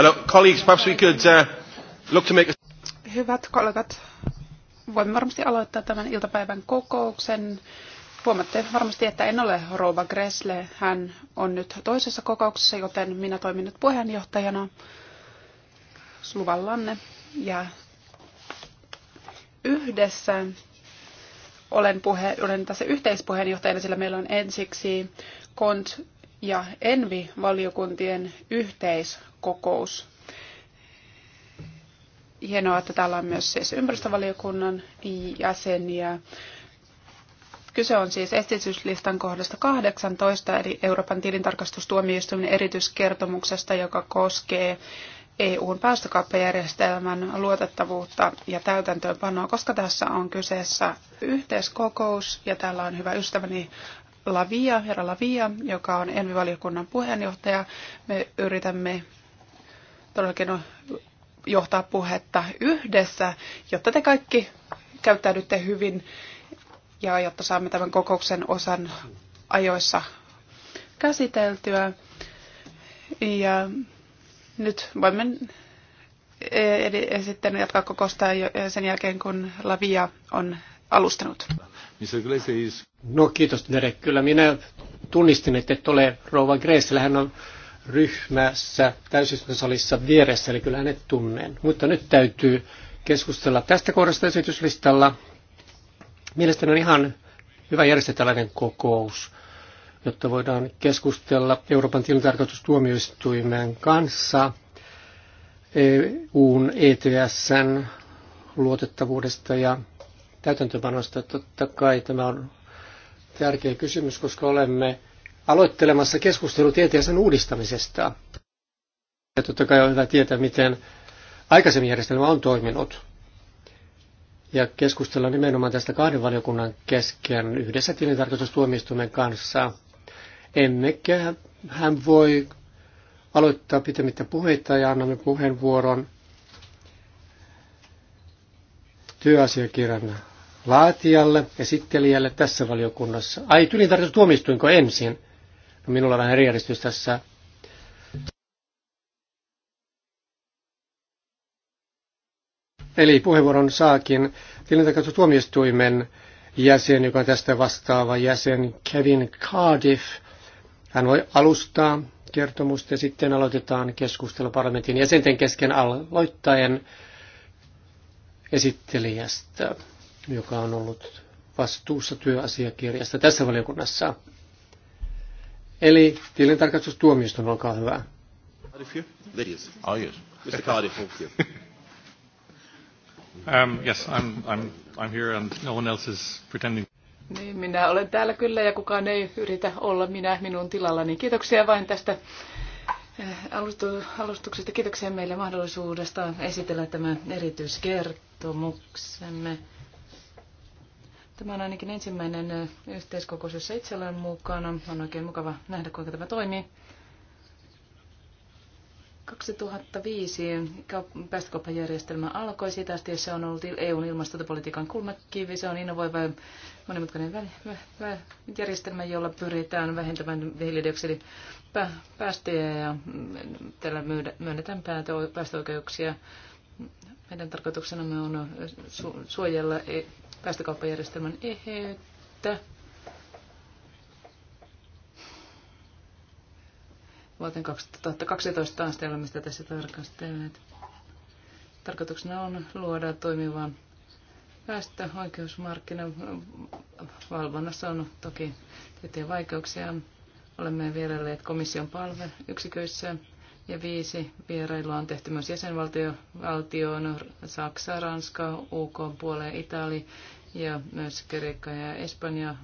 Uh, Hyvät kollegat, voimme varmasti aloittaa tämän iltapäivän kokouksen. Huomatte varmasti, että en ole Rouva Gressle. Hän on nyt toisessa kokouksessa, joten minä toimin nyt puheenjohtajana luvallanne. Ja yhdessä olen, puhe, olen tässä yhteispuheenjohtajana, sillä meillä on ensiksi KONT ja Envi-valiokuntien yhteiskokous. Hienoa, että täällä on myös siis ympäristövaliokunnan jäseniä. Kyse on siis esityslistan kohdasta 18, eli Euroopan tilintarkastustuomioistuimen erityiskertomuksesta, joka koskee EUn päästökauppajärjestelmän luotettavuutta ja täytäntöönpanoa, koska tässä on kyseessä yhteiskokous ja täällä on hyvä ystäväni Lavia, herra Lavia, joka on ENVI-valiokunnan puheenjohtaja. Me yritämme todellakin johtaa puhetta yhdessä, jotta te kaikki käyttäydytte hyvin ja jotta saamme tämän kokouksen osan ajoissa käsiteltyä. Ja nyt voimme e- sitten jatkaa kokousta sen jälkeen, kun Lavia on alustanut. No kiitos Derek. Kyllä minä tunnistin, että et ole rouva Grace. Hän on ryhmässä täysistuntosalissa vieressä, eli kyllä hänet tunnen. Mutta nyt täytyy keskustella tästä kohdasta esityslistalla. Mielestäni on ihan hyvä järjestää tällainen kokous, jotta voidaan keskustella Euroopan tilintarkastustuomioistuimen kanssa EUn ETSn luotettavuudesta ja täytäntöpanosta. Totta kai tämä on tärkeä kysymys, koska olemme aloittelemassa keskustelua tieteellisen uudistamisesta. Ja totta kai on hyvä tietää, miten aikaisemmin järjestelmä on toiminut. Ja keskustella nimenomaan tästä kahden valiokunnan kesken yhdessä tilintarkastustuomioistuimen kanssa. Emmekä hän voi aloittaa pitemmittä puheita ja annamme puheenvuoron työasiakirjan laatijalle, esittelijälle tässä valiokunnassa. Ai, tuomistuinko ensin? No, minulla on vähän järjestys tässä. Eli puheenvuoron saakin tilintarkastustuomioistuimen jäsen, joka on tästä vastaava jäsen, Kevin Cardiff. Hän voi alustaa kertomusta ja sitten aloitetaan keskustelu parlamentin jäsenten kesken aloittaen esittelijästä joka on ollut vastuussa työasiakirjasta tässä valiokunnassa. Eli tilintarkastustuomioistuin, olkaa hyvä. Oh, um, yes. I'm, I'm, I'm here and no one else is pretending. Niin, minä olen täällä kyllä ja kukaan ei yritä olla minä minun tilallani. Kiitoksia vain tästä eh, alustuksesta. Kiitoksia meille mahdollisuudesta esitellä tämä erityiskertomuksemme. Tämä on ainakin ensimmäinen yhteiskokous, jossa itse olen mukana. On oikein mukava nähdä, kuinka tämä toimii. 2005 päästökauppajärjestelmä alkoi siitä asti, se on ollut EUn ilmastopolitiikan kulmakivi. Se on innovoiva monimutkainen järjestelmä, jolla pyritään vähentämään päästöjä ja mm, tällä myönnetään päästöoikeuksia. Meidän tarkoituksena me on suojella e- päästökauppajärjestelmän eheyttä. Vuoteen 2012 astelmista tässä tarkastelleet. Tarkoituksena on luoda toimiva päästöoikeusmarkkina. Valvonnassa on toki tiettyjä vaikeuksia. Olemme vierailleet komission palve yksiköissä ja viisi vierailua on tehty myös jäsenvaltioon, Saksa, Ranska, UK puoleen, Italia ja myös Kreikka ja Espanja.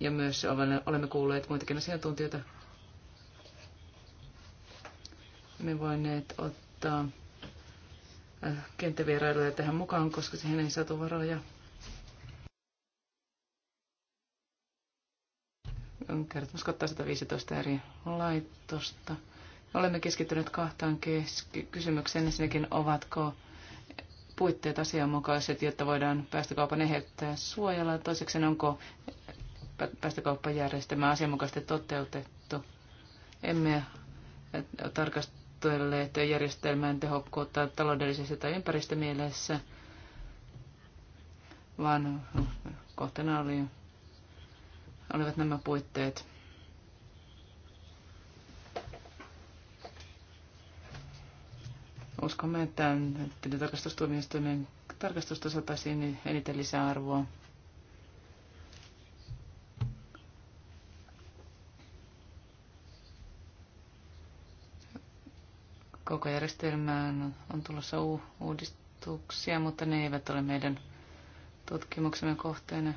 Ja myös olemme kuulleet muitakin asiantuntijoita. Me voineet ottaa äh, kenttävierailuja tähän mukaan, koska siihen ei saatu varoja. Kertomus kattaa 115 eri laitosta. Olemme keskittyneet kahtaan kysymykseen. Ensinnäkin, ovatko puitteet asianmukaiset, jotta voidaan päästökaupan eheyttää suojella? Toiseksi, onko päästökauppajärjestelmä asianmukaisesti toteutettu? Emme tarkastelleet järjestelmän tehokkuutta taloudellisessa tai ympäristömielessä, vaan kohtana oli, olivat nämä puitteet. Uskomme, että tilintarkastustuomioistuimen tarkastusta saataisiin eniten lisäarvoa. Koko järjestelmään on tulossa uudistuksia, mutta ne eivät ole meidän tutkimuksemme kohteena.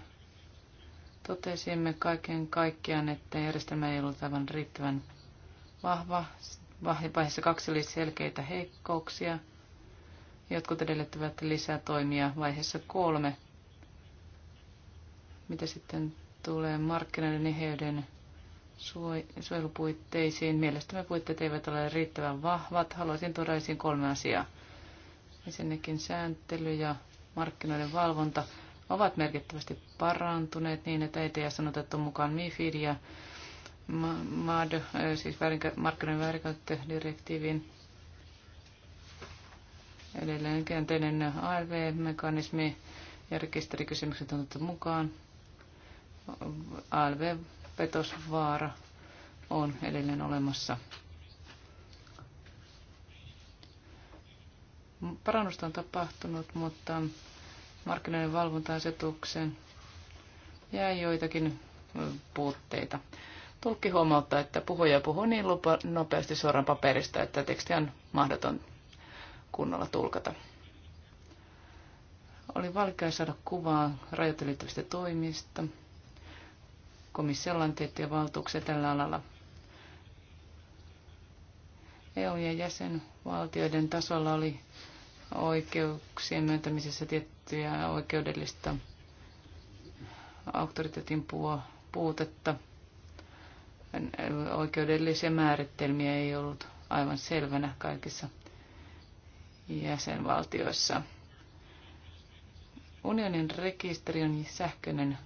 Totesimme kaiken kaikkiaan, että järjestelmä ei ollut aivan riittävän vahva. Vaiheessa kaksi oli selkeitä heikkouksia. Jotkut edellyttävät lisää toimia vaiheessa kolme. Mitä sitten tulee markkinoiden eheyden suojelupuitteisiin? Mielestäni puitteet eivät ole riittävän vahvat. Haluaisin tuoda esiin kolme asiaa. Ensinnäkin sääntely ja markkinoiden valvonta ovat merkittävästi parantuneet niin, että ETS on otettu mukaan MIFID ja MAD, äh, siis markkinoiden väärinkäyttödirektiivin edelleen käänteinen ALV-mekanismi ja rekisterikysymykset on otettu mukaan. ALV-petosvaara on edelleen olemassa. Parannusta on tapahtunut, mutta markkinoiden valvonta jäi jää joitakin puutteita. Tulkki huomauttaa, että puhuja puhuu niin lupa, nopeasti suoraan paperista, että teksti on mahdoton kunnolla tulkata. Oli valkea saada kuvaa rajoitelittävistä toimista. Komissiolla on tiettyjä valtuuksia tällä alalla. EU- ja jäsenvaltioiden tasolla oli oikeuksien myöntämisessä tiettyjä oikeudellista auktoriteetin puutetta oikeudellisia määritelmiä ei ollut aivan selvänä kaikissa jäsenvaltioissa. Unionin rekisteri on sähköinen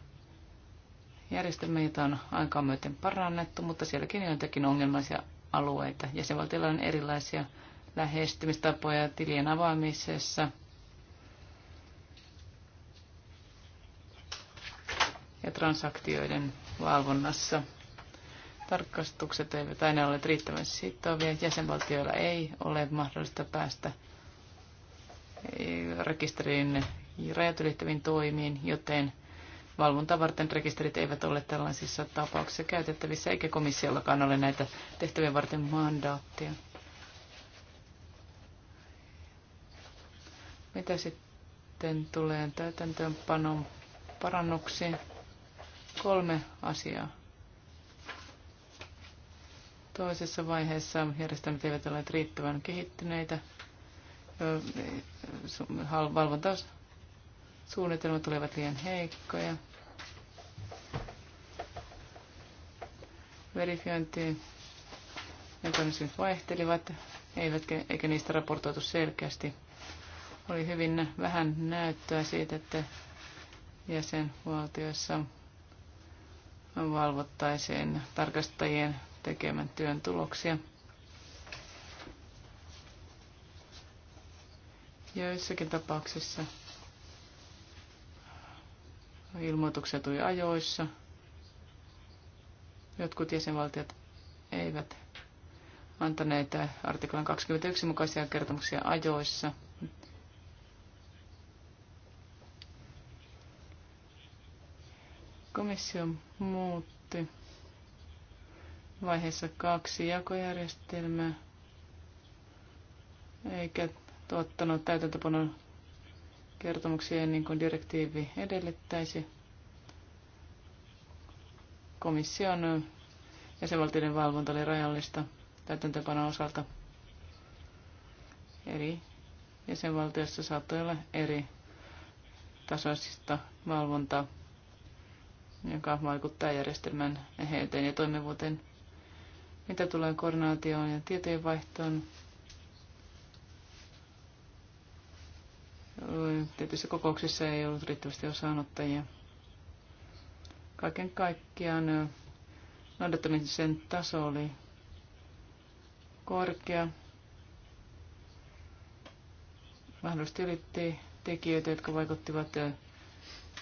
järjestelmä, jota on aikaa myöten parannettu, mutta sielläkin on joitakin ongelmaisia alueita. Jäsenvaltioilla on erilaisia lähestymistapoja tilien avaamisessa. ja transaktioiden valvonnassa. Tarkastukset eivät aina ole riittävän sitovia. Jäsenvaltioilla ei ole mahdollista päästä eh, rekisteriin rajat ylittäviin toimiin, joten valvonta varten rekisterit eivät ole tällaisissa tapauksissa käytettävissä, eikä komissiollakaan ole näitä tehtäviä varten mandaattia. Mitä sitten tulee täytäntöönpanon parannuksiin? Kolme asiaa. Toisessa vaiheessa järjestelmät eivät ole riittävän kehittyneitä. Valvontasuunnitelmat olivat liian heikkoja. Verifiointi mekanismit vaihtelivat, eivätkä, eikä niistä raportoitu selkeästi. Oli hyvin vähän näyttöä siitä, että jäsenvaltioissa valvottaisiin tarkastajien tekemän työn tuloksia. Joissakin tapauksissa ilmoituksia tuli ajoissa. Jotkut jäsenvaltiot eivät antaneet artiklan 21 mukaisia kertomuksia ajoissa. Komissio muutti vaiheessa kaksi jakojärjestelmää, eikä tuottanut täytäntöpanon kertomuksia ennen kuin direktiivi edellyttäisi. Komission jäsenvaltioiden valvonta oli rajallista täytäntöpanon osalta. Eri jäsenvaltioissa saattoi olla eri tasoisista valvontaa, joka vaikuttaa järjestelmän eheyteen ja toimivuuteen mitä tulee koordinaatioon ja tietojenvaihtoon. Tietyissä kokouksissa ei ollut riittävästi osanottajia. Kaiken kaikkiaan noudattamisen taso oli korkea. Mahdollisesti ylitti tekijöitä, jotka vaikuttivat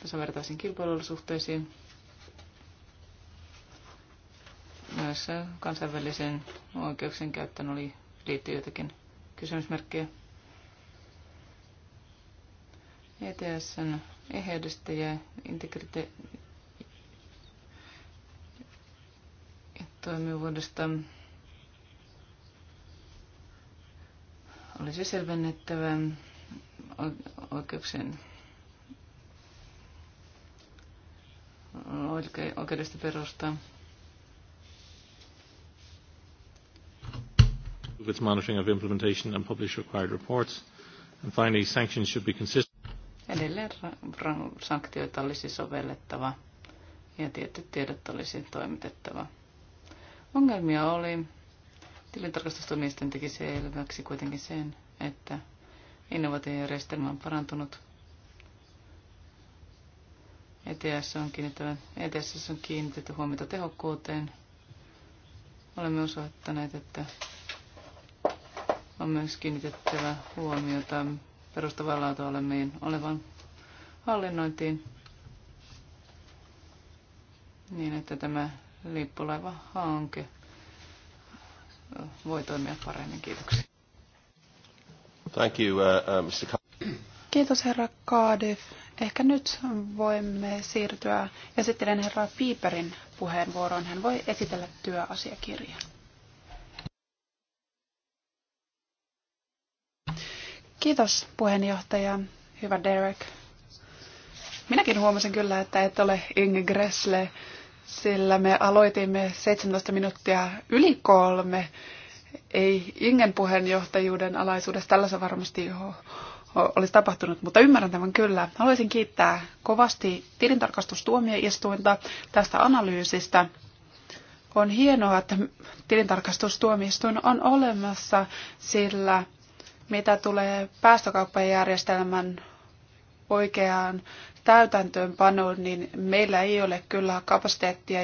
tasavertaisiin kilpailuolosuhteisiin. Monessa kansainvälisen oikeuksien käyttöön oli liittyy jotakin kysymysmerkkejä. ETSn eheydestä ja integrite ja toimivuudesta olisi selvennettävä oikeuksien oikeudesta perustaa. improve its monitoring of implementation and publish required reports. And finally, sanctions should be consistent. Edelleen sanktioita olisi sovellettava ja tietyt tiedot olisi toimitettava. Ongelmia oli. Tilintarkastustoimisten teki selväksi kuitenkin sen, että innovaatiojärjestelmä on parantunut. ETS on, ETS on kiinnitetty huomiota tehokkuuteen. Olemme osoittaneet, että on myös kiinnitettävä huomiota perustavaa laatua olevan hallinnointiin niin, että tämä lippulaiva-hanke voi toimia paremmin. Kiitoksia. Thank you, uh, uh Mr. Kiitos herra Cardiff. Ehkä nyt voimme siirtyä esittelen herra Piiperin puheenvuoroon. Hän voi esitellä työasiakirjan. Kiitos puheenjohtaja. Hyvä Derek. Minäkin huomasin kyllä, että et ole Inge Gressle, sillä me aloitimme 17 minuuttia yli kolme. Ei Ingen puheenjohtajuuden alaisuudessa tällaisen varmasti olisi tapahtunut, mutta ymmärrän tämän kyllä. Haluaisin kiittää kovasti tilintarkastustuomioistuinta tästä analyysistä. On hienoa, että tilintarkastustuomioistuin on olemassa, sillä mitä tulee päästökauppajärjestelmän oikeaan täytäntöönpanoon, niin meillä ei ole kyllä kapasiteettia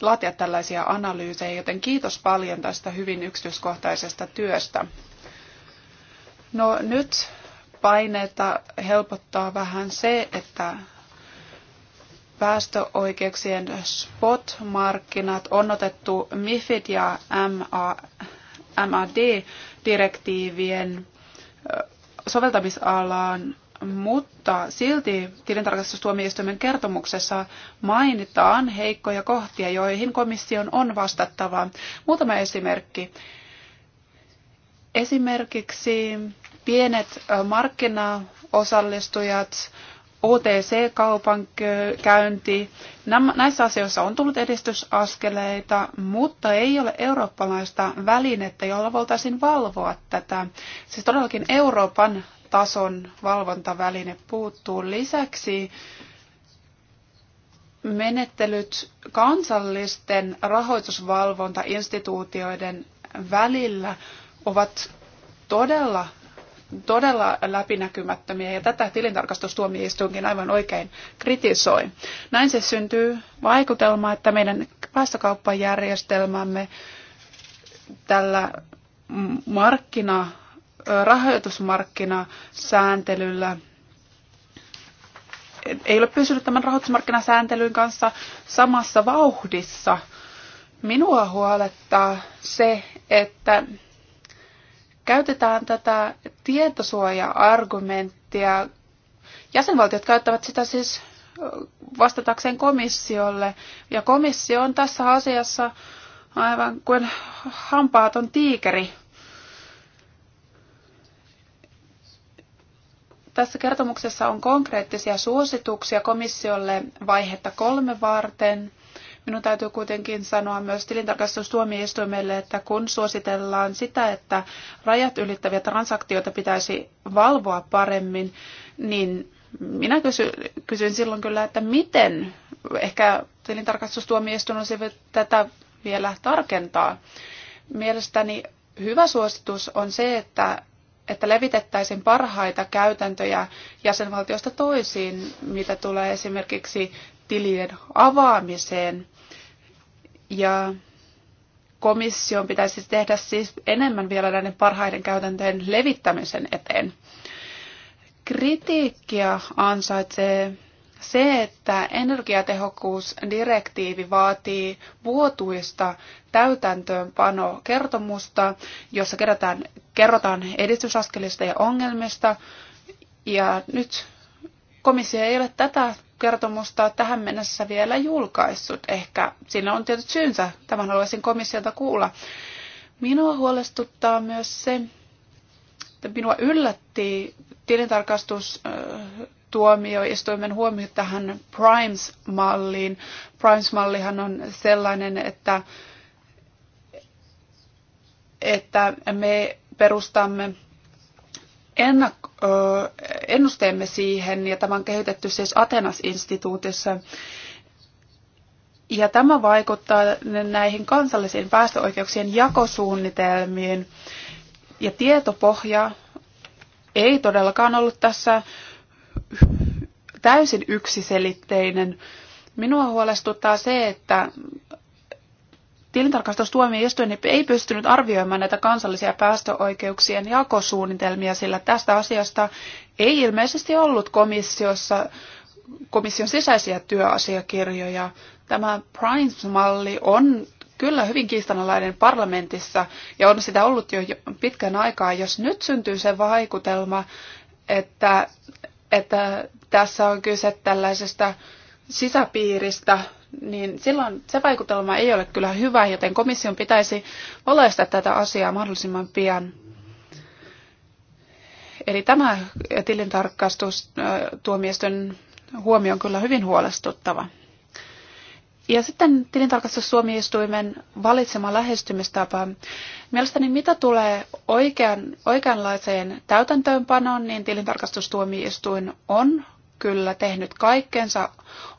laatia tällaisia analyysejä, joten kiitos paljon tästä hyvin yksityiskohtaisesta työstä. No nyt paineita helpottaa vähän se, että päästöoikeuksien spot-markkinat on otettu MIFID ja MA, MAD-direktiivien soveltamisalaan, mutta silti tilintarkastustuomioistuimen kertomuksessa mainitaan heikkoja kohtia, joihin komission on vastattava. Muutama esimerkki. Esimerkiksi pienet markkinaosallistujat, OTC-kaupan käynti. Näissä asioissa on tullut edistysaskeleita, mutta ei ole eurooppalaista välinettä, jolla voitaisiin valvoa tätä. Siis todellakin Euroopan tason valvontaväline puuttuu. Lisäksi menettelyt kansallisten rahoitusvalvontainstituutioiden välillä ovat todella todella läpinäkymättömiä ja tätä tilintarkastustuomioistuinkin aivan oikein kritisoi. Näin se syntyy vaikutelma, että meidän päästökauppajärjestelmämme tällä markkina, rahoitusmarkkinasääntelyllä ei ole pysynyt tämän rahoitusmarkkinasääntelyn kanssa samassa vauhdissa. Minua huolettaa se, että käytetään tätä tietosuoja-argumenttia. Jäsenvaltiot käyttävät sitä siis vastatakseen komissiolle. Ja komissio on tässä asiassa aivan kuin hampaaton tiikeri. Tässä kertomuksessa on konkreettisia suosituksia komissiolle vaihetta kolme varten – Minun täytyy kuitenkin sanoa myös tilintarkastustuomioistuimelle, että kun suositellaan sitä, että rajat ylittäviä transaktioita pitäisi valvoa paremmin, niin minä kysy, kysyin silloin kyllä, että miten ehkä tilintarkastustuomioistuin olisi tätä vielä tarkentaa. Mielestäni hyvä suositus on se, että että levitettäisiin parhaita käytäntöjä jäsenvaltiosta toisiin, mitä tulee esimerkiksi tilien avaamiseen. Ja komission pitäisi tehdä siis enemmän vielä näiden parhaiden käytäntöjen levittämisen eteen. Kritiikkiä ansaitsee se, että energiatehokkuusdirektiivi vaatii vuotuista täytäntöönpanokertomusta, jossa kerätään, kerrotaan edistysaskelista ja ongelmista. Ja nyt komissio ei ole tätä kertomusta tähän mennessä vielä julkaissut. Ehkä siinä on tietyt syynsä. Tämän haluaisin komissiolta kuulla. Minua huolestuttaa myös se, että minua yllätti tuomioistuimen huomio tähän Primes-malliin. Primes-mallihan on sellainen, että, että me perustamme ennak- ennusteemme siihen, ja tämä on kehitetty siis Atenas-instituutissa. Ja tämä vaikuttaa näihin kansallisiin päästöoikeuksien jakosuunnitelmiin. Ja tietopohja ei todellakaan ollut tässä täysin yksiselitteinen. Minua huolestuttaa se, että Tilintarkastustuomioistuin ei pystynyt arvioimaan näitä kansallisia päästöoikeuksien jakosuunnitelmia, sillä tästä asiasta ei ilmeisesti ollut komissiossa komission sisäisiä työasiakirjoja. Tämä Primes-malli on kyllä hyvin kiistanalainen parlamentissa ja on sitä ollut jo pitkän aikaa. Jos nyt syntyy se vaikutelma, että, että tässä on kyse tällaisesta sisäpiiristä niin silloin se vaikutelma ei ole kyllä hyvä, joten komission pitäisi valaista tätä asiaa mahdollisimman pian. Eli tämä tilintarkastus tuomioisten huomio on kyllä hyvin huolestuttava. Ja sitten tilintarkastustuomioistuimen valitsema lähestymistapa. Mielestäni mitä tulee oikean, oikeanlaiseen täytäntöönpanoon, niin tilintarkastustuomioistuin on kyllä tehnyt kaikkensa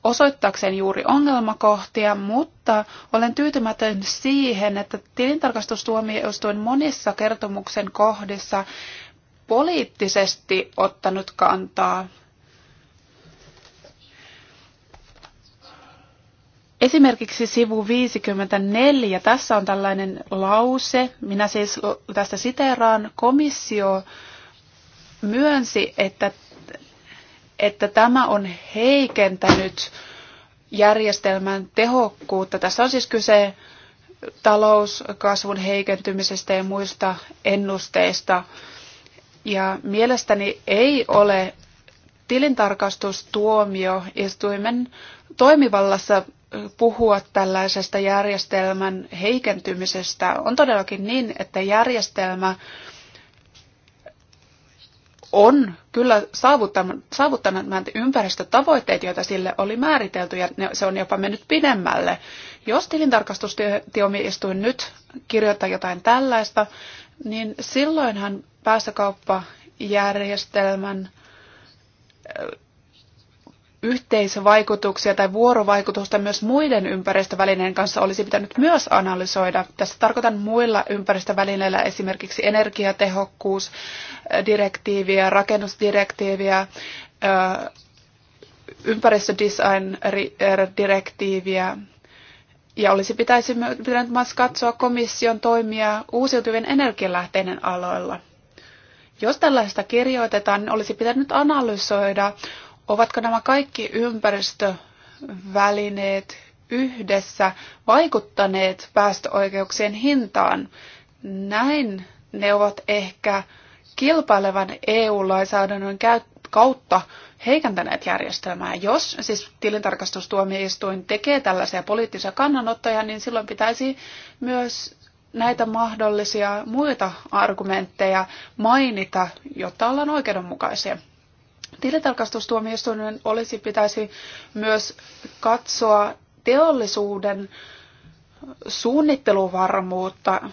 osoittaakseen juuri ongelmakohtia, mutta olen tyytymätön siihen, että tilintarkastustuomioistuin monissa kertomuksen kohdissa poliittisesti ottanut kantaa. Esimerkiksi sivu 54, tässä on tällainen lause, minä siis tästä siteeraan, komissio myönsi, että että tämä on heikentänyt järjestelmän tehokkuutta. Tässä on siis kyse talouskasvun heikentymisestä ja muista ennusteista. Ja mielestäni ei ole tilintarkastustuomioistuimen toimivallassa puhua tällaisesta järjestelmän heikentymisestä. On todellakin niin, että järjestelmä on kyllä saavuttanut ympäristötavoitteita, joita sille oli määritelty, ja se on jopa mennyt pidemmälle. Jos tilintarkastustuomioistuin nyt kirjoittaa jotain tällaista, niin silloinhan päästökauppajärjestelmän yhteisvaikutuksia tai vuorovaikutusta myös muiden ympäristövälineiden kanssa olisi pitänyt myös analysoida. Tässä tarkoitan muilla ympäristövälineillä esimerkiksi energiatehokkuusdirektiiviä, äh, rakennusdirektiiviä, äh, ympäristödesign-direktiiviä. Äh, ja olisi pitäisi, pitänyt myös katsoa komission toimia uusiutuvien energialähteiden aloilla. Jos tällaista kirjoitetaan, niin olisi pitänyt analysoida Ovatko nämä kaikki ympäristövälineet yhdessä vaikuttaneet päästöoikeuksien hintaan? Näin ne ovat ehkä kilpailevan EU-lainsäädännön kautta heikentäneet järjestelmää. Jos siis tilintarkastustuomioistuin tekee tällaisia poliittisia kannanottoja, niin silloin pitäisi myös näitä mahdollisia muita argumentteja mainita, jotta ollaan oikeudenmukaisia. Tilitarkastustuomioistuimen olisi pitäisi myös katsoa teollisuuden suunnitteluvarmuutta.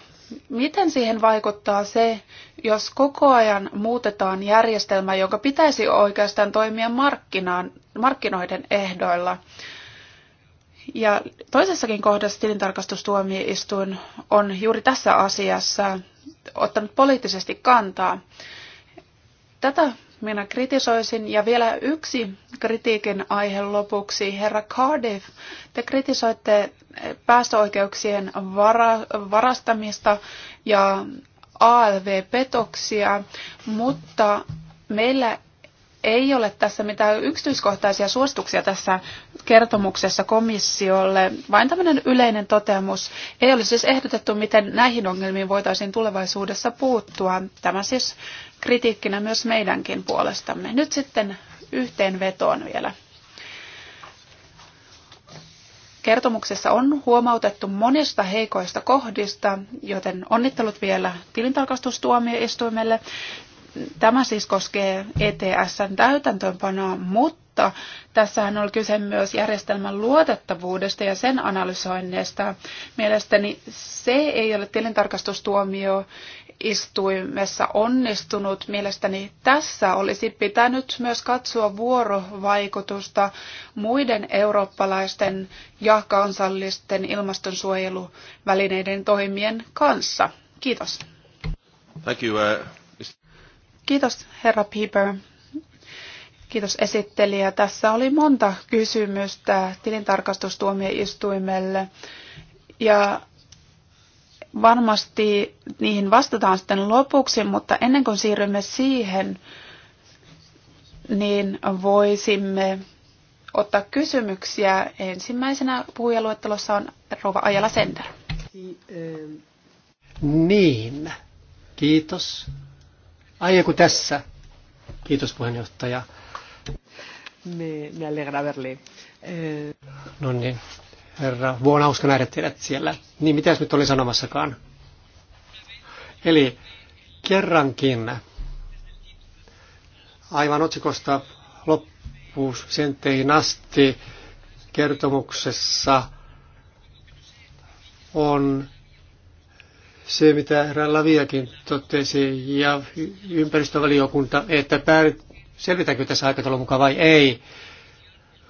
Miten siihen vaikuttaa se, jos koko ajan muutetaan järjestelmä, jonka pitäisi oikeastaan toimia markkinaan, markkinoiden ehdoilla? Ja toisessakin kohdassa tilintarkastustuomioistuin on juuri tässä asiassa ottanut poliittisesti kantaa. Tätä minä kritisoisin. Ja vielä yksi kritiikin aihe lopuksi. Herra Cardiff, te kritisoitte päästöoikeuksien vara- varastamista ja ALV-petoksia, mutta meillä ei ole tässä mitään yksityiskohtaisia suosituksia tässä kertomuksessa komissiolle, vain tämmöinen yleinen toteamus. Ei ole siis ehdotettu, miten näihin ongelmiin voitaisiin tulevaisuudessa puuttua. Tämä siis kritiikkinä myös meidänkin puolestamme. Nyt sitten yhteenvetoon vielä. Kertomuksessa on huomautettu monista heikoista kohdista, joten onnittelut vielä tilintarkastustuomioistuimelle. Tämä siis koskee ETSn täytäntöönpanoa, mutta tässähän on kyse myös järjestelmän luotettavuudesta ja sen analysoinneista. Mielestäni se ei ole tilintarkastustuomio istuimessa onnistunut. Mielestäni tässä olisi pitänyt myös katsoa vuorovaikutusta muiden eurooppalaisten ja kansallisten ilmastonsuojeluvälineiden toimien kanssa. Kiitos. Thank you, uh... Kiitos herra Pieper. Kiitos esittelijä. Tässä oli monta kysymystä tilintarkastustuomioistuimelle ja varmasti niihin vastataan sitten lopuksi, mutta ennen kuin siirrymme siihen, niin voisimme ottaa kysymyksiä. Ensimmäisenä puhujaluettelossa on Rova Ajala Sender. Niin, kiitos Ai kun tässä. Kiitos puheenjohtaja. Me, me alegra verle. Eh. No niin, herra Vuonauska nähdä teidät siellä. Niin, mitäs nyt olin sanomassakaan? Eli kerrankin, aivan otsikosta loppusentteihin asti kertomuksessa on se, mitä herra Laviakin totesi ja ympäristövaliokunta, että selvitäänkö tässä aikataulun mukaan vai ei,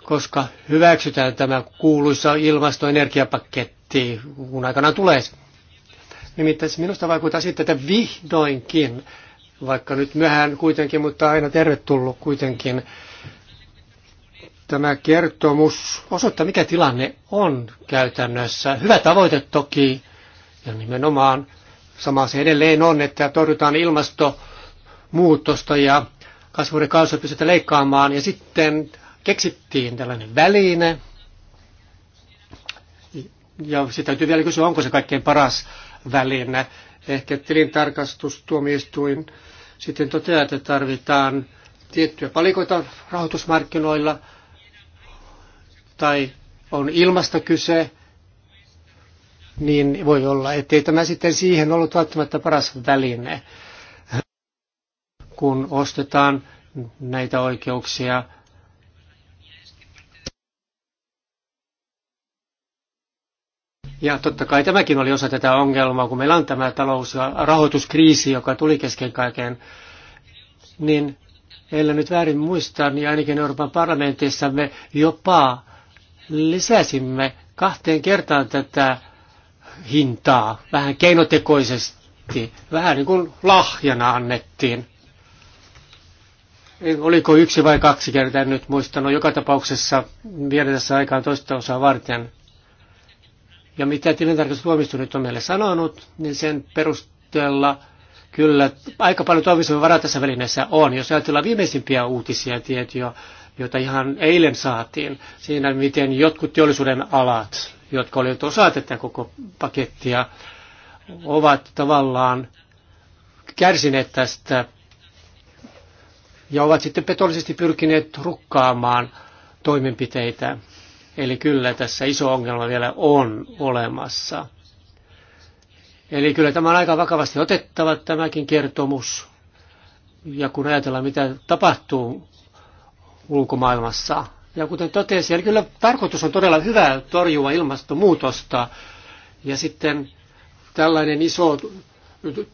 koska hyväksytään tämä kuuluisa ilmastoenergiapaketti, kun aikanaan tulee. Nimittäin minusta vaikuttaa sitten, että vihdoinkin, vaikka nyt myöhään kuitenkin, mutta aina tervetullut kuitenkin, tämä kertomus osoittaa, mikä tilanne on käytännössä. Hyvä tavoite toki, ja nimenomaan sama se edelleen on, että torjutaan ilmastonmuutosta ja kasvurikausia pystytään leikkaamaan. Ja sitten keksittiin tällainen väline. Ja sitä täytyy vielä kysyä, onko se kaikkein paras väline. Ehkä tilintarkastustuomioistuin sitten toteaa, että tarvitaan tiettyjä palikoita rahoitusmarkkinoilla tai on ilmasta kyse, niin voi olla, ettei tämä sitten siihen ollut välttämättä paras väline, kun ostetaan näitä oikeuksia. Ja totta kai tämäkin oli osa tätä ongelmaa, kun meillä on tämä talous- ja rahoituskriisi, joka tuli kesken kaiken, niin ellei nyt väärin muistaa, niin ainakin Euroopan parlamentissa me jopa lisäsimme kahteen kertaan tätä hintaa vähän keinotekoisesti, vähän niin kuin lahjana annettiin. Oliko yksi vai kaksi kertaa, nyt muistan, no joka tapauksessa vielä tässä aikaan toista osaa varten. Ja mitä tilintarkastustuomisto nyt on meille sanonut, niin sen perusteella kyllä aika paljon toimistojen varaa tässä välineessä on. Jos ajatellaan viimeisimpiä uutisia tietoja, joita ihan eilen saatiin, siinä miten jotkut teollisuuden alat, jotka olivat osa tätä koko pakettia, ovat tavallaan kärsineet tästä ja ovat sitten petollisesti pyrkineet rukkaamaan toimenpiteitä. Eli kyllä tässä iso ongelma vielä on olemassa. Eli kyllä tämä on aika vakavasti otettava tämäkin kertomus. Ja kun ajatellaan, mitä tapahtuu ulkomaailmassa, ja kuten totesin, eli kyllä tarkoitus on todella hyvä torjua ilmastonmuutosta. Ja sitten tällainen iso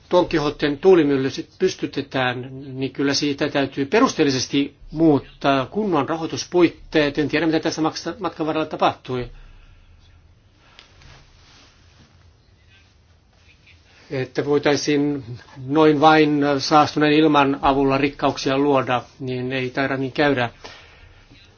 Tonkihotten tuulimylly pystytetään, niin kyllä siitä täytyy perusteellisesti muuttaa kunnon rahoituspuitteet. En tiedä, mitä tässä matkan varrella tapahtui. Että voitaisiin noin vain saastuneen ilman avulla rikkauksia luoda, niin ei taida niin käydä.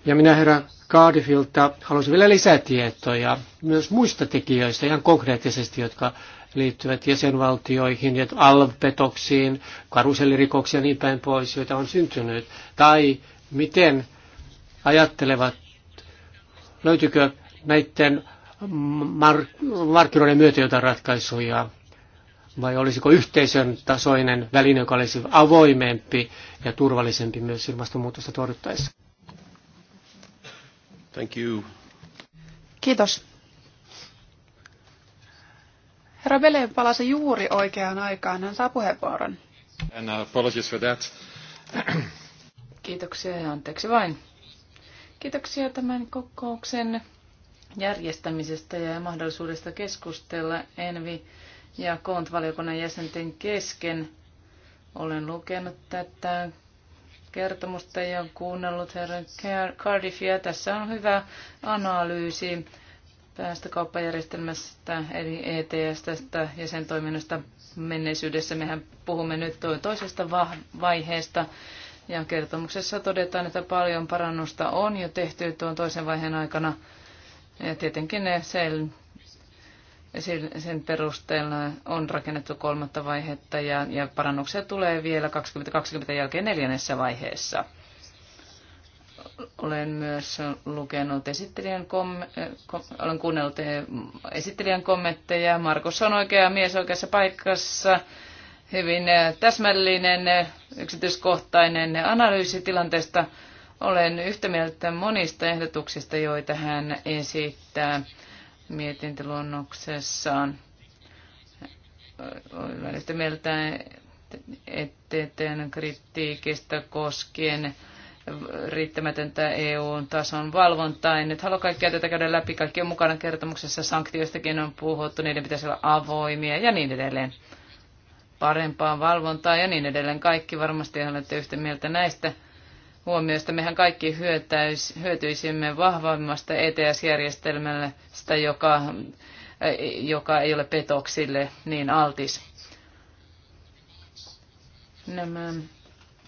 Ja minä herra Cardiffilta halusin vielä lisätietoja myös muista tekijöistä ihan konkreettisesti, jotka liittyvät jäsenvaltioihin ja alvpetoksiin, karusellirikoksia ja niin päin pois, joita on syntynyt. Tai miten ajattelevat, löytyykö näiden mark- markkinoiden myötä jotain ratkaisuja, vai olisiko yhteisön tasoinen väline, joka olisi avoimempi ja turvallisempi myös ilmastonmuutosta torjuttaessa? Thank you. Kiitos. Herra Bele palasi juuri oikeaan aikaan. Hän saa puheenvuoron. And uh, apologies for that. Kiitoksia ja anteeksi vain. Kiitoksia tämän kokouksen järjestämisestä ja mahdollisuudesta keskustella Envi ja Koont-valiokunnan jäsenten kesken. Olen lukenut tätä kertomusta ja kuunnellut herran Cardiffia. Tässä on hyvä analyysi päästökauppajärjestelmästä eli ETS-tästä ja sen toiminnasta menneisyydessä. Mehän puhumme nyt toisesta vaiheesta ja kertomuksessa todetaan, että paljon parannusta on jo tehty tuon toisen vaiheen aikana. Ja tietenkin ne sel- sen perusteella on rakennettu kolmatta vaihetta ja, ja parannuksia tulee vielä 2020 jälkeen neljännessä vaiheessa. Olen myös lukenut esittelijän kom, kom, olen kuunnellut esittelijän kommentteja. Markus on oikea mies oikeassa paikassa. Hyvin täsmällinen, yksityiskohtainen analyysi tilanteesta. Olen yhtä mieltä monista ehdotuksista, joita hän esittää mietintöluonnoksessaan olen välistä mieltä, etteten kritiikistä koskien riittämätöntä EU-tason valvontaa. En nyt halua kaikkia tätä käydä läpi. Kaikki on mukana kertomuksessa. Sanktioistakin on puhuttu. Niiden pitäisi olla avoimia ja niin edelleen. Parempaa valvontaa ja niin edelleen. Kaikki varmasti olette yhtä mieltä näistä huomiosta. Mehän kaikki hyötäis, hyötyisimme vahvemmasta ETS-järjestelmästä, joka, eh, joka ei ole petoksille niin altis. Nämä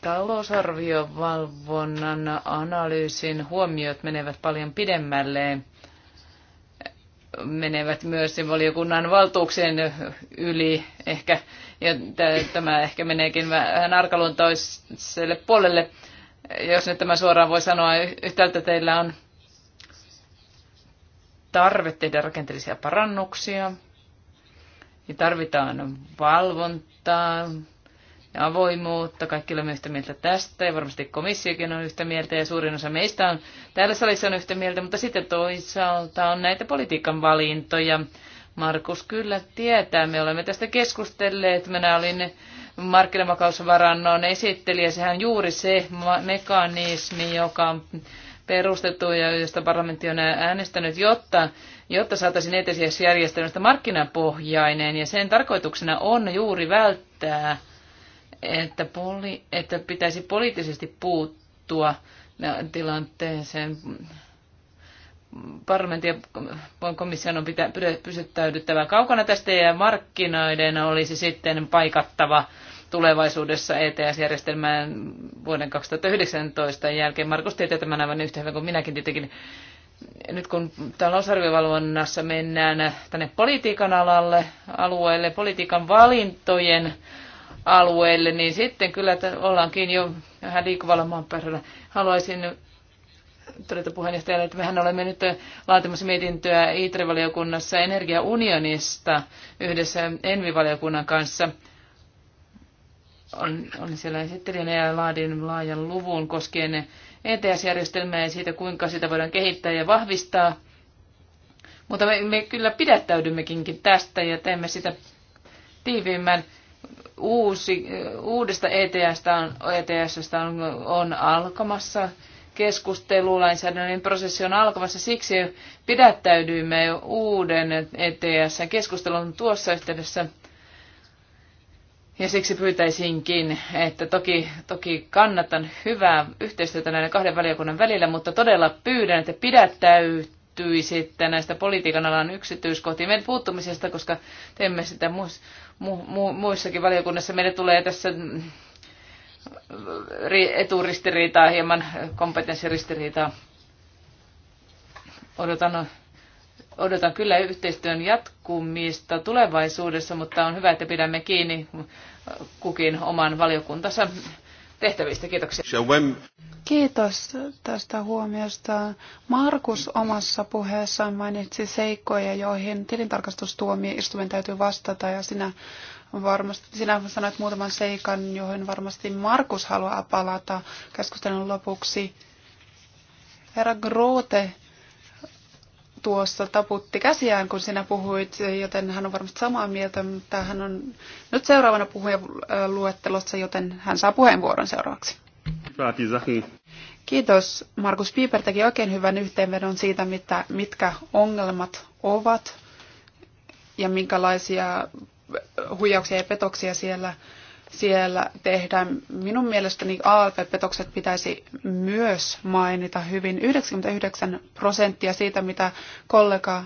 talousarviovalvonnan analyysin huomiot menevät paljon pidemmälle menevät myös valiokunnan valtuuksien yli ehkä, ja tämä ehkä meneekin vähän arkaluontoiselle puolelle jos nyt tämä suoraan voi sanoa, yhtäältä teillä on tarve tehdä rakenteellisia parannuksia ja tarvitaan valvontaa ja avoimuutta. Kaikki olemme yhtä mieltä tästä ja varmasti komissiokin on yhtä mieltä ja suurin osa meistä on täällä salissa on yhtä mieltä, mutta sitten toisaalta on näitä politiikan valintoja, Markus kyllä tietää, me olemme tästä keskustelleet. Minä olin markkinavakausvarannon esittelijä. Sehän juuri se mekanismi, joka on perustettu ja josta parlamentti on äänestänyt, jotta, jotta saataisiin ETS-järjestelmästä markkinapohjainen. Ja sen tarkoituksena on juuri välttää, että, poli, että pitäisi poliittisesti puuttua tilanteeseen parlamentin ja komission on pitä, pysyttäydyttävä kaukana tästä ja markkinoiden olisi sitten paikattava tulevaisuudessa ETS-järjestelmään vuoden 2019 jälkeen. Markus tietää tämän aivan yhtä hyvin kuin minäkin tietenkin. Nyt kun talousarviovalvonnassa mennään tänne politiikan alalle, alueelle, politiikan valintojen alueelle, niin sitten kyllä ollaankin jo vähän liikuvalla päällä, Haluaisin todeta puheenjohtajalle, että mehän olemme nyt laatimassa mietintöä ITRE-valiokunnassa energiaunionista yhdessä ENVI-valiokunnan kanssa. on on siellä esittelijänä ja laadin laajan luvun koskien ETS-järjestelmää ja siitä, kuinka sitä voidaan kehittää ja vahvistaa. Mutta me, me kyllä pidättäydymmekin tästä ja teemme sitä tiiviimmän. Uusi, uudesta ETS-stä on, ETSstä on, on alkamassa keskustelu lainsäädännön prosessi on alkamassa. Siksi pidättäydyimme uuden ETS-keskustelun tuossa yhteydessä. Ja siksi pyytäisinkin, että toki, toki kannatan hyvää yhteistyötä näiden kahden valiokunnan välillä, mutta todella pyydän, että pidättäytyisitte näistä politiikan alan yksityiskohtiin meidän puuttumisesta, koska teemme sitä muissakin valiokunnassa. Meille tulee tässä eturistiriitaa, hieman kompetenssiristiriitaa. Odotan, odotan kyllä yhteistyön jatkumista tulevaisuudessa, mutta on hyvä, että pidämme kiinni kukin oman valiokuntansa tehtävistä. Kiitoksia. Kiitos tästä huomiosta. Markus omassa puheessaan mainitsi seikkoja, joihin tilintarkastustuomioistuimen täytyy vastata ja sinä Varmasti sinä sanoit muutaman seikan, johon varmasti Markus haluaa palata keskustelun lopuksi. Herra Grote tuossa taputti käsiään, kun sinä puhuit, joten hän on varmasti samaa mieltä, mutta hän on nyt seuraavana puhuja äh, luettelossa, joten hän saa puheenvuoron seuraavaksi. Kiitos. Markus Piper teki oikein hyvän yhteenvedon siitä, mitä, mitkä ongelmat ovat ja minkälaisia huijauksia ja petoksia siellä, siellä tehdään. Minun mielestäni alp petokset pitäisi myös mainita hyvin. 99 prosenttia siitä, mitä kollega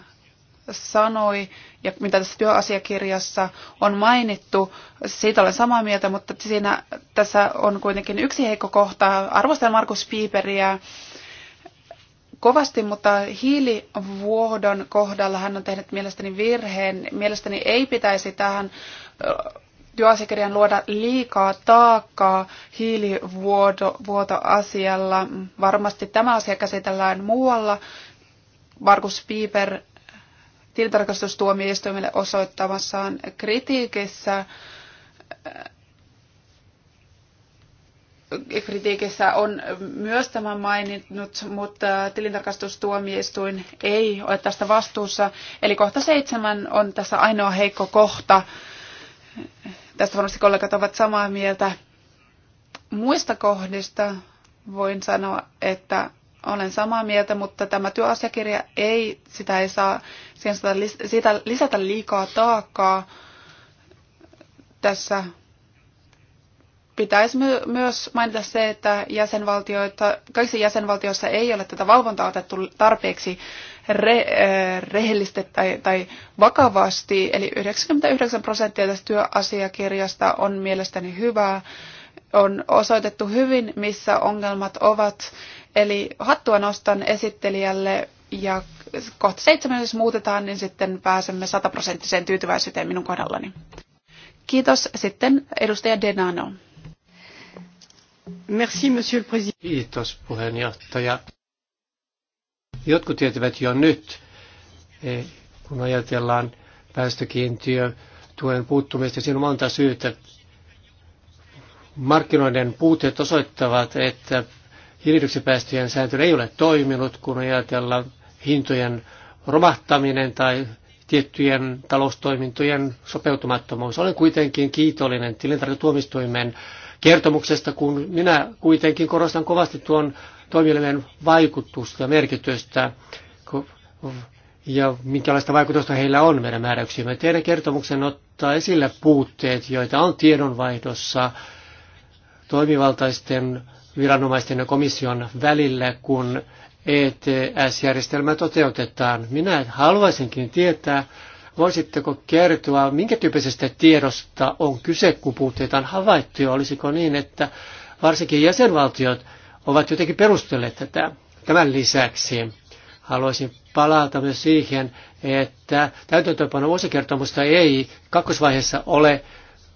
sanoi ja mitä tässä työasiakirjassa on mainittu, siitä olen samaa mieltä, mutta siinä tässä on kuitenkin yksi heikko kohta. Arvostan Markus Piiperiä kovasti, mutta hiilivuodon kohdalla hän on tehnyt mielestäni virheen. Mielestäni ei pitäisi tähän työasiakirjan luoda liikaa taakkaa hiilivuotoasialla. Varmasti tämä asia käsitellään muualla. Markus Pieper tilintarkastustuomioistuimelle osoittamassaan kritiikissä kritiikissä on myös tämän maininnut, mutta tilintarkastustuomioistuin ei ole tästä vastuussa. Eli kohta seitsemän on tässä ainoa heikko kohta. Tästä varmasti kollegat ovat samaa mieltä. Muista kohdista voin sanoa, että olen samaa mieltä, mutta tämä työasiakirja ei, sitä ei saa, siitä lisätä liikaa taakkaa tässä pitäisi myös mainita se, että jäsenvaltioita, kaikissa jäsenvaltioissa ei ole tätä valvontaa otettu tarpeeksi re, rehellisesti tai, tai vakavasti. Eli 99 prosenttia tästä työasiakirjasta on mielestäni hyvää. On osoitettu hyvin, missä ongelmat ovat. Eli hattua nostan esittelijälle ja kohta seitsemän, jos muutetaan, niin sitten pääsemme sataprosenttiseen tyytyväisyyteen minun kohdallani. Kiitos. Sitten edustaja Denano monsieur le président. Jotkut tietävät jo nyt, e, kun ajatellaan päästökiintiö tuen puuttumista, siinä on monta syytä. Markkinoiden puutteet osoittavat, että hiilidioksidipäästöjen sääntely ei ole toiminut, kun ajatellaan hintojen romahtaminen tai tiettyjen taloustoimintojen sopeutumattomuus. Olen kuitenkin kiitollinen tilintarkastustuomistoimen kertomuksesta, kun minä kuitenkin korostan kovasti tuon toimielimen vaikutusta ja merkitystä ja minkälaista vaikutusta heillä on meidän Me Teidän kertomuksen ottaa esille puutteet, joita on tiedonvaihdossa toimivaltaisten viranomaisten ja komission välillä, kun ETS-järjestelmä toteutetaan. Minä haluaisinkin tietää, Voisitteko kertoa, minkä tyyppisestä tiedosta on kyse, kun puutteita on havaittu, ja olisiko niin, että varsinkin jäsenvaltiot ovat jotenkin perustelleet tätä. Tämän lisäksi haluaisin palata myös siihen, että täytäntöönpano vuosikertomusta ei kakkosvaiheessa ole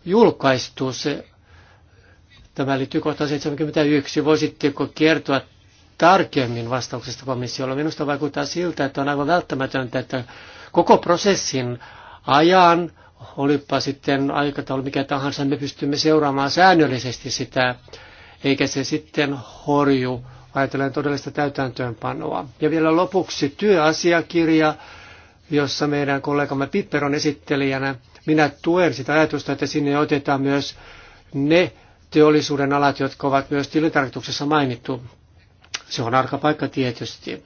julkaistu. Se, tämä liittyy kohtaan 71. Voisitteko kertoa tarkemmin vastauksesta komissiolla? Minusta vaikuttaa siltä, että on aivan välttämätöntä, että koko prosessin ajan, olipa sitten aikataulu mikä tahansa, me pystymme seuraamaan säännöllisesti sitä, eikä se sitten horju ajatellen todellista täytäntöönpanoa. Ja vielä lopuksi työasiakirja, jossa meidän kollegamme Pipper on esittelijänä. Minä tuen sitä ajatusta, että sinne otetaan myös ne teollisuuden alat, jotka ovat myös tilintarkoituksessa mainittu. Se on arka paikka tietysti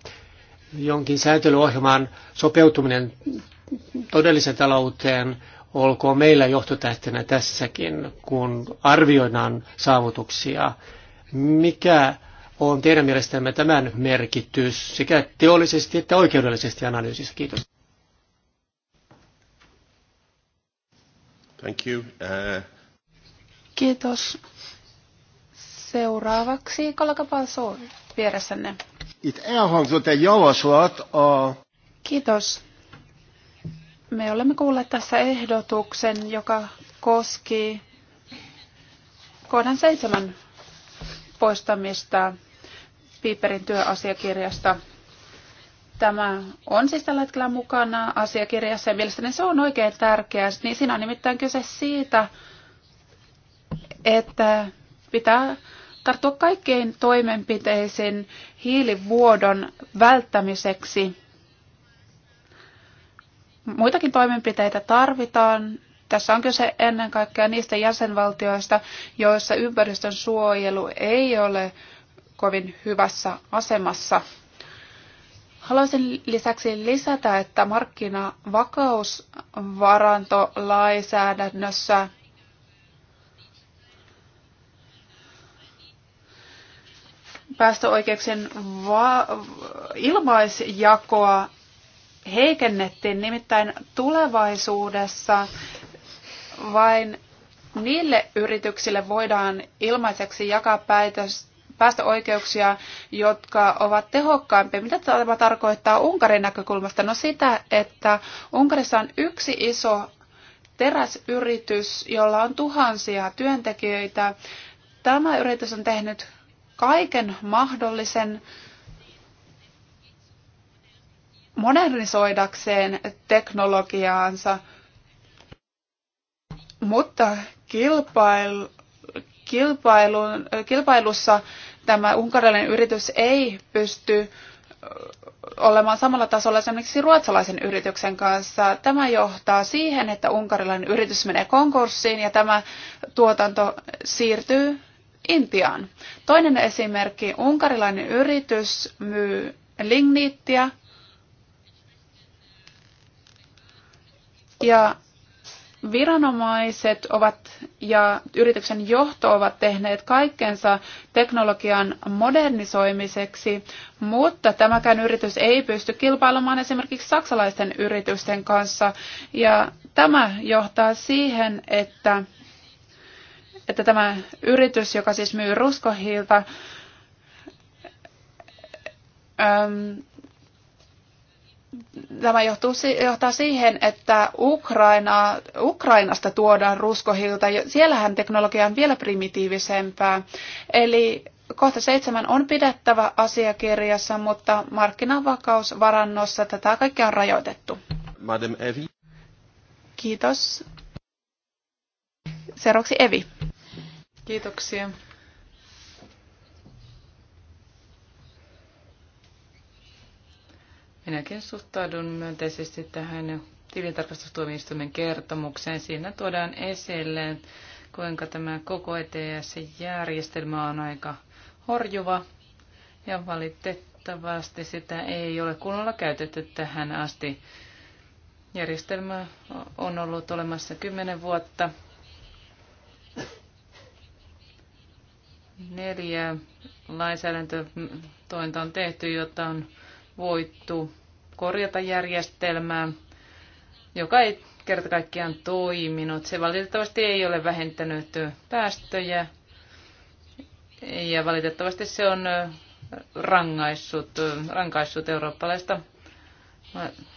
jonkin säätelyohjelman sopeutuminen todelliseen talouteen olkoon meillä johtotähtenä tässäkin, kun arvioidaan saavutuksia. Mikä on teidän mielestämme tämän merkitys sekä teollisesti että oikeudellisesti analyysissä? Kiitos. Thank you. Uh... Kiitos. Seuraavaksi kollega Palsoon vieressänne. Itt elhangzott egy javaslat a... Kiitos. Me olemme kuulleet tässä ehdotuksen, joka koski kohdan seitsemän poistamista Piperin työasiakirjasta. Tämä on siis tällä hetkellä mukana asiakirjassa ja mielestäni se on oikein tärkeää. Niin siinä on nimittäin kyse siitä, että pitää tarttua kaikkein toimenpiteisiin hiilivuodon välttämiseksi. Muitakin toimenpiteitä tarvitaan. Tässä on kyse ennen kaikkea niistä jäsenvaltioista, joissa ympäristön suojelu ei ole kovin hyvässä asemassa. Haluaisin lisäksi lisätä, että markkinavakausvarantolainsäädännössä päästöoikeuksien va- ilmaisjakoa heikennettiin, nimittäin tulevaisuudessa vain niille yrityksille voidaan ilmaiseksi jakaa päätös, päästöoikeuksia, jotka ovat tehokkaampia. Mitä tämä tarkoittaa Unkarin näkökulmasta? No sitä, että Unkarissa on yksi iso teräsyritys, jolla on tuhansia työntekijöitä. Tämä yritys on tehnyt kaiken mahdollisen modernisoidakseen teknologiaansa, mutta kilpailu, kilpailussa tämä unkarilainen yritys ei pysty olemaan samalla tasolla esimerkiksi ruotsalaisen yrityksen kanssa. Tämä johtaa siihen, että unkarilainen yritys menee konkurssiin ja tämä tuotanto siirtyy Intiaan. Toinen esimerkki, unkarilainen yritys myy ligniittiä ja viranomaiset ovat ja yrityksen johto ovat tehneet kaikkensa teknologian modernisoimiseksi, mutta tämäkään yritys ei pysty kilpailemaan esimerkiksi saksalaisten yritysten kanssa. Ja tämä johtaa siihen, että että tämä yritys, joka siis myy ruskohiiltä, ähm, tämä johtuu, johtaa siihen, että Ukraina, Ukrainasta tuodaan ruskohiiltä. Siellähän teknologia on vielä primitiivisempää. Eli kohta seitsemän on pidettävä asiakirjassa, mutta markkinavakausvarannossa tätä kaikkea on rajoitettu. Madame Evi. Kiitos. Seuraavaksi Evi. Kiitoksia. Minäkin suhtaudun myönteisesti tähän tilintarkastustuomioistuimen kertomukseen. Siinä tuodaan esille, kuinka tämä koko ETS-järjestelmä on aika horjuva ja valitettavasti sitä ei ole kunnolla käytetty tähän asti. Järjestelmä on ollut olemassa kymmenen vuotta Neljä lainsäädäntötointa on tehty, jotta on voittu korjata järjestelmää, joka ei kerta kaikkiaan toiminut. Se valitettavasti ei ole vähentänyt päästöjä ja valitettavasti se on rangaissut, rankaissut eurooppalaista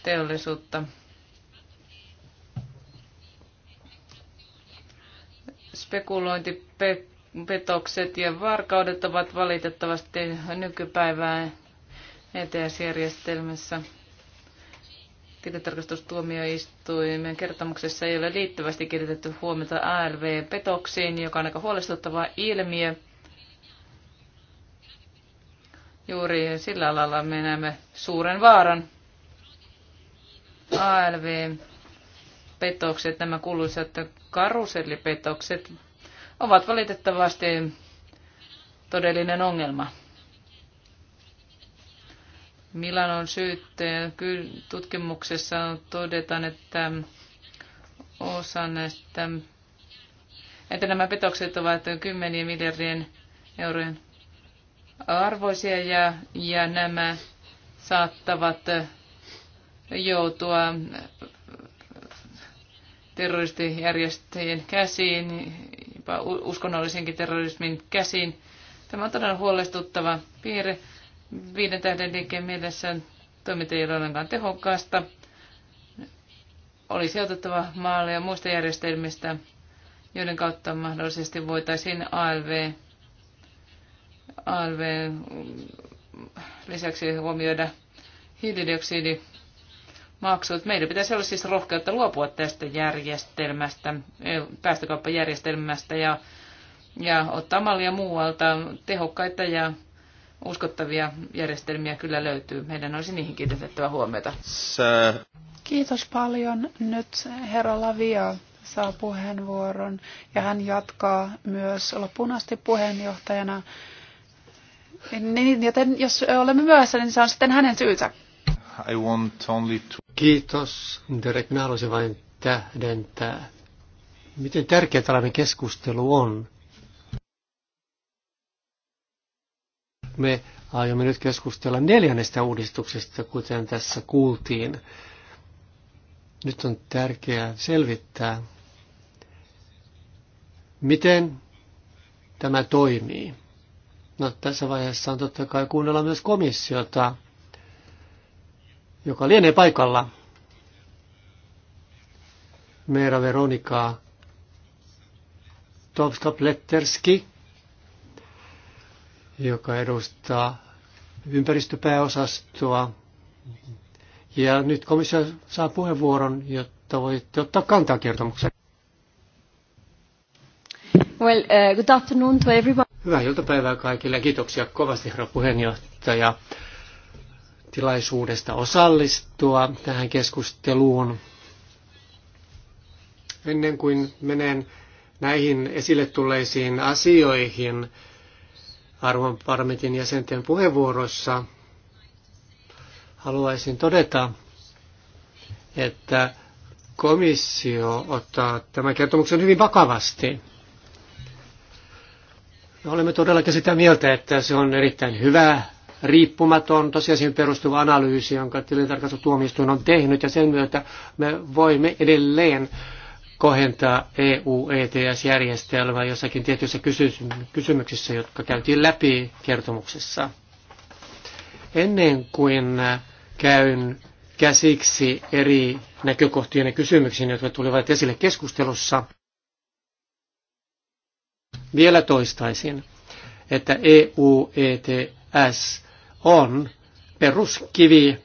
teollisuutta. Spekulointi petokset ja varkaudet ovat valitettavasti nykypäivää ETS-järjestelmässä. Tilintarkastustuomioistuimen kertomuksessa ei ole liittyvästi kiinnitetty huomiota ALV-petoksiin, joka on aika huolestuttava ilmiö. Juuri sillä alalla me näemme suuren vaaran. ALV-petokset, nämä kuuluisat karusellipetokset ovat valitettavasti todellinen ongelma. Milanon syytteen tutkimuksessa todetaan, että osa näistä, että nämä petokset ovat kymmenien miljardien eurojen arvoisia ja, ja nämä saattavat joutua terroristijärjestöjen käsiin jopa uskonnollisenkin terrorismin käsiin. Tämä on todella huolestuttava piirre. Viiden tähden liikkeen mielessä toiminta ei ole ollenkaan tehokkaasta. Olisi otettava maaleja muista järjestelmistä, joiden kautta mahdollisesti voitaisiin ALV, ALV mm, lisäksi huomioida hiilidioksidi maksut. Meidän pitäisi olla siis rohkeutta luopua tästä järjestelmästä, e, päästökauppajärjestelmästä ja, ja ottaa mallia muualta. Tehokkaita ja uskottavia järjestelmiä kyllä löytyy. Meidän olisi niihin kiinnitettävä huomiota. Sä... Kiitos paljon. Nyt herra Lavia saa puheenvuoron ja hän jatkaa myös loppuun asti puheenjohtajana. Niin, joten jos olemme myöhässä, niin se on sitten hänen syytä. I want only to... Kiitos, Derek. Minä haluaisin vain tähdentää, miten tärkeä tällainen keskustelu on. Me aiomme nyt keskustella neljännestä uudistuksesta, kuten tässä kuultiin. Nyt on tärkeää selvittää, miten tämä toimii. No, tässä vaiheessa on totta kai kuunnella myös komissiota joka lienee paikalla. Meera Veronika tomska joka edustaa ympäristöpääosastoa. Ja nyt komissio saa puheenvuoron, jotta voitte ottaa kantaa kertomukseen. Well, uh, good afternoon to everyone. Hyvää iltapäivää kaikille. Kiitoksia kovasti, herra puheenjohtaja tilaisuudesta osallistua tähän keskusteluun. Ennen kuin menen näihin esille tulleisiin asioihin arvon parlamentin jäsenten puheenvuorossa, haluaisin todeta, että komissio ottaa tämän kertomuksen hyvin vakavasti. Me olemme todellakin sitä mieltä, että se on erittäin hyvä riippumaton, tosiasiin perustuva analyysi, jonka tilintarkastustuomioistuin on tehnyt, ja sen myötä me voimme edelleen kohentaa EU-ETS-järjestelmää jossakin tietyissä kysymyksissä, jotka käytiin läpi kertomuksessa. Ennen kuin käyn käsiksi eri näkökohtien ja kysymyksiin, jotka tulivat esille keskustelussa, vielä toistaisin, että EU-ETS on peruskivi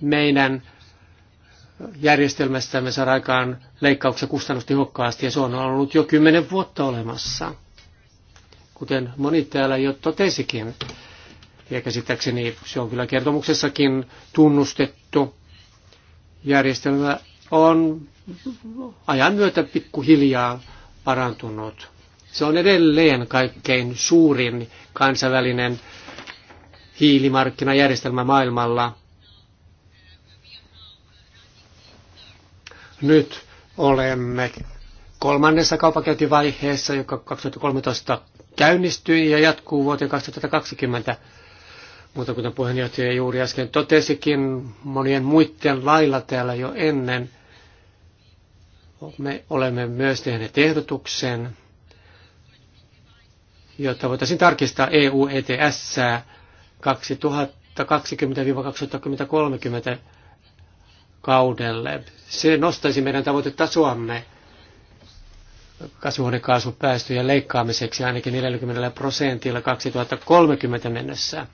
meidän järjestelmästämme saada aikaan leikkauksen kustannustehokkaasti ja se on ollut jo kymmenen vuotta olemassa. Kuten moni täällä jo totesikin, ja käsittääkseni se on kyllä kertomuksessakin tunnustettu, järjestelmä on ajan myötä pikkuhiljaa parantunut. Se on edelleen kaikkein suurin kansainvälinen hiilimarkkinajärjestelmä maailmalla. Nyt olemme kolmannessa kaupankäyntivaiheessa, joka 2013 käynnistyi ja jatkuu vuoteen 2020. Mutta kuten puheenjohtaja juuri äsken totesikin, monien muiden lailla täällä jo ennen, me olemme myös tehneet ehdotuksen, jotta voitaisiin tarkistaa EU-ETS 2020-2030 kaudelle. Se nostaisi meidän tavoitetasoamme kasvuhuonekaasupäästöjen leikkaamiseksi ainakin 40 prosentilla 2030 mennessä.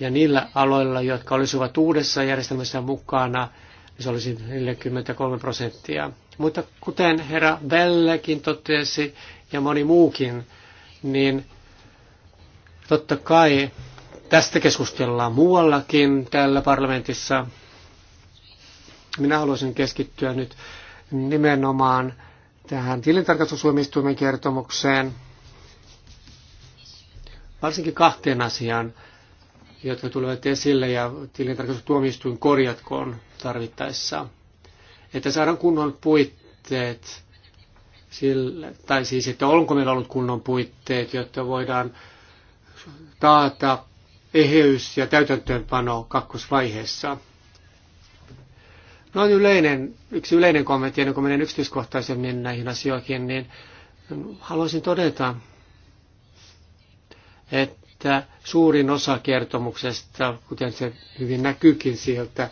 Ja niillä aloilla, jotka olisivat uudessa järjestelmässä mukana, niin se olisi 43 prosenttia. Mutta kuten herra Bellekin totesi ja moni muukin, niin totta kai Tästä keskustellaan muuallakin täällä parlamentissa. Minä haluaisin keskittyä nyt nimenomaan tähän tilintarkastusuomistuimen kertomukseen, varsinkin kahteen asiaan, jotka tulevat esille ja tilintarkastustuomistuin korjatkoon tarvittaessa. Että saadaan kunnon puitteet, sille, tai siis, että onko meillä ollut kunnon puitteet, jotta voidaan taata eheys ja täytäntöönpano kakkosvaiheessa. Noin yleinen, yksi yleinen kommentti, ennen kuin menen yksityiskohtaisemmin niin näihin asioihin, niin haluaisin todeta, että suurin osa kertomuksesta, kuten se hyvin näkyykin sieltä,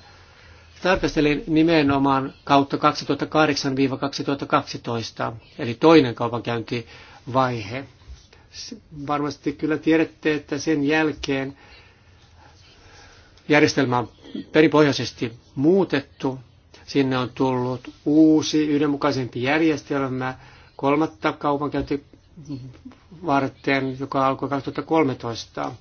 tarkastelin nimenomaan kautta 2008-2012, eli toinen kaupankäyntivaihe. Varmasti kyllä tiedätte, että sen jälkeen järjestelmä on peripohjaisesti muutettu. Sinne on tullut uusi, yhdenmukaisempi järjestelmä kolmatta kaupankäynti varten, joka alkoi 2013.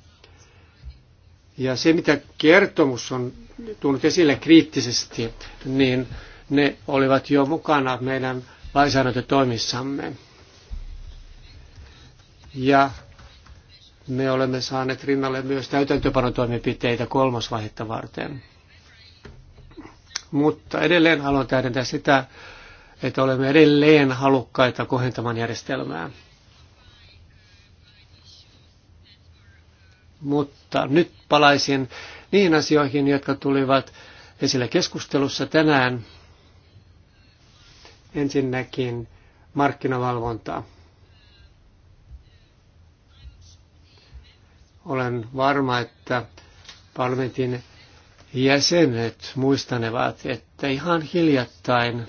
Ja se, mitä kertomus on tullut esille kriittisesti, niin ne olivat jo mukana meidän lainsäädäntötoimissamme. Ja me olemme saaneet rinnalle myös täytäntöpanotoimenpiteitä vaihetta varten. Mutta edelleen haluan täydentää sitä, että olemme edelleen halukkaita kohentamaan järjestelmää. Mutta nyt palaisin niihin asioihin, jotka tulivat esille keskustelussa tänään. Ensinnäkin markkinavalvontaa. Olen varma, että parlamentin jäsenet muistanevat, että ihan hiljattain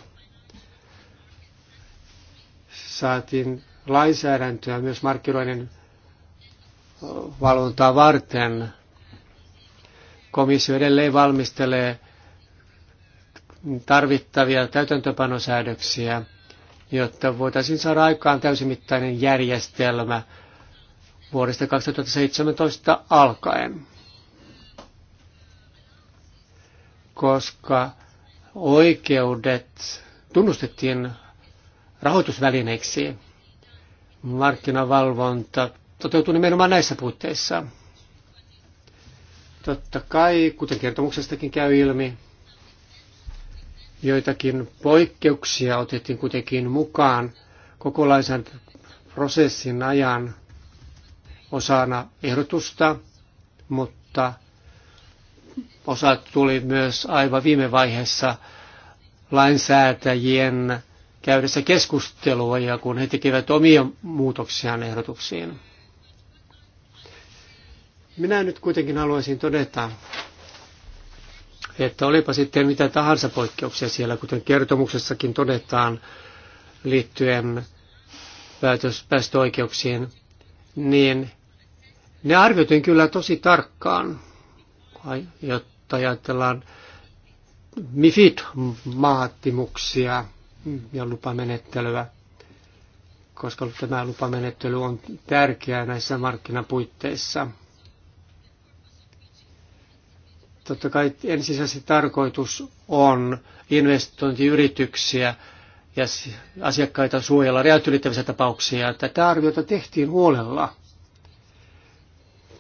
saatiin lainsäädäntöä myös markkinoiden valvontaa varten. Komissio edelleen valmistelee tarvittavia täytäntöpanosäädöksiä, jotta voitaisiin saada aikaan täysimittainen järjestelmä – vuodesta 2017 alkaen, koska oikeudet tunnustettiin rahoitusvälineiksi. Markkinavalvonta toteutui nimenomaan näissä puitteissa. Totta kai, kuten kertomuksestakin käy ilmi, joitakin poikkeuksia otettiin kuitenkin mukaan koko prosessin ajan osana ehdotusta, mutta osa tuli myös aivan viime vaiheessa lainsäätäjien käydessä keskustelua ja kun he tekevät omia muutoksiaan ehdotuksiin. Minä nyt kuitenkin haluaisin todeta, että olipa sitten mitä tahansa poikkeuksia siellä, kuten kertomuksessakin todetaan liittyen päätöspäästöoikeuksiin, niin ne arvioitiin kyllä tosi tarkkaan, jotta ajatellaan MIFID-maattimuksia ja lupamenettelyä, koska tämä lupamenettely on tärkeää näissä markkinapuitteissa. Totta kai ensisijaisesti tarkoitus on investointiyrityksiä ja asiakkaita suojella räjäytylittävissä tapauksia. Tätä arviota tehtiin huolella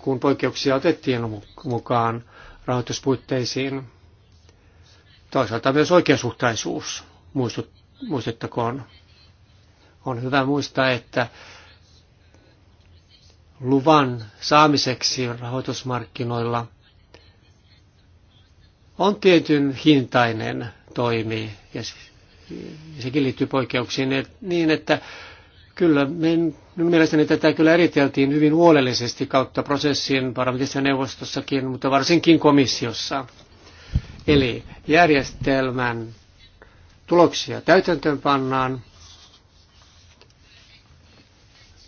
kun poikkeuksia otettiin mukaan rahoituspuitteisiin. Toisaalta myös oikeasuhtaisuus, muistut, muistettakoon. On hyvä muistaa, että luvan saamiseksi rahoitusmarkkinoilla on tietyn hintainen toimi, ja sekin liittyy poikkeuksiin niin, että Kyllä, minun mielestäni tätä kyllä eriteltiin hyvin huolellisesti kautta prosessin parlamentissa ja neuvostossakin, mutta varsinkin komissiossa. Eli järjestelmän tuloksia täytäntöön pannaan.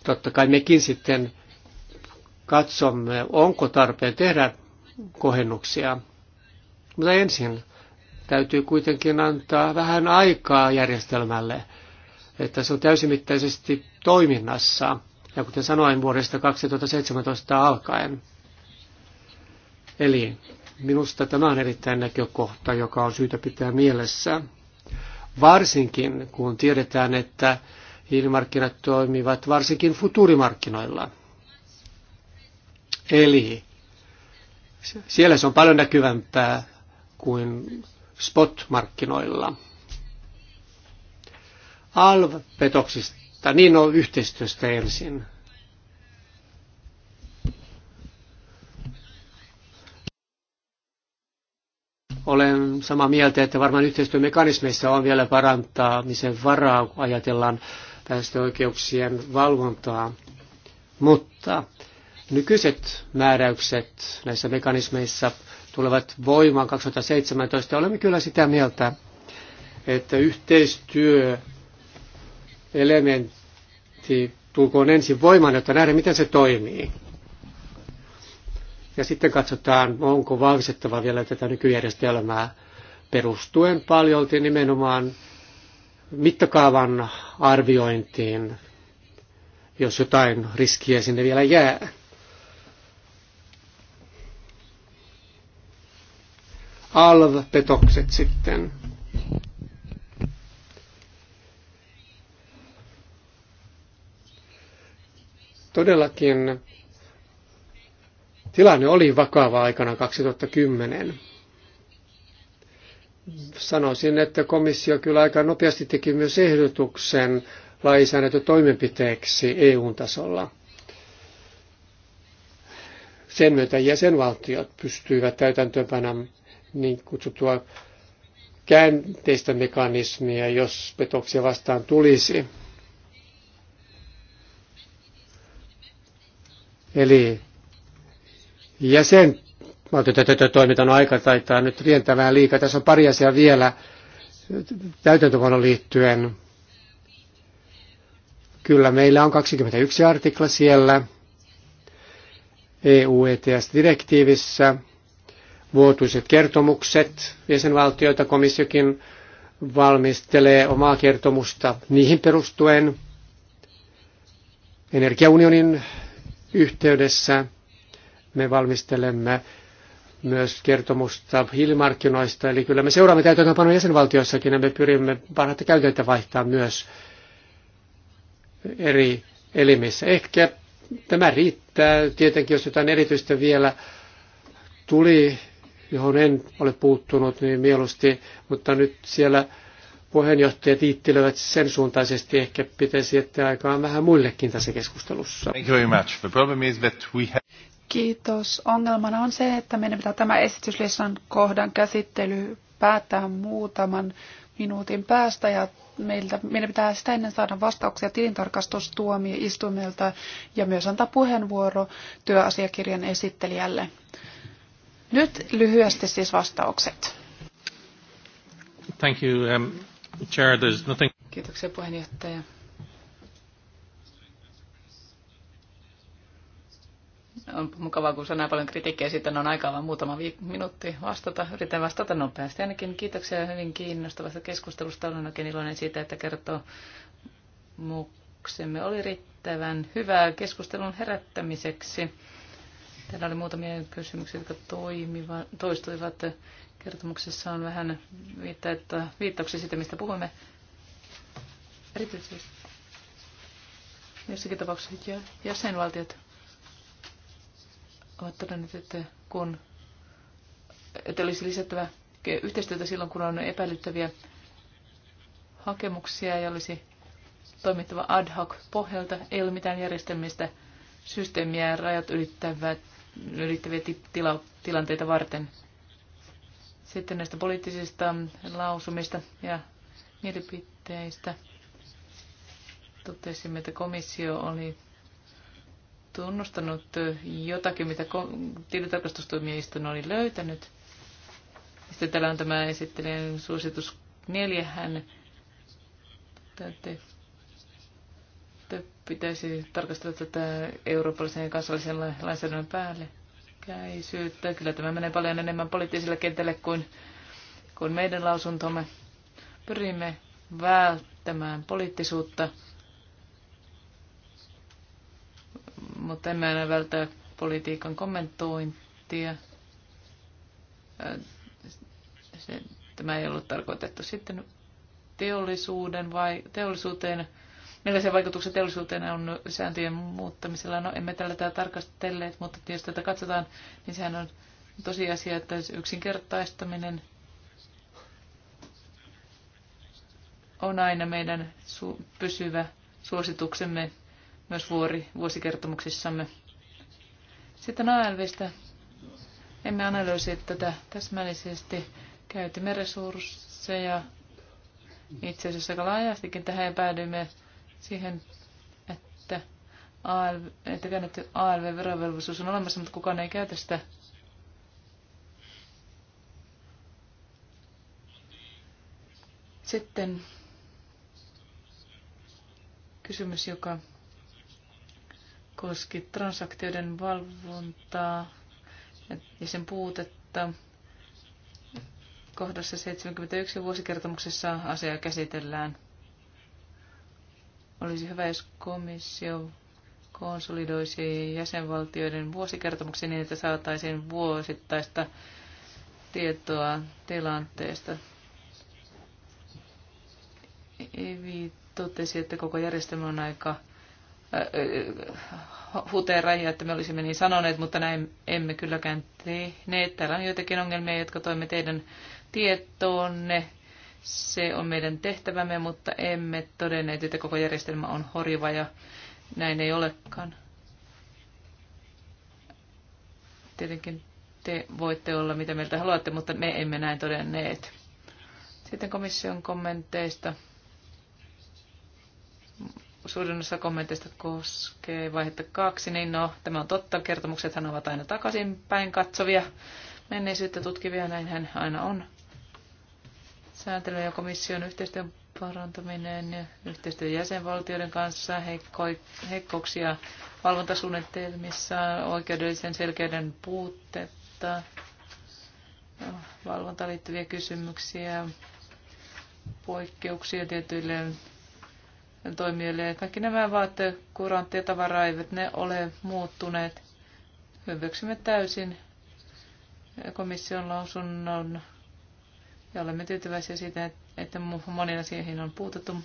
Totta kai mekin sitten katsomme, onko tarpeen tehdä kohennuksia. Mutta ensin täytyy kuitenkin antaa vähän aikaa järjestelmälle – että se on täysimittaisesti toiminnassa, ja kuten sanoin, vuodesta 2017 alkaen. Eli minusta tämä on erittäin näkökohta, joka on syytä pitää mielessä. Varsinkin kun tiedetään, että hiilimarkkinat toimivat varsinkin futurimarkkinoilla. Eli siellä se on paljon näkyvämpää kuin spot-markkinoilla alvpetoksista, niin on yhteistyöstä ensin. Olen samaa mieltä, että varmaan yhteistyömekanismeissa on vielä parantaa, misen varaa, kun ajatellaan päästöoikeuksien valvontaa. Mutta nykyiset määräykset näissä mekanismeissa tulevat voimaan 2017. Olemme kyllä sitä mieltä, että yhteistyö elementti tulkoon ensin voimaan, jotta nähdään, miten se toimii. Ja sitten katsotaan, onko vahvistettava vielä tätä nykyjärjestelmää perustuen paljolti nimenomaan mittakaavan arviointiin, jos jotain riskiä sinne vielä jää. Alv-petokset sitten. Todellakin tilanne oli vakava aikana 2010. Sanoisin, että komissio kyllä aika nopeasti teki myös ehdotuksen lainsäädäntötoimenpiteeksi EU-tasolla. Sen myötä jäsenvaltiot pystyivät täytäntöönpänä niin kutsuttua käänteistä mekanismia, jos petoksia vastaan tulisi. Eli jäsen, toimintan aika taitaa nyt rientämään liikaa. Tässä on pari asiaa vielä täytäntöpanon liittyen. Kyllä, meillä on 21 artikla siellä EU-ETS-direktiivissä, vuotuiset kertomukset, jäsenvaltioita komissiokin valmistelee omaa kertomusta niihin perustuen energiaunionin yhteydessä me valmistelemme myös kertomusta hiilimarkkinoista, eli kyllä me seuraamme täytäntöönpanon jäsenvaltioissakin ja me pyrimme parhaita käytäntöjä vaihtaa myös eri elimissä. Ehkä tämä riittää. Tietenkin jos jotain erityistä vielä tuli, johon en ole puuttunut, niin mieluusti, mutta nyt siellä puheenjohtajat viittilöivät sen suuntaisesti, ehkä pitäisi jättää aikaan vähän muillekin tässä keskustelussa. Thank you very much. The problem is that we have... Kiitos. Ongelmana on se, että meidän pitää tämä esityslistan kohdan käsittely päättää muutaman minuutin päästä ja meiltä, meidän pitää sitä ennen saada vastauksia tilintarkastustuomioistuimelta ja myös antaa puheenvuoro työasiakirjan esittelijälle. Nyt lyhyesti siis vastaukset. Thank you. Um, Chair, there's nothing... Kiitoksia puheenjohtaja. on mukavaa, kun sanoo paljon kritiikkiä, sitten on aikaa vain muutama viik- minuutti vastata. Yritän vastata nopeasti. Ainakin kiitoksia hyvin kiinnostavasta keskustelusta. Olen oikein iloinen siitä, että kertoo muksemme oli riittävän hyvää keskustelun herättämiseksi. Täällä oli muutamia kysymyksiä, jotka toimiva, toistuivat. Kertomuksessa on vähän että viittauksia siitä, mistä puhuimme. Erityisesti jossakin tapauksessa jäsenvaltiot ovat todenneet, että kun että olisi lisättävä yhteistyötä silloin, kun on epäilyttäviä hakemuksia ja olisi toimittava ad hoc pohjalta. Ei ole mitään järjestelmistä systeemiä ja rajat ylittävät ylittäviä tila, tilanteita varten. Sitten näistä poliittisista lausumista ja mielipiteistä totesimme, että komissio oli tunnustanut jotakin, mitä tilintarkastustuomioistuin oli löytänyt. Sitten täällä on tämä esittelijän suositus neljähän pitäisi tarkastella tätä eurooppalaisen ja kansallisen lainsäädännön päälle käisyyttä. Kyllä tämä menee paljon enemmän poliittiselle kentälle kuin, kuin meidän lausuntomme. Pyrimme välttämään poliittisuutta, mutta emme aina välttää politiikan kommentointia. Se, tämä ei ollut tarkoitettu sitten teollisuuden vai, teollisuuteen millaisia vaikutuksia teollisuuteen on sääntöjen muuttamisella. No emme tällä tätä tarkastelleet, mutta jos tätä katsotaan, niin sehän on tosiasia, että yksinkertaistaminen on aina meidän su- pysyvä suosituksemme myös vuori, vuosikertomuksissamme. Sitten ALVistä. emme analysoi tätä täsmällisesti. Käytimme resursseja itse asiassa aika laajastikin tähän ja päädyimme siihen, että, ALV, että käännetty ALV-verovelvollisuus on olemassa, mutta kukaan ei käytä sitä. Sitten kysymys, joka koski transaktioiden valvontaa ja sen puutetta. Kohdassa 71 vuosikertomuksessa asiaa käsitellään. Olisi hyvä, jos komissio konsolidoisi jäsenvaltioiden vuosikertomuksen niin, että saataisiin vuosittaista tietoa tilanteesta. Evi totesi, että koko järjestelmä on aika äh, äh, huteen että me olisimme niin sanoneet, mutta näin emme kylläkään tehneet. Täällä on joitakin ongelmia, jotka toimme teidän tietoonne se on meidän tehtävämme, mutta emme todenneet, että koko järjestelmä on horjuva ja näin ei olekaan. Tietenkin te voitte olla mitä mieltä haluatte, mutta me emme näin todenneet. Sitten komission kommenteista. Suurin osa kommenteista koskee vaihetta kaksi, niin no, tämä on totta. Kertomuksethan ovat aina takaisinpäin katsovia, menneisyyttä tutkivia, näinhän aina on sääntelyn ja komission yhteistyön parantaminen yhteistyön jäsenvaltioiden kanssa, heikko, heikkouksia valvontasuunnitelmissa, oikeudellisen selkeyden puutetta, valvontaan liittyviä kysymyksiä, poikkeuksia tietyille toimijoille. Kaikki nämä vaatteet, kurantti ja tavara eivät ne ole muuttuneet. Hyväksymme täysin komission lausunnon ja olemme tyytyväisiä siitä, että moniin asioihin on puututtu,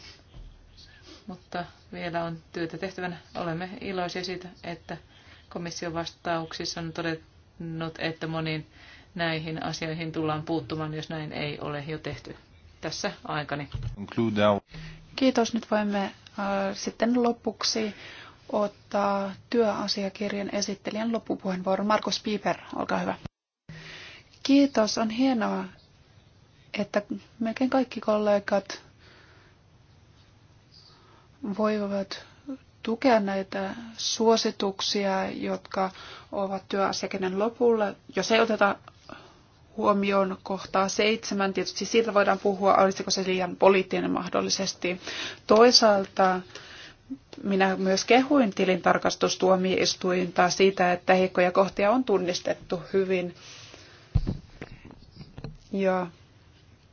mutta vielä on työtä tehtävänä. Olemme iloisia siitä, että komission vastauksissa on todennut, että moniin näihin asioihin tullaan puuttumaan, jos näin ei ole jo tehty tässä aikani. Kiitos. Nyt voimme äh, sitten lopuksi ottaa työasiakirjan esittelijän loppupuheenvuoron. Markus Piper, olkaa hyvä. Kiitos. On hienoa, että melkein kaikki kollegat voivat tukea näitä suosituksia, jotka ovat työasiakirjan lopulla. Jos ei oteta huomioon kohtaa seitsemän, tietysti siitä voidaan puhua, olisiko se liian poliittinen mahdollisesti. Toisaalta minä myös kehuin tilintarkastustuomioistuinta siitä, että heikkoja kohtia on tunnistettu hyvin. Ja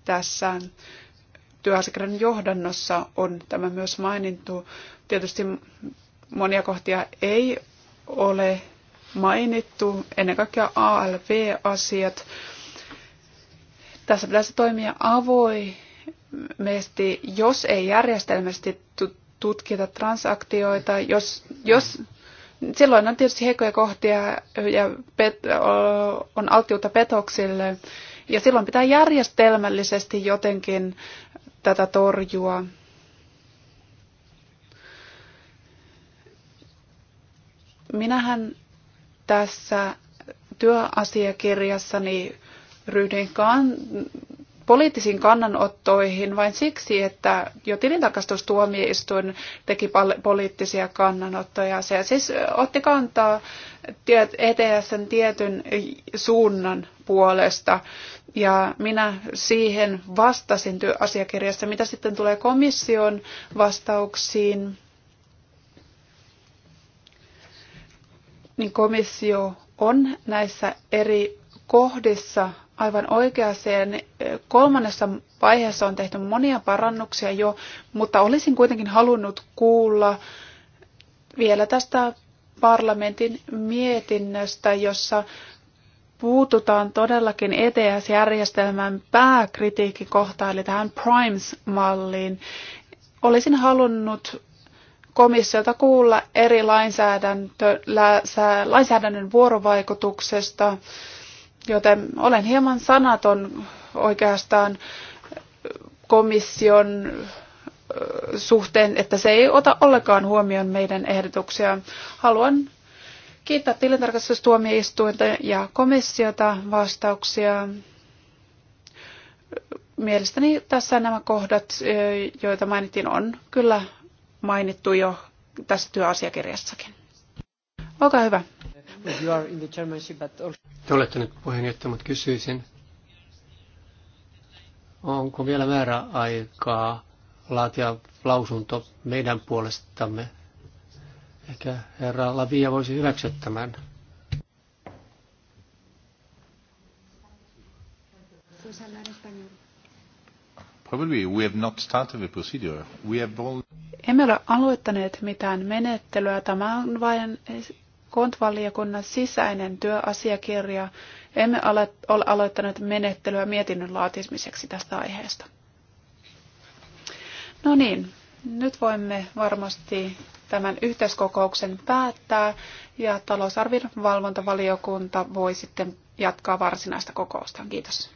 tässä työasiakirjan johdannossa on tämä myös mainittu. Tietysti monia kohtia ei ole mainittu, ennen kaikkea ALV-asiat. Tässä pitäisi toimia avoimesti, jos ei järjestelmästi tutkita transaktioita, jos, jos silloin on tietysti heikkoja kohtia ja pet, on alttiutta petoksille. Ja silloin pitää järjestelmällisesti jotenkin tätä torjua. Minähän tässä työasiakirjassani ryhdyin kan- poliittisiin kannanottoihin vain siksi, että jo tilintarkastustuomioistuin teki poliittisia kannanottoja. Se siis otti kantaa ETSn e tietyn suunnan puolesta. Ja minä siihen vastasin työasiakirjassa, mitä sitten tulee komission vastauksiin. Niin komissio on näissä eri kohdissa aivan oikeaseen. Kolmannessa vaiheessa on tehty monia parannuksia jo, mutta olisin kuitenkin halunnut kuulla vielä tästä parlamentin mietinnöstä, jossa puututaan todellakin ETS-järjestelmän pääkritiikkikohtaan, eli tähän Primes-malliin. Olisin halunnut komissiolta kuulla eri lainsäädäntö, lainsäädännön vuorovaikutuksesta, Joten olen hieman sanaton oikeastaan komission suhteen, että se ei ota ollenkaan huomioon meidän ehdotuksia. Haluan kiittää tilintarkastustuomioistuinta ja komissiota vastauksia. Mielestäni tässä nämä kohdat, joita mainittiin, on kyllä mainittu jo tässä työasiakirjassakin. Olkaa hyvä you are in the chairmanship, but also... Te olette nyt puheenjohtaja, mutta kysyisin, onko vielä määräaikaa aikaa laatia lausunto meidän puolestamme? Ehkä herra Lavia voisi hyväksyä tämän. Probably we have not started the procedure. We have all... Emme ole aloittaneet mitään menettelyä. Tämä on vain Kontvaliokunnan sisäinen työasiakirja. Emme ole aloittaneet menettelyä mietinnön laatimiseksi tästä aiheesta. No niin, nyt voimme varmasti tämän yhteiskokouksen päättää ja talousarvion valvontavaliokunta voi sitten jatkaa varsinaista kokousta. Kiitos.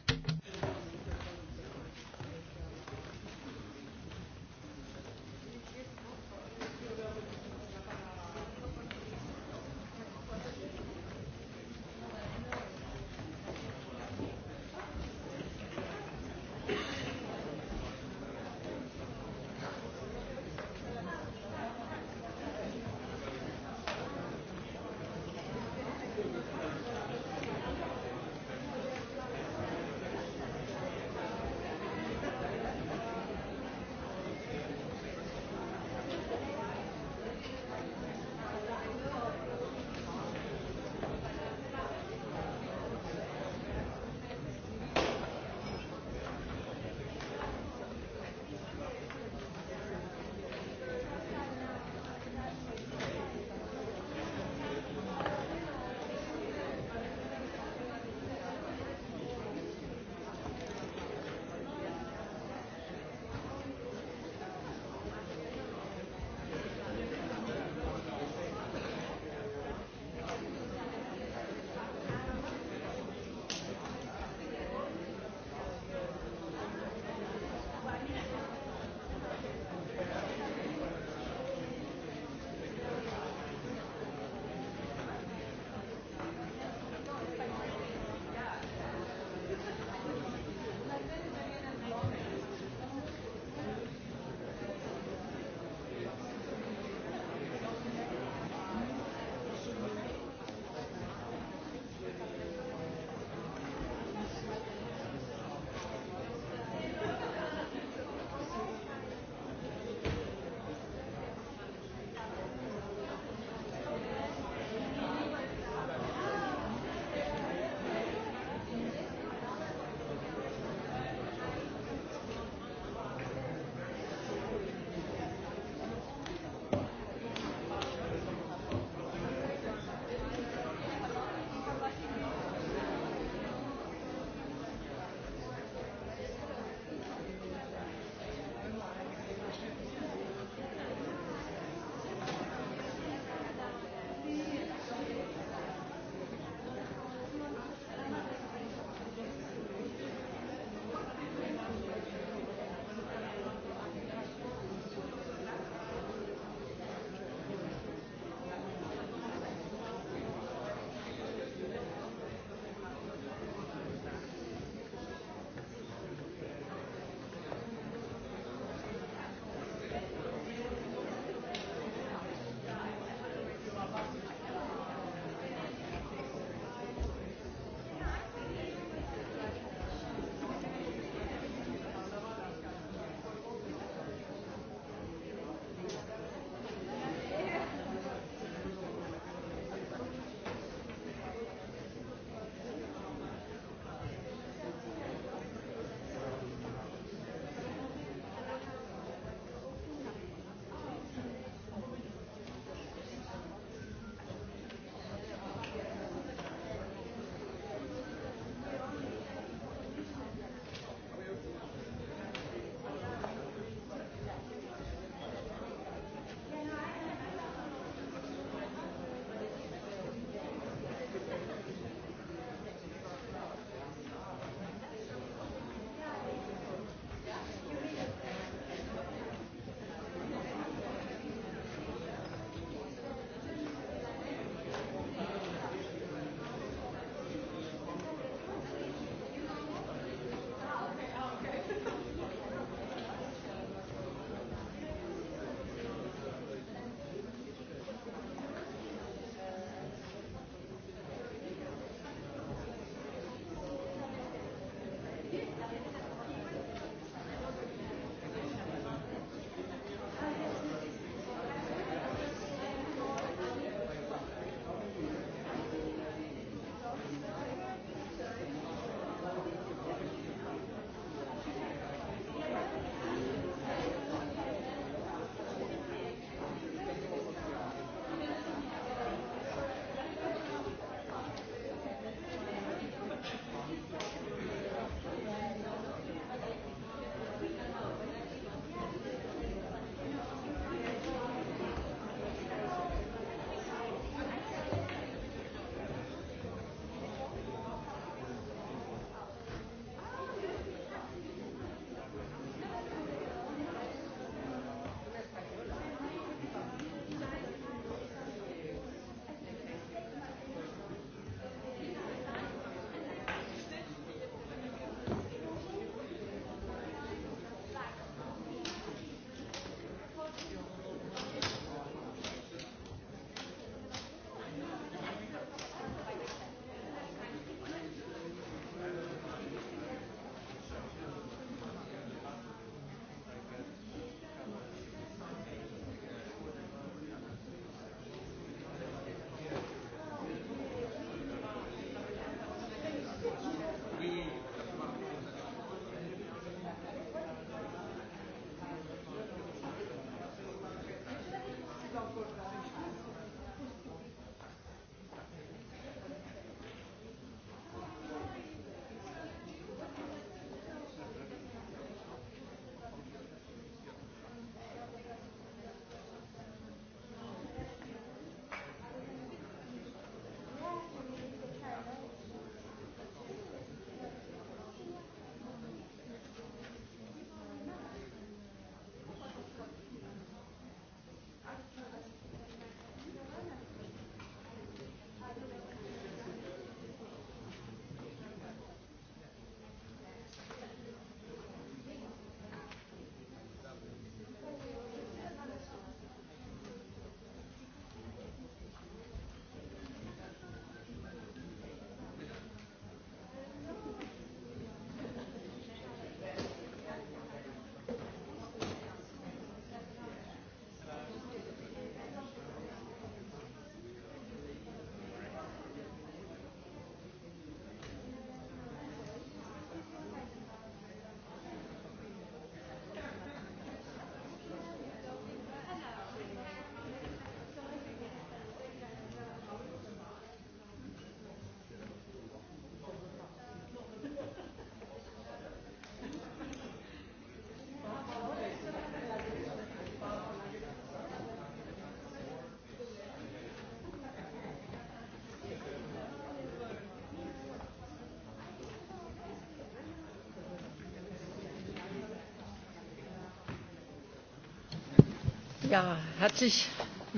Ja, herzlich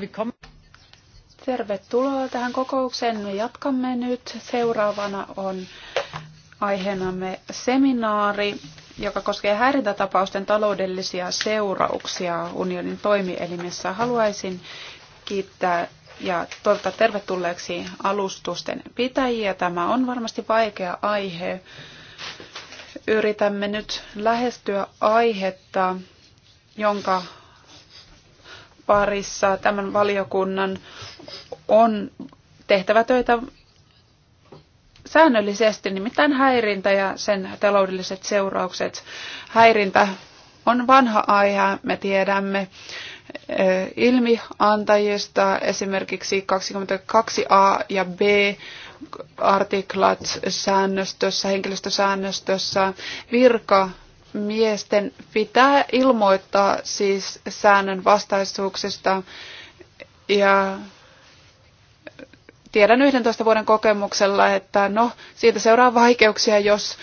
willkommen. Tervetuloa tähän kokoukseen. Me jatkamme nyt. Seuraavana on aiheenamme seminaari, joka koskee häirintätapausten taloudellisia seurauksia unionin toimielimissä. Haluaisin kiittää ja toivottaa tervetulleeksi alustusten pitäjiä. Tämä on varmasti vaikea aihe. Yritämme nyt lähestyä aihetta, jonka parissa tämän valiokunnan on tehtävä töitä säännöllisesti, nimittäin häirintä ja sen taloudelliset seuraukset. Häirintä on vanha aihe, me tiedämme ilmiantajista esimerkiksi 22a ja b artiklat säännöstössä, henkilöstösäännöstössä, virka miesten pitää ilmoittaa siis säännön vastaisuuksista. Ja tiedän 11 vuoden kokemuksella, että no, siitä seuraa vaikeuksia, jos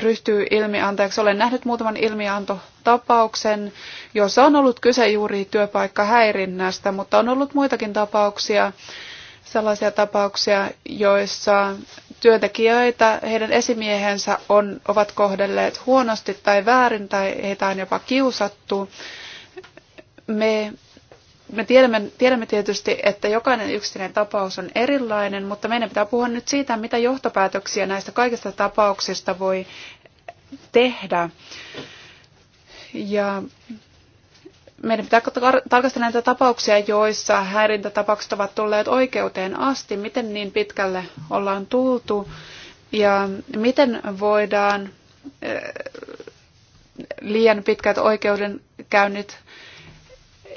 ryhtyy ilmiantajaksi. Olen nähnyt muutaman ilmiantotapauksen, jossa on ollut kyse juuri työpaikkahäirinnästä, mutta on ollut muitakin tapauksia, sellaisia tapauksia, joissa työntekijöitä heidän esimiehensä on, ovat kohdelleet huonosti tai väärin tai heitä on jopa kiusattu. Me, me tiedämme, tiedämme tietysti, että jokainen yksittäinen tapaus on erilainen, mutta meidän pitää puhua nyt siitä, mitä johtopäätöksiä näistä kaikista tapauksista voi tehdä. Ja meidän pitää tarkastella näitä tapauksia, joissa häirintätapaukset ovat tulleet oikeuteen asti, miten niin pitkälle ollaan tultu ja miten voidaan eh, liian pitkät oikeudenkäynnit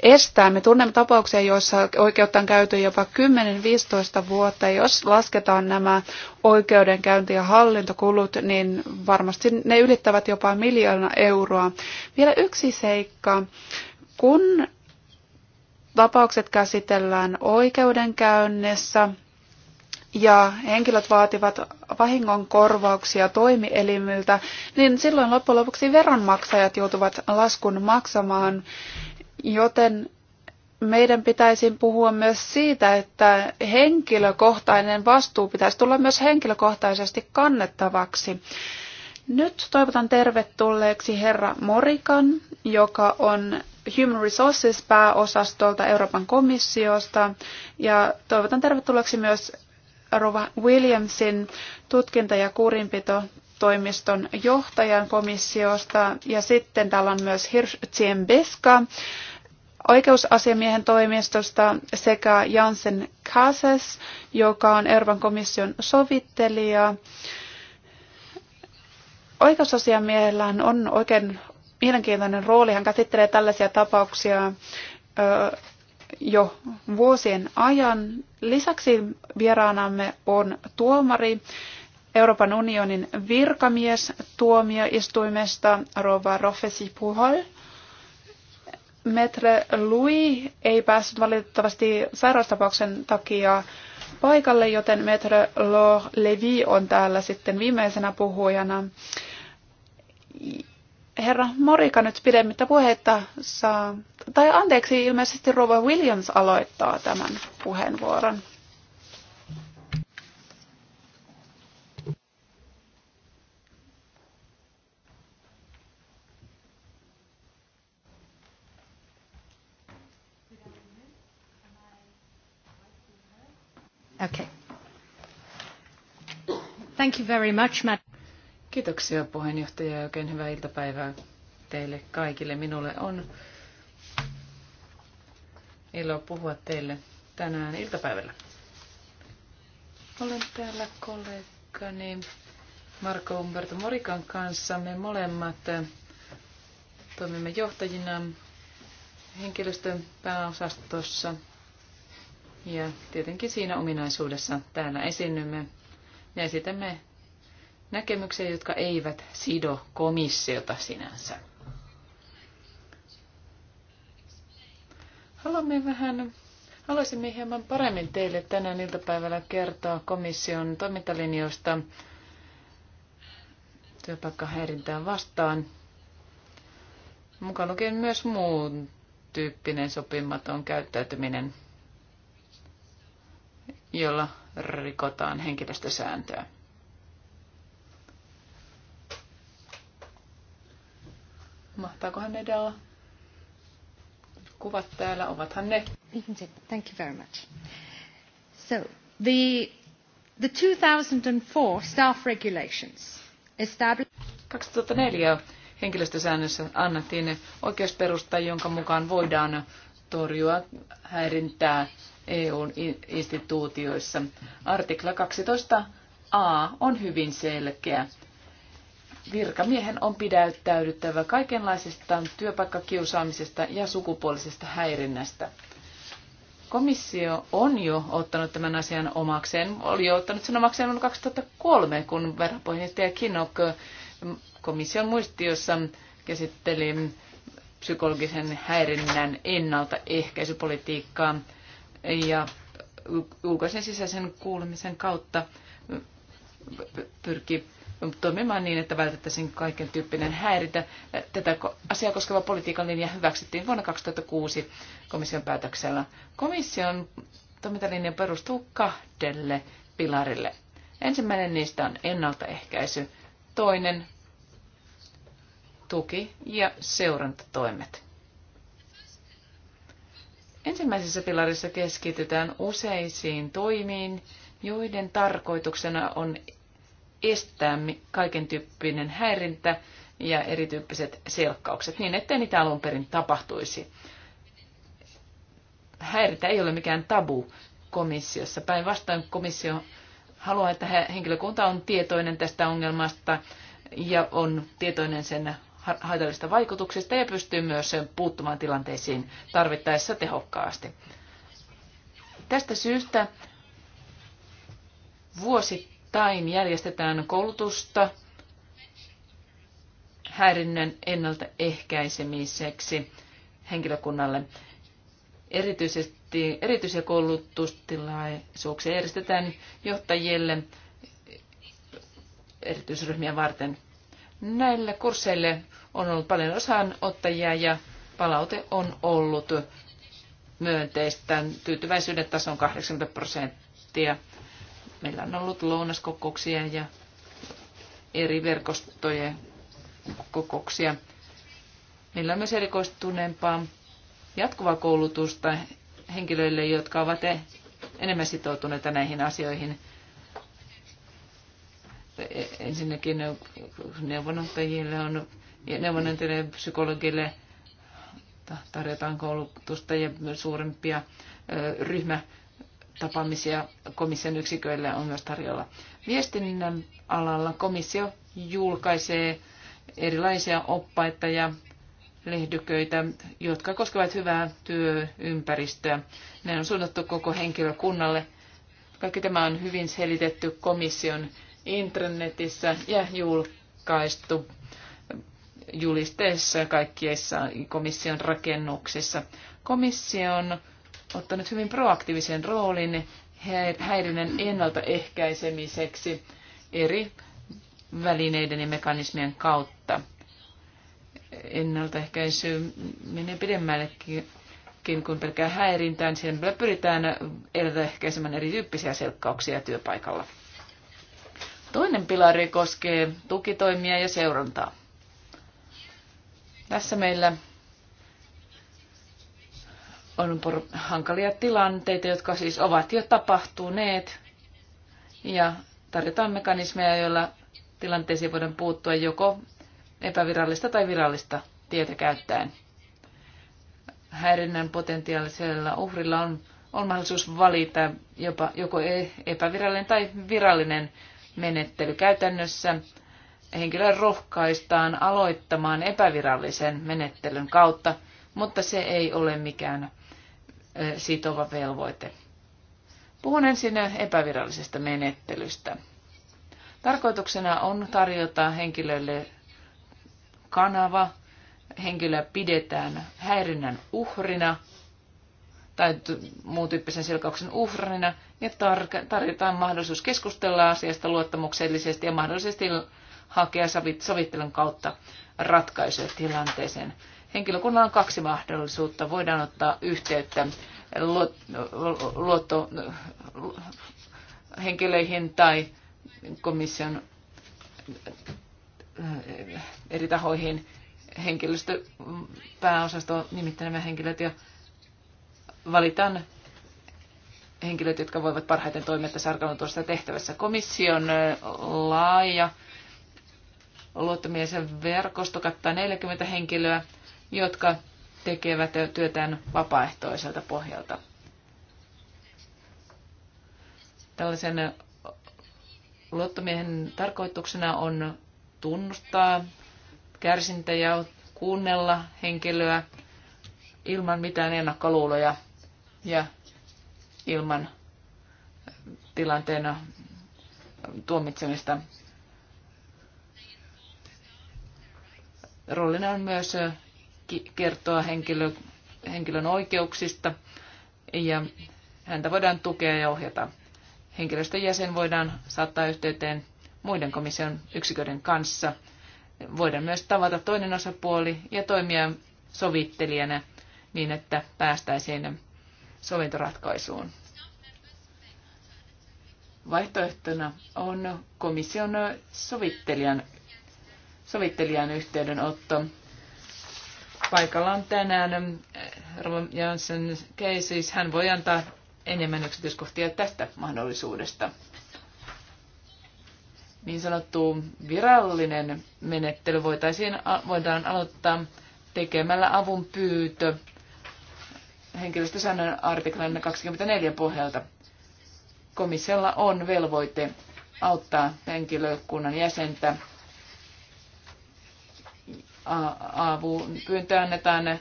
estää. Me tunnemme tapauksia, joissa oikeutta on käyty jopa 10-15 vuotta. Jos lasketaan nämä oikeudenkäynti- ja hallintokulut, niin varmasti ne ylittävät jopa miljoona euroa. Vielä yksi seikka. Kun tapaukset käsitellään oikeudenkäynnissä ja henkilöt vaativat vahingon korvauksia toimielimiltä, niin silloin loppujen lopuksi veronmaksajat joutuvat laskun maksamaan, joten meidän pitäisi puhua myös siitä, että henkilökohtainen vastuu pitäisi tulla myös henkilökohtaisesti kannettavaksi. Nyt toivotan tervetulleeksi herra Morikan, joka on Human Resources pääosastolta Euroopan komissiosta ja toivotan tervetulleeksi myös Rova Williamsin tutkinta- ja toimiston johtajan komissiosta ja sitten täällä on myös Hirsch Beska oikeusasiamiehen toimistosta sekä Jansen Kases, joka on Euroopan komission sovittelija oikeusasiamiehellä on oikein mielenkiintoinen rooli. Hän käsittelee tällaisia tapauksia jo vuosien ajan. Lisäksi vieraanamme on tuomari, Euroopan unionin virkamies tuomioistuimesta Rova Rofesi Puhol. Metre Louis ei päässyt valitettavasti sairaustapauksen takia paikalle, joten Metre Laure Levy on täällä sitten viimeisenä puhujana herra Morika nyt pidemmittä puhetta saa, tai anteeksi, ilmeisesti Rova Williams aloittaa tämän puheenvuoron. Okay. Thank you very much, Matt. Kiitoksia puheenjohtaja ja oikein hyvää iltapäivää teille kaikille. Minulle on ilo puhua teille tänään iltapäivällä. Olen täällä kollegani Marko Umberto Morikan kanssa. Me molemmat toimimme johtajina henkilöstön pääosastossa ja tietenkin siinä ominaisuudessa täällä esiinnymme ja esitämme näkemyksiä, jotka eivät sido komissiota sinänsä. Haluamme vähän, haluaisimme hieman paremmin teille tänään iltapäivällä kertoa komission toimintalinjoista työpaikkahäirintään vastaan, mukaan lukien myös muun tyyppinen sopimaton käyttäytyminen, jolla rikotaan henkilöstösääntöä. Mahtaakohan ne edellä? Kuvat täällä, ovathan ne. Thank you very much. So, the, the 2004 staff regulations established... 2004 henkilöstösäännössä annettiin oikeusperusta, jonka mukaan voidaan torjua häirintää EUn instituutioissa. Artikla 12a on hyvin selkeä virkamiehen on pidäyttäydyttävä kaikenlaisesta työpaikkakiusaamisesta ja sukupuolisesta häirinnästä. Komissio on jo ottanut tämän asian omakseen. Oli jo ottanut sen omakseen vuonna 2003, kun varapuheenjohtaja Kinok mm, komission muistiossa käsitteli psykologisen häirinnän ennaltaehkäisypolitiikkaa ja ulkoisen sisäisen kuulemisen kautta pyrki toimimaan niin, että vältettäisiin kaiken tyyppinen häiritä Tätä asiaa koskeva politiikan linja hyväksyttiin vuonna 2006 komission päätöksellä. Komission toimintalinja perustuu kahdelle pilarille. Ensimmäinen niistä on ennaltaehkäisy, toinen tuki ja seurantatoimet. Ensimmäisessä pilarissa keskitytään useisiin toimiin, joiden tarkoituksena on estää kaiken tyyppinen häirintä ja erityyppiset selkkaukset niin, ettei niitä alun perin tapahtuisi. Häiritä ei ole mikään tabu komissiossa. Päinvastoin komissio haluaa, että henkilökunta on tietoinen tästä ongelmasta ja on tietoinen sen haitallista vaikutuksista ja pystyy myös puuttumaan tilanteisiin tarvittaessa tehokkaasti. Tästä syystä vuosittain vuosittain järjestetään koulutusta häirinnän ennaltaehkäisemiseksi henkilökunnalle. Erityisesti, erityisiä koulutustilaisuuksia järjestetään johtajille erityisryhmiä varten. Näille kursseille on ollut paljon osanottajia ja palaute on ollut myönteistä. Tyytyväisyyden taso on 80 prosenttia. Meillä on ollut lounaskokouksia ja eri verkostojen kokouksia. Meillä on myös erikoistuneempaa jatkuvaa koulutusta henkilöille, jotka ovat enemmän sitoutuneita näihin asioihin. Ensinnäkin neuvonantajille on neuvonantajille psykologille tarjotaan koulutusta ja suurempia ryhmä tapaamisia komission yksiköille on myös tarjolla. Viestinnän alalla komissio julkaisee erilaisia oppaita ja lehdyköitä, jotka koskevat hyvää työympäristöä. Ne on suunnattu koko henkilökunnalle. Kaikki tämä on hyvin selitetty komission internetissä ja julkaistu julisteessa kaikkiessa komission rakennuksissa. Komission ottanut hyvin proaktiivisen roolin häirinnän ennaltaehkäisemiseksi eri välineiden ja mekanismien kautta. Ennaltaehkäisy menee pidemmällekin kuin pelkää häirintään. Siihen pyritään ennaltaehkäisemään erityyppisiä selkkauksia työpaikalla. Toinen pilari koskee tukitoimia ja seurantaa. Tässä meillä on hankalia tilanteita, jotka siis ovat jo tapahtuneet. Ja tarjotaan mekanismeja, joilla tilanteisiin voidaan puuttua joko epävirallista tai virallista tietä käyttäen. Häirinnän potentiaalisella uhrilla on, on mahdollisuus valita jopa joko e- epävirallinen tai virallinen menettely. Käytännössä henkilöä rohkaistaan aloittamaan epävirallisen menettelyn kautta, mutta se ei ole mikään sitova velvoite. Puhun ensin epävirallisesta menettelystä. Tarkoituksena on tarjota henkilölle kanava, henkilöä pidetään häirinnän uhrina tai muun tyyppisen selkauksen uhrina ja tar- tarjotaan mahdollisuus keskustella asiasta luottamuksellisesti ja mahdollisesti hakea sovittelun kautta ratkaisuja tilanteeseen. Henkilökunnalla on kaksi mahdollisuutta. Voidaan ottaa yhteyttä luotto, tai komission äh, eri tahoihin henkilöstö nimittäin nämä henkilöt ja valitaan henkilöt, jotka voivat parhaiten toimia tässä arkaluontoisessa tehtävässä. Komission äh, laaja luottomiesen verkosto kattaa 40 henkilöä jotka tekevät työtään vapaaehtoiselta pohjalta. Tällaisen luottomiehen tarkoituksena on tunnustaa kärsintä ja kuunnella henkilöä ilman mitään ennakkoluuloja ja ilman tilanteena tuomitsemista. Roolina on myös kertoa henkilö, henkilön oikeuksista ja häntä voidaan tukea ja ohjata. Henkilöstön jäsen voidaan saattaa yhteyteen muiden komission yksiköiden kanssa. Voidaan myös tavata toinen osapuoli ja toimia sovittelijana niin, että päästäisiin sovintoratkaisuun. Vaihtoehtona on komission sovittelijan, sovittelijan yhteydenotto paikalla on tänään Janssen Keisis. Hän voi antaa enemmän yksityiskohtia tästä mahdollisuudesta. Niin sanottu virallinen menettely voitaisiin, voidaan aloittaa tekemällä avun pyytö henkilöstösäännön artiklan 24 pohjalta. Komissiolla on velvoite auttaa henkilökunnan jäsentä avu pyyntö annetaan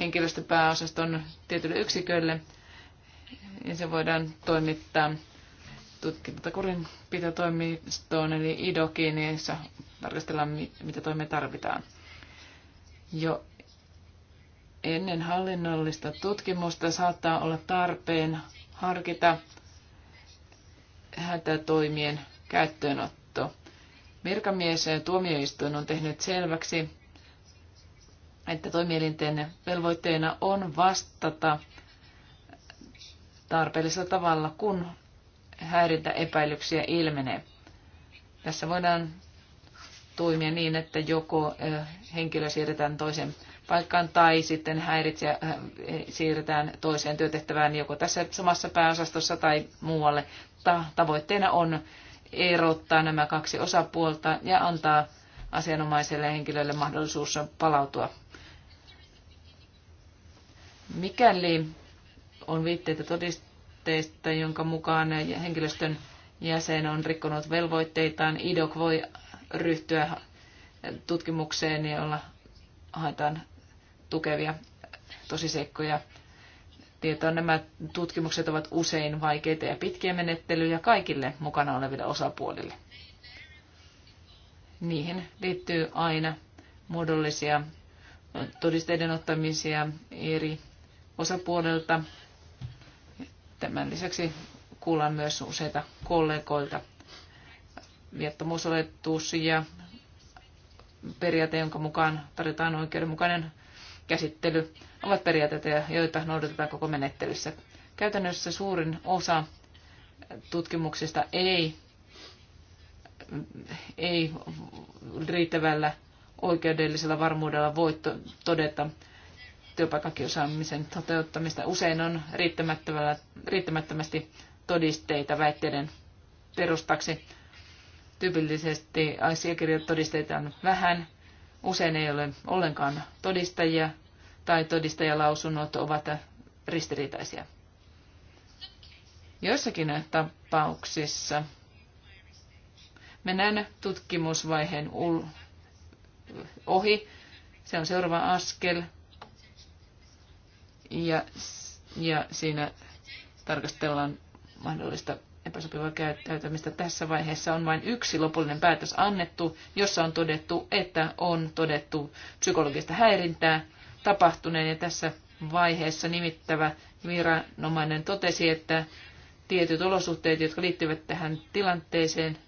henkilöstöpääosaston tietylle yksikölle ja se voidaan toimittaa tutkintakurinpitotoimistoon eli IDOKiin, jossa tarkastellaan, mitä toimia tarvitaan. Jo ennen hallinnollista tutkimusta saattaa olla tarpeen harkita hätätoimien käyttöönotto. Virkamies ja tuomioistuin on tehnyt selväksi, että toimielinten velvoitteena on vastata tarpeellisella tavalla, kun häirintäepäilyksiä ilmenee. Tässä voidaan toimia niin, että joko henkilö siirretään toiseen paikkaan tai sitten häiritsijä siirretään toiseen työtehtävään joko tässä samassa pääosastossa tai muualle. Tavoitteena on erottaa nämä kaksi osapuolta ja antaa asianomaiselle henkilölle mahdollisuus palautua Mikäli on viitteitä todisteista, jonka mukaan henkilöstön jäsen on rikkonut velvoitteitaan, IDOC voi ryhtyä tutkimukseen, jolla haetaan tukevia tosiseikkoja tietoa. Nämä tutkimukset ovat usein vaikeita ja pitkiä menettelyjä kaikille mukana oleville osapuolille. Niihin liittyy aina muodollisia todisteiden ottamisia eri osapuolelta. Tämän lisäksi kuullaan myös useita kollegoilta. Viettomuusoletus ja periaate, jonka mukaan tarjotaan oikeudenmukainen käsittely, ovat periaatteita, joita noudatetaan koko menettelyssä. Käytännössä suurin osa tutkimuksista ei, ei riittävällä oikeudellisella varmuudella voi todeta työpaikkakiusaamisen toteuttamista. Usein on riittämättömästi todisteita väitteiden perustaksi. Tyypillisesti asiakirjatodisteita on vähän, usein ei ole ollenkaan todistajia tai todistajalausunnot ovat ristiriitaisia. Joissakin tapauksissa mennään tutkimusvaiheen ohi. Se on seuraava askel ja siinä tarkastellaan mahdollista epäsopivaa käyttäytymistä. Tässä vaiheessa on vain yksi lopullinen päätös annettu, jossa on todettu, että on todettu psykologista häirintää tapahtuneen ja tässä vaiheessa nimittävä viranomainen totesi, että tietyt olosuhteet, jotka liittyvät tähän tilanteeseen,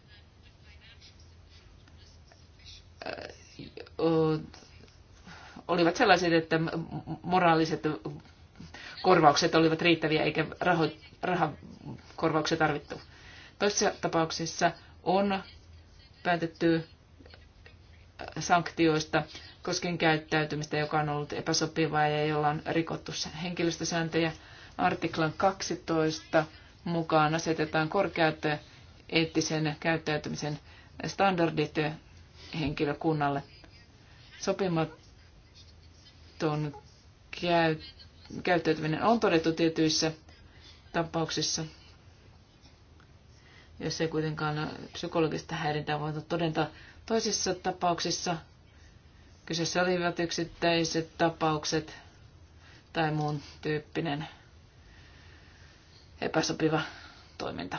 olivat sellaiset, että moraaliset korvaukset olivat riittäviä eikä raho, rahakorvauksia tarvittu. Toisissa tapauksissa on päätetty sanktioista koskien käyttäytymistä, joka on ollut epäsopivaa ja jolla on rikottu henkilöstösääntöjä. Artiklan 12 mukaan asetetaan korkeat eettisen käyttäytymisen standardit henkilökunnalle. Sopimaton käyttäytyminen käyttäytyminen on todettu tietyissä tapauksissa, jos ei kuitenkaan psykologista häirintää voida todentaa. Toisissa tapauksissa kyseessä olivat yksittäiset tapaukset tai muun tyyppinen epäsopiva toiminta.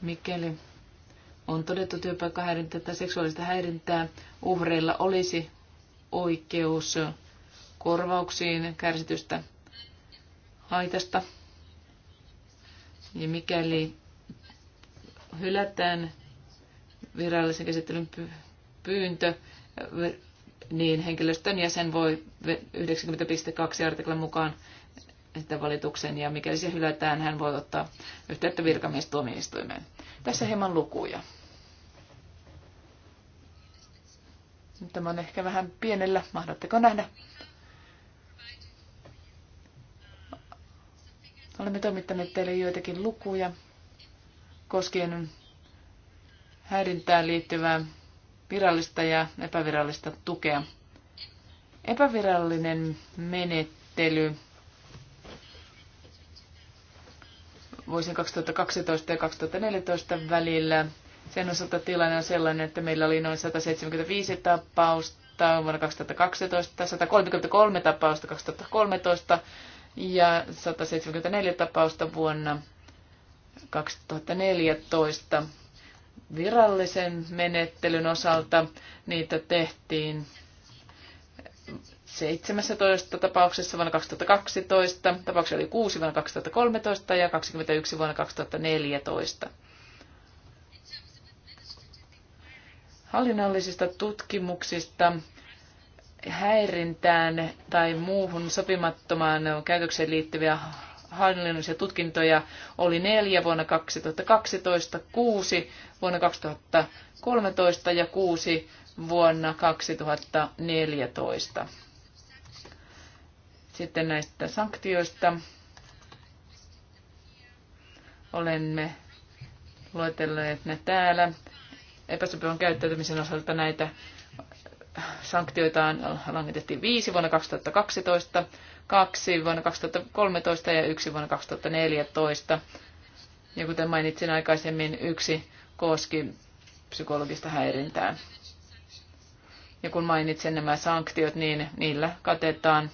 Mikäli on todettu työpaikkahäirintää tai seksuaalista häirintää, uhreilla olisi oikeus korvauksiin kärsitystä haitasta. Ja mikäli hylätään virallisen käsittelyn pyyntö, niin henkilöstön jäsen voi 90.2 artiklan mukaan sitä valituksen, ja mikäli se hylätään, hän voi ottaa yhteyttä virkamiestuomioistuimeen. Tässä hieman lukuja. Tämä on ehkä vähän pienellä, mahdatteko nähdä? Olemme toimittaneet teille joitakin lukuja koskien häirintään liittyvää virallista ja epävirallista tukea. Epävirallinen menettely vuosien 2012 ja 2014 välillä sen osalta tilanne on sellainen, että meillä oli noin 175 tapausta vuonna 2012, 133 tapausta 2013 ja 174 tapausta vuonna 2014. Virallisen menettelyn osalta niitä tehtiin 17 tapauksessa vuonna 2012, tapauksia oli 6 vuonna 2013 ja 21 vuonna 2014. hallinnollisista tutkimuksista häirintään tai muuhun sopimattomaan käytökseen liittyviä hallinnollisia tutkintoja oli neljä vuonna 2012, kuusi vuonna 2013 ja kuusi vuonna 2014. Sitten näistä sanktioista olemme luetelleet ne täällä epäsopivan käyttäytymisen osalta näitä sanktioita langetettu viisi vuonna 2012, kaksi vuonna 2013 ja yksi vuonna 2014. Ja kuten mainitsin aikaisemmin, yksi koski psykologista häirintää. Ja kun mainitsen nämä sanktiot, niin niillä katetaan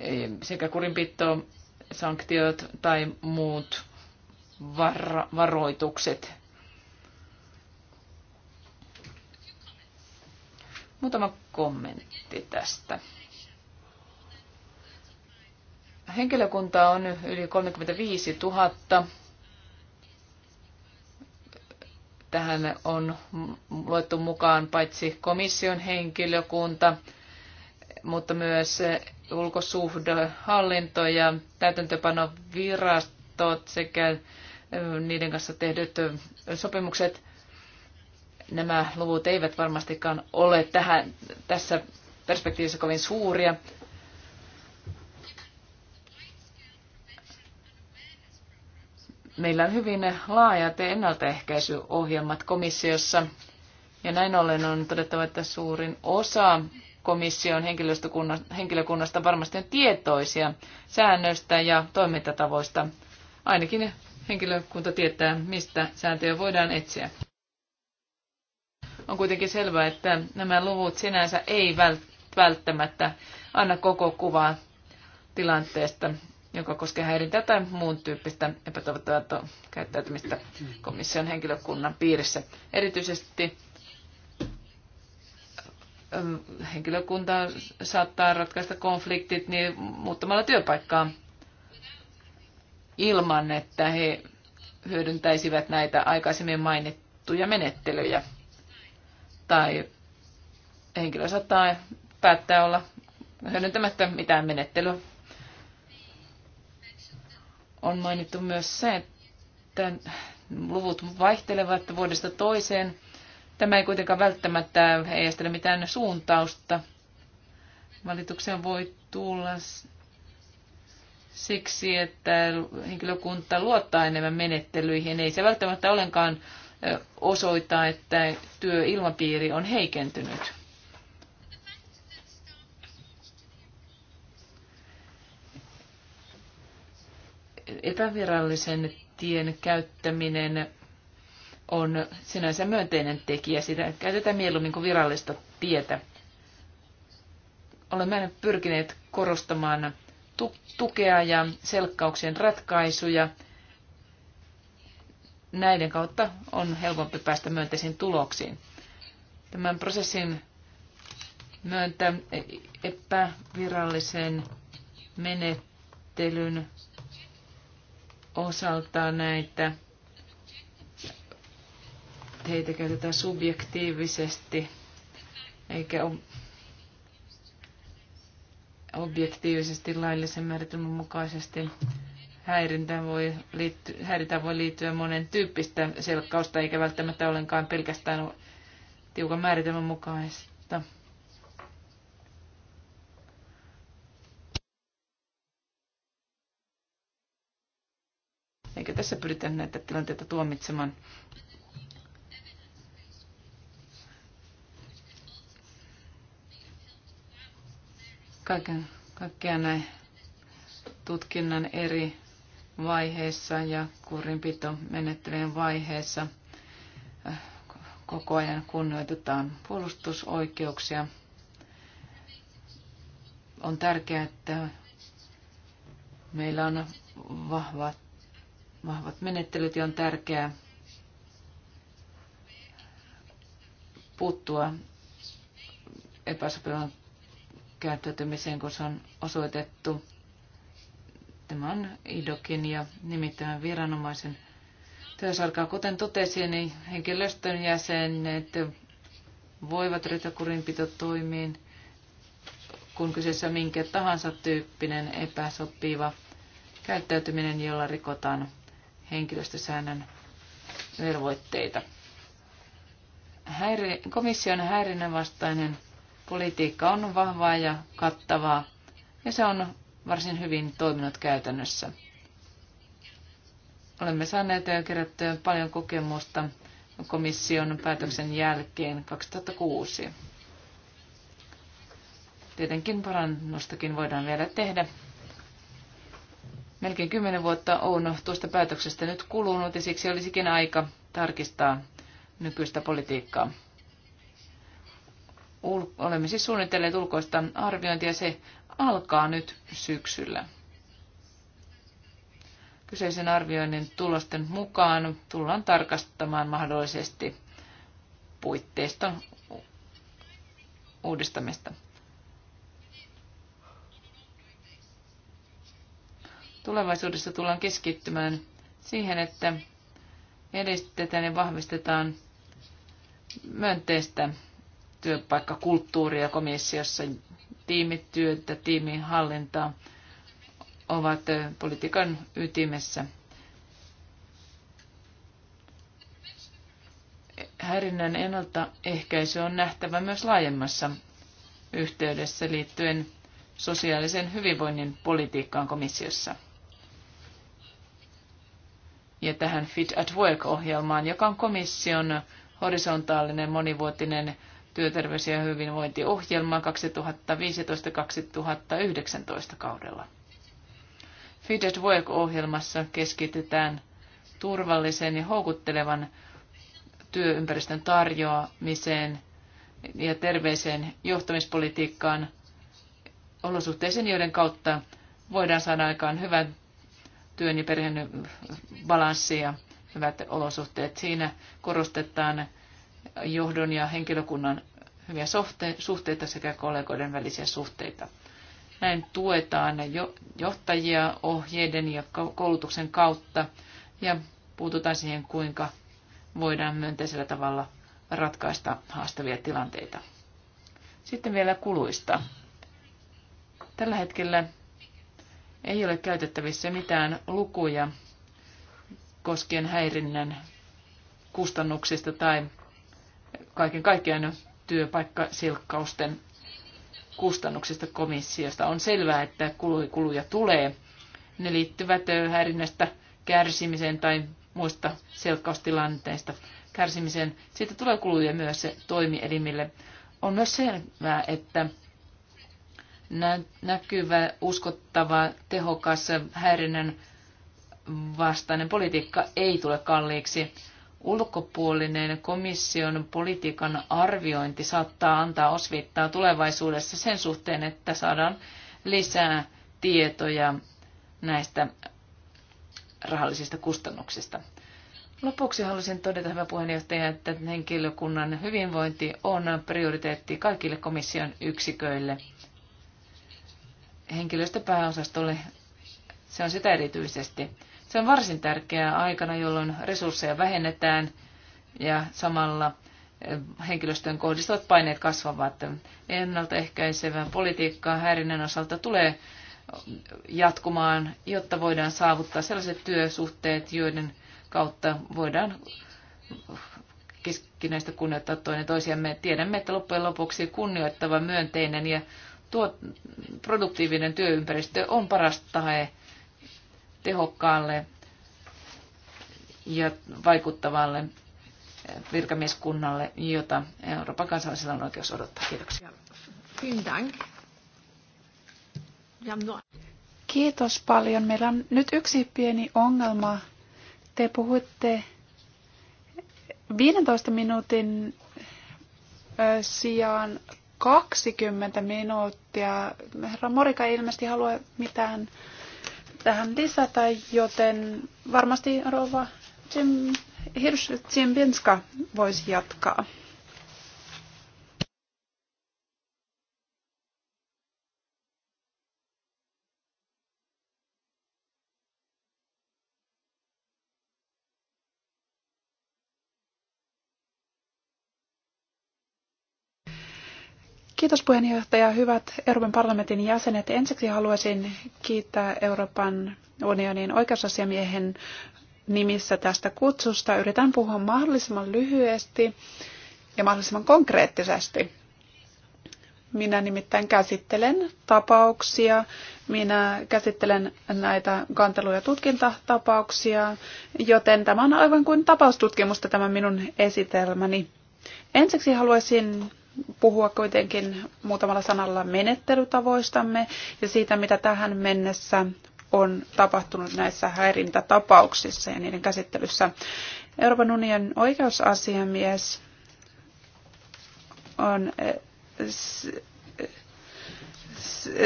eh, sekä kurinpitto, sanktiot tai muut varo- varoitukset Muutama kommentti tästä. Henkilökunta on yli 35 000. Tähän on luettu mukaan paitsi komission henkilökunta, mutta myös ulkosuhdehallinto ja täytäntöpanovirastot sekä niiden kanssa tehdyt sopimukset – Nämä luvut eivät varmastikaan ole tähän, tässä perspektiivissä kovin suuria. Meillä on hyvin laajat ennaltaehkäisyohjelmat komissiossa ja näin ollen on todettava, että suurin osa komission henkilökunnasta varmasti on tietoisia säännöistä ja toimintatavoista. Ainakin henkilökunta tietää, mistä sääntöjä voidaan etsiä. On kuitenkin selvää, että nämä luvut sinänsä ei välttämättä anna koko kuvaa tilanteesta, joka koskee häirintää tai muun tyyppistä epätoivottavaa käyttäytymistä komission henkilökunnan piirissä. Erityisesti ähm, henkilökunta saattaa ratkaista konfliktit niin muuttamalla työpaikkaa ilman, että he hyödyntäisivät näitä aikaisemmin mainittuja menettelyjä tai henkilö saattaa päättää olla hyödyntämättä mitään menettelyä. On mainittu myös se, että luvut vaihtelevat vuodesta toiseen. Tämä ei kuitenkaan välttämättä heijastele mitään suuntausta. Valituksia voi tulla siksi, että henkilökunta luottaa enemmän menettelyihin. Ei se välttämättä ollenkaan osoittaa, että työilmapiiri on heikentynyt. Epävirallisen tien käyttäminen on sinänsä myönteinen tekijä. Sitä käytetään mieluummin kuin virallista tietä. Olemme pyrkineet korostamaan tukea ja selkkauksien ratkaisuja – näiden kautta on helpompi päästä myönteisiin tuloksiin. Tämän prosessin myöntä epävirallisen menettelyn osalta näitä heitä käytetään subjektiivisesti eikä objektiivisesti laillisen määritelmän mukaisesti häirintä voi, liitty, häirintään voi liittyä monen tyyppistä selkkausta, eikä välttämättä ollenkaan pelkästään tiukan määritelmän mukaista. Eikä tässä pyritä näitä tilanteita tuomitsemaan. Kaiken, kaikkia näin tutkinnan eri vaiheessa ja kurinpito menettelyjen vaiheessa äh, koko ajan kunnioitetaan puolustusoikeuksia. On tärkeää, että meillä on vahvat, vahvat menettelyt ja on tärkeää puuttua epäsopivan käyttäytymiseen, kun se on osoitettu Tämä IDOKin ja nimittävän viranomaisen työsarkaa. Kuten totesin, niin henkilöstön jäsenet voivat ryhtyä kurinpitotoimiin, kun kyseessä minkä tahansa tyyppinen epäsopiva käyttäytyminen, jolla rikotaan henkilöstösäännön velvoitteita. Häiri- komission häirinnän vastainen politiikka on vahvaa ja kattavaa, ja se on varsin hyvin toiminut käytännössä. Olemme saaneet kerättyä paljon kokemusta komission päätöksen jälkeen 2006. Tietenkin parannustakin voidaan vielä tehdä. Melkein kymmenen vuotta on tuosta päätöksestä nyt kulunut ja siksi olisikin aika tarkistaa nykyistä politiikkaa olemme siis suunnitelleet ulkoista arviointia. Se alkaa nyt syksyllä. Kyseisen arvioinnin tulosten mukaan tullaan tarkastamaan mahdollisesti puitteiston uudistamista. Tulevaisuudessa tullaan keskittymään siihen, että edistetään ja vahvistetaan myönteistä työpaikkakulttuuria komissiossa, tiimityötä, tiimihallintaa ovat politiikan ytimessä. Häirinnän ennaltaehkäisy on nähtävä myös laajemmassa yhteydessä liittyen sosiaalisen hyvinvoinnin politiikkaan komissiossa. Ja tähän Fit at Work-ohjelmaan, joka on komission horisontaalinen monivuotinen työterveys- ja hyvinvointiohjelmaa 2015-2019 kaudella. Fit at Work-ohjelmassa keskitytään turvallisen ja houkuttelevan työympäristön tarjoamiseen ja terveeseen johtamispolitiikkaan olosuhteisiin, joiden kautta voidaan saada aikaan hyvän työn ja perheen balanssi ja hyvät olosuhteet. Siinä korostetaan johdon ja henkilökunnan hyviä suhteita sekä kollegoiden välisiä suhteita. Näin tuetaan johtajia ohjeiden ja koulutuksen kautta ja puututaan siihen, kuinka voidaan myönteisellä tavalla ratkaista haastavia tilanteita. Sitten vielä kuluista. Tällä hetkellä ei ole käytettävissä mitään lukuja koskien häirinnän kustannuksista tai kaiken kaikkiaan työpaikkasilkkausten kustannuksista komissiosta. On selvää, että kuluja tulee. Ne liittyvät häirinnästä kärsimiseen tai muista selkkaustilanteista kärsimiseen. Siitä tulee kuluja myös se toimielimille. On myös selvää, että näkyvä, uskottava, tehokas häirinnän vastainen politiikka ei tule kalliiksi ulkopuolinen komission politiikan arviointi saattaa antaa osviittaa tulevaisuudessa sen suhteen, että saadaan lisää tietoja näistä rahallisista kustannuksista. Lopuksi haluaisin todeta, hyvä puheenjohtaja, että henkilökunnan hyvinvointi on prioriteetti kaikille komission yksiköille. Henkilöstöpääosastolle se on sitä erityisesti. Se on varsin tärkeää aikana, jolloin resursseja vähennetään ja samalla eh, henkilöstön kohdistuvat paineet kasvavat. Ennaltaehkäisevän politiikkaa häirinnän osalta tulee jatkumaan, jotta voidaan saavuttaa sellaiset työsuhteet, joiden kautta voidaan keskinäistä kunnioittaa toinen toisiamme. Tiedämme, että loppujen lopuksi kunnioittava, myönteinen ja tuo produktiivinen työympäristö on paras tae tehokkaalle ja vaikuttavalle virkamieskunnalle, jota Euroopan kansalaisilla on oikeus odottaa. Kiitoksia. Kiitos paljon. Meillä on nyt yksi pieni ongelma. Te puhuitte 15 minuutin sijaan 20 minuuttia. Herra Morika ei ilmeisesti halua mitään tähän lisätä, joten varmasti rouva Jim Hirsch Zimbinska voisi jatkaa. Kiitos puheenjohtaja. Hyvät Euroopan parlamentin jäsenet. Ensiksi haluaisin kiittää Euroopan unionin oikeusasiamiehen nimissä tästä kutsusta. Yritän puhua mahdollisimman lyhyesti ja mahdollisimman konkreettisesti. Minä nimittäin käsittelen tapauksia, minä käsittelen näitä kantelu- ja tutkintatapauksia, joten tämä on aivan kuin tapaustutkimusta tämä minun esitelmäni. Ensiksi haluaisin puhua kuitenkin muutamalla sanalla menettelytavoistamme ja siitä, mitä tähän mennessä on tapahtunut näissä häirintätapauksissa ja niiden käsittelyssä. Euroopan unionin oikeusasiamies on eh,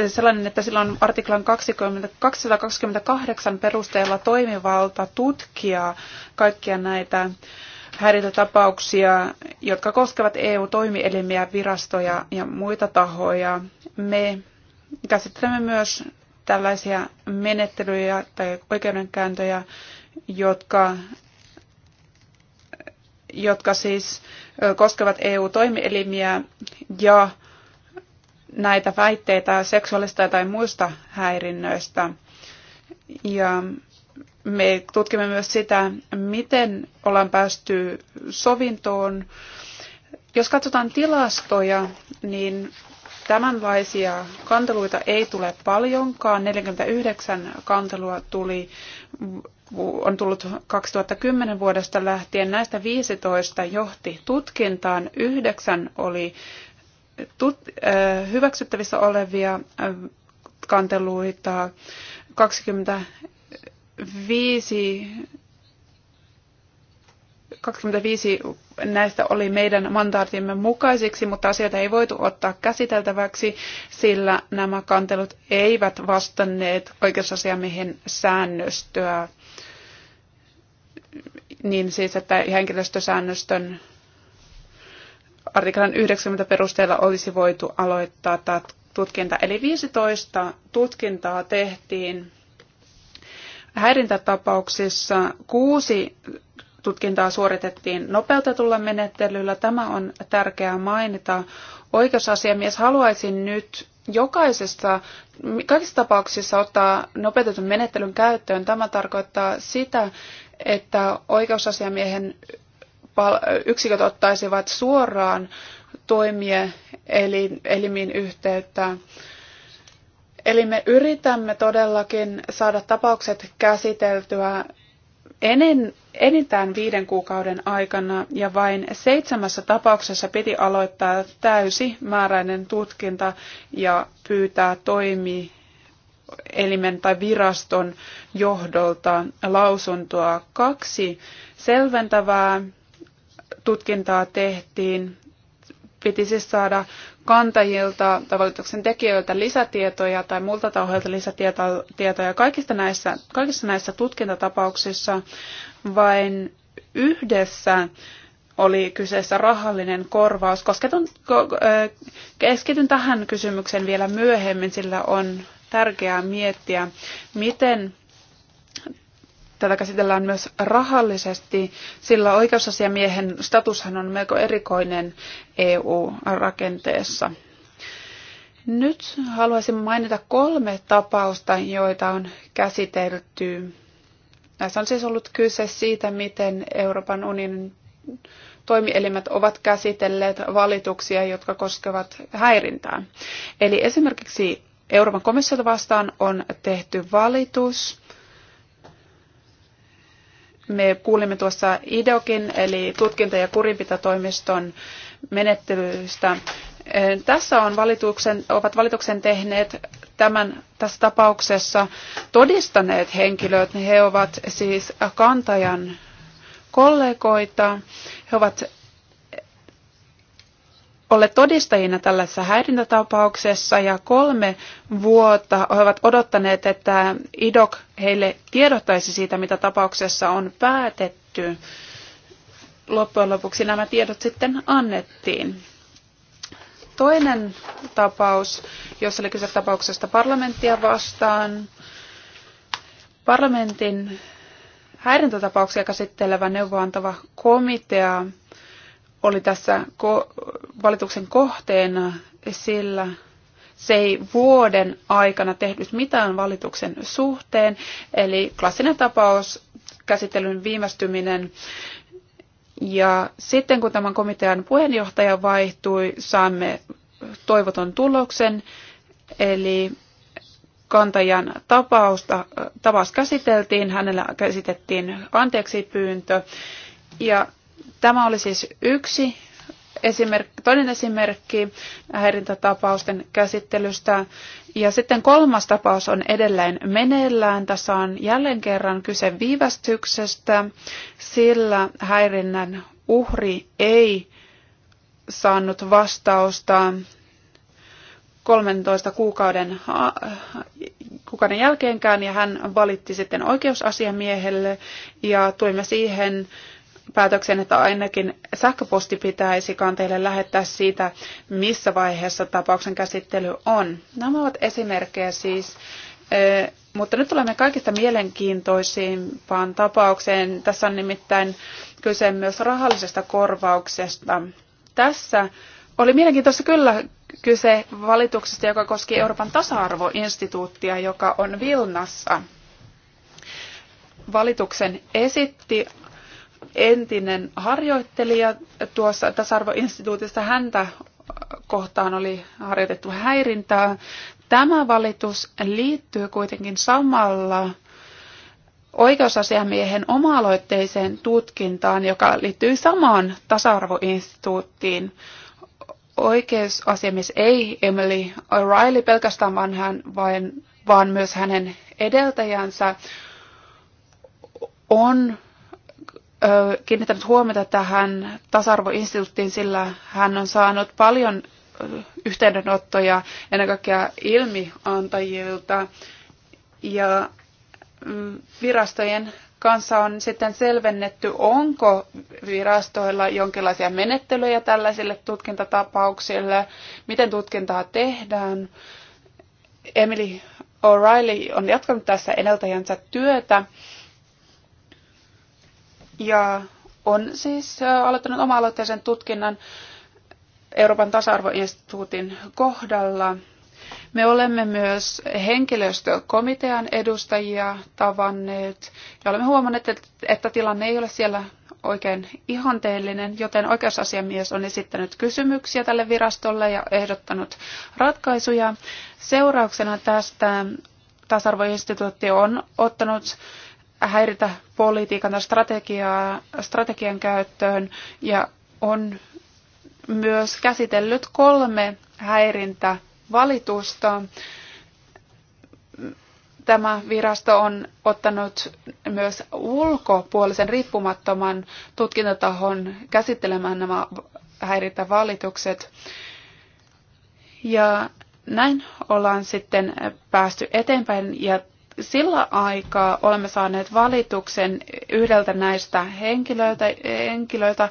sellainen, että sillä on artiklan 20, 228 perusteella toimivalta tutkia kaikkia näitä häirintätapauksia, jotka koskevat EU-toimielimiä, virastoja ja muita tahoja. Me käsittelemme myös tällaisia menettelyjä tai oikeudenkäyntöjä, jotka, jotka siis koskevat EU-toimielimiä ja näitä väitteitä seksuaalista tai muista häirinnöistä. Ja me tutkimme myös sitä, miten ollaan päästy sovintoon. Jos katsotaan tilastoja, niin tämänlaisia kanteluita ei tule paljonkaan. 49 kantelua tuli, on tullut 2010 vuodesta lähtien. Näistä 15 johti tutkintaan. Yhdeksän oli tut, äh, hyväksyttävissä olevia äh, kanteluita. 20 5 25 näistä oli meidän mandaatimme mukaisiksi, mutta asioita ei voitu ottaa käsiteltäväksi, sillä nämä kantelut eivät vastanneet oikeusasiamiehen säännöstöä, niin siis, että henkilöstösäännöstön artiklan 90 perusteella olisi voitu aloittaa tämä tutkinta. Eli 15 tutkintaa tehtiin Häirintätapauksissa kuusi tutkintaa suoritettiin nopeutetulla menettelyllä. Tämä on tärkeää mainita. Oikeusasiamies haluaisin nyt jokaisessa, kaikissa tapauksissa ottaa nopeutetun menettelyn käyttöön. Tämä tarkoittaa sitä, että oikeusasiamiehen yksiköt ottaisivat suoraan toimielimiin yhteyttä. Eli me yritämme todellakin saada tapaukset käsiteltyä enen, enintään viiden kuukauden aikana ja vain seitsemässä tapauksessa piti aloittaa täysi määräinen tutkinta ja pyytää toimi elimen tai viraston johdolta lausuntoa. Kaksi selventävää tutkintaa tehtiin pitisi siis saada kantajilta tai valituksen tekijöiltä lisätietoja tai muilta tahoilta lisätietoja kaikista näissä, kaikissa näissä tutkintatapauksissa vain yhdessä oli kyseessä rahallinen korvaus. Kosketun, keskityn tähän kysymykseen vielä myöhemmin, sillä on tärkeää miettiä, miten tätä käsitellään myös rahallisesti, sillä oikeusasiamiehen statushan on melko erikoinen EU-rakenteessa. Nyt haluaisin mainita kolme tapausta, joita on käsitelty. Näissä on siis ollut kyse siitä, miten Euroopan unionin toimielimet ovat käsitelleet valituksia, jotka koskevat häirintää. Eli esimerkiksi Euroopan komissiota vastaan on tehty valitus me kuulimme tuossa IDOKin, eli tutkinta- ja kurinpitotoimiston menettelyistä. Tässä on valituksen, ovat valituksen tehneet tämän tässä tapauksessa todistaneet henkilöt. He ovat siis kantajan kollegoita. He ovat olleet todistajina tällaisessa häirintätapauksessa ja kolme vuotta he ovat odottaneet, että IDOC heille tiedottaisi siitä, mitä tapauksessa on päätetty. Loppujen lopuksi nämä tiedot sitten annettiin. Toinen tapaus, jossa oli kyse tapauksesta parlamenttia vastaan, parlamentin häirintätapauksia käsittelevä neuvoantava komitea oli tässä valituksen kohteena, sillä se ei vuoden aikana tehnyt mitään valituksen suhteen, eli klassinen tapaus, käsittelyn viivästyminen. Ja sitten kun tämän komitean puheenjohtaja vaihtui, saamme toivoton tuloksen, eli kantajan tapausta, tapaus käsiteltiin, hänellä käsitettiin anteeksi pyyntö, ja Tämä oli siis yksi esimerk- toinen esimerkki häirintätapausten käsittelystä. Ja sitten kolmas tapaus on edelleen meneillään. Tässä on jälleen kerran kyse viivästyksestä, sillä häirinnän uhri ei saanut vastausta 13 kuukauden, kuukauden jälkeenkään ja hän valitti sitten oikeusasiamiehelle ja tuimme siihen päätöksen, että ainakin sähköposti pitäisi kanteille lähettää siitä, missä vaiheessa tapauksen käsittely on. Nämä ovat esimerkkejä siis, mutta nyt tulemme kaikista mielenkiintoisimpaan tapaukseen. Tässä on nimittäin kyse myös rahallisesta korvauksesta. Tässä oli mielenkiintoista kyllä kyse valituksesta, joka koski Euroopan tasa-arvoinstituuttia, joka on Vilnassa valituksen esitti entinen harjoittelija tuossa tasa-arvoinstituutissa, häntä kohtaan oli harjoitettu häirintää. Tämä valitus liittyy kuitenkin samalla oikeusasiamiehen oma-aloitteiseen tutkintaan, joka liittyy samaan tasa-arvoinstituuttiin. Oikeusasiamies ei Emily O'Reilly pelkästään, vaan, hän, vaan myös hänen edeltäjänsä on kiinnittänyt huomiota tähän tasa-arvoinstituuttiin, sillä hän on saanut paljon yhteydenottoja ennen kaikkea ilmiantajilta. Ja mm, virastojen kanssa on sitten selvennetty, onko virastoilla jonkinlaisia menettelyjä tällaisille tutkintatapauksille, miten tutkintaa tehdään. Emily O'Reilly on jatkanut tässä edeltäjänsä työtä ja on siis aloittanut oma-aloitteisen tutkinnan Euroopan tasa-arvoinstituutin kohdalla. Me olemme myös henkilöstökomitean edustajia tavanneet ja olemme huomanneet, että tilanne ei ole siellä oikein ihanteellinen, joten oikeusasiamies on esittänyt kysymyksiä tälle virastolle ja ehdottanut ratkaisuja. Seurauksena tästä tasa-arvoinstituutti on ottanut häiritä politiikan tai strategiaa, strategian käyttöön ja on myös käsitellyt kolme häirintävalitusta. Tämä virasto on ottanut myös ulkopuolisen riippumattoman tutkintatahon käsittelemään nämä häirintävalitukset. Ja näin ollaan sitten päästy eteenpäin ja sillä aikaa olemme saaneet valituksen yhdeltä näistä henkilöiltä, henkilöiltä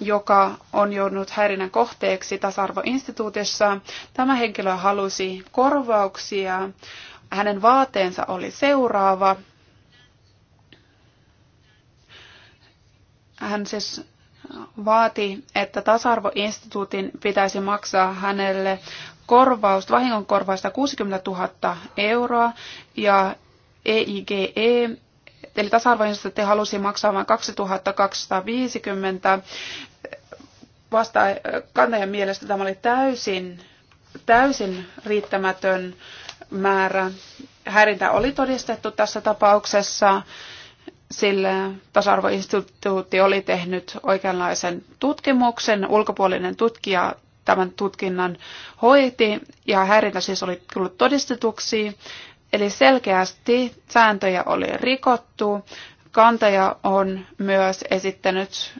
joka on joutunut häirinnän kohteeksi tasa arvoinstituutissa Tämä henkilö halusi korvauksia. Hänen vaateensa oli seuraava. Hän siis vaati, että tasa-arvoinstituutin pitäisi maksaa hänelle korvausta, vahingonkorvausta 60 000 euroa ja EIGE, e, eli tasa te halusi maksaa vain 2250. Vasta kantajan mielestä tämä oli täysin, täysin riittämätön määrä. Häirintä oli todistettu tässä tapauksessa, sillä tasa-arvoinstituutti oli tehnyt oikeanlaisen tutkimuksen. Ulkopuolinen tutkija tämän tutkinnan hoiti ja häirintä siis oli tullut todistetuksi. Eli selkeästi sääntöjä oli rikottu. Kantaja on myös esittänyt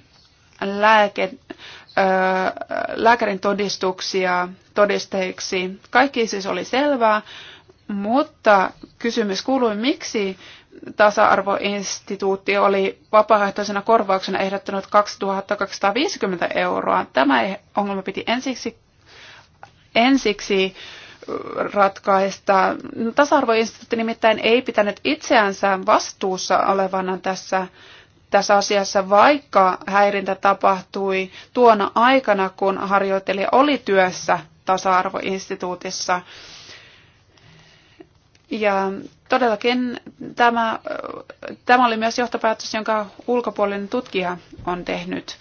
lääke, lääkärin todistuksia todisteiksi. Kaikki siis oli selvää, mutta kysymys kuului, miksi tasa-arvoinstituutti oli vapaaehtoisena korvauksena ehdottanut 2250 euroa. Tämä ongelma piti ensiksi, ensiksi ratkaista. Tasa-arvoinstituutti nimittäin ei pitänyt itseänsä vastuussa olevana tässä, tässä asiassa, vaikka häirintä tapahtui tuona aikana, kun harjoittelija oli työssä tasa-arvoinstituutissa. Ja todellakin tämä, tämä oli myös johtopäätös, jonka ulkopuolinen tutkija on tehnyt.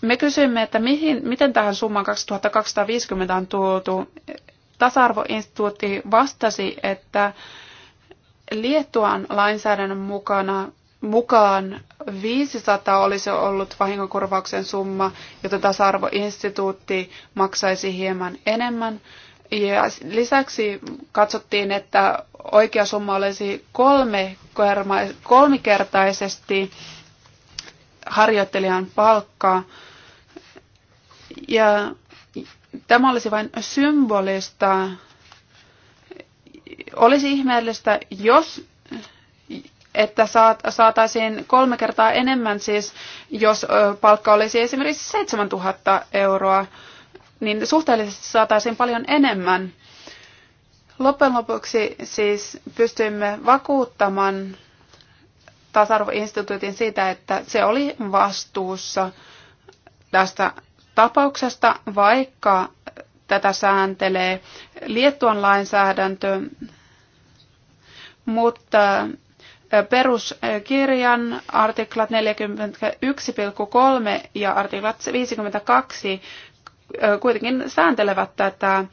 Me kysymme, että mihin, miten tähän summaan 2250 on tultu tasa-arvoinstituutti vastasi, että Liettuan lainsäädännön mukana mukaan 500 olisi ollut vahingonkorvauksen summa, jota tasa-arvoinstituutti maksaisi hieman enemmän. Ja lisäksi katsottiin, että oikea summa olisi kolme, kolmikertaisesti harjoittelijan palkkaa. Ja Tämä olisi vain symbolista. Olisi ihmeellistä, jos että saataisiin kolme kertaa enemmän siis, jos palkka olisi esimerkiksi 7000 euroa, niin suhteellisesti saataisiin paljon enemmän. Loppujen lopuksi siis pystyimme vakuuttamaan tasa-arvoinstituutin siitä, että se oli vastuussa tästä tapauksesta, vaikka tätä sääntelee Liettuan lainsäädäntö, mutta peruskirjan artiklat 41,3 ja artiklat 52 kuitenkin sääntelevät tätä,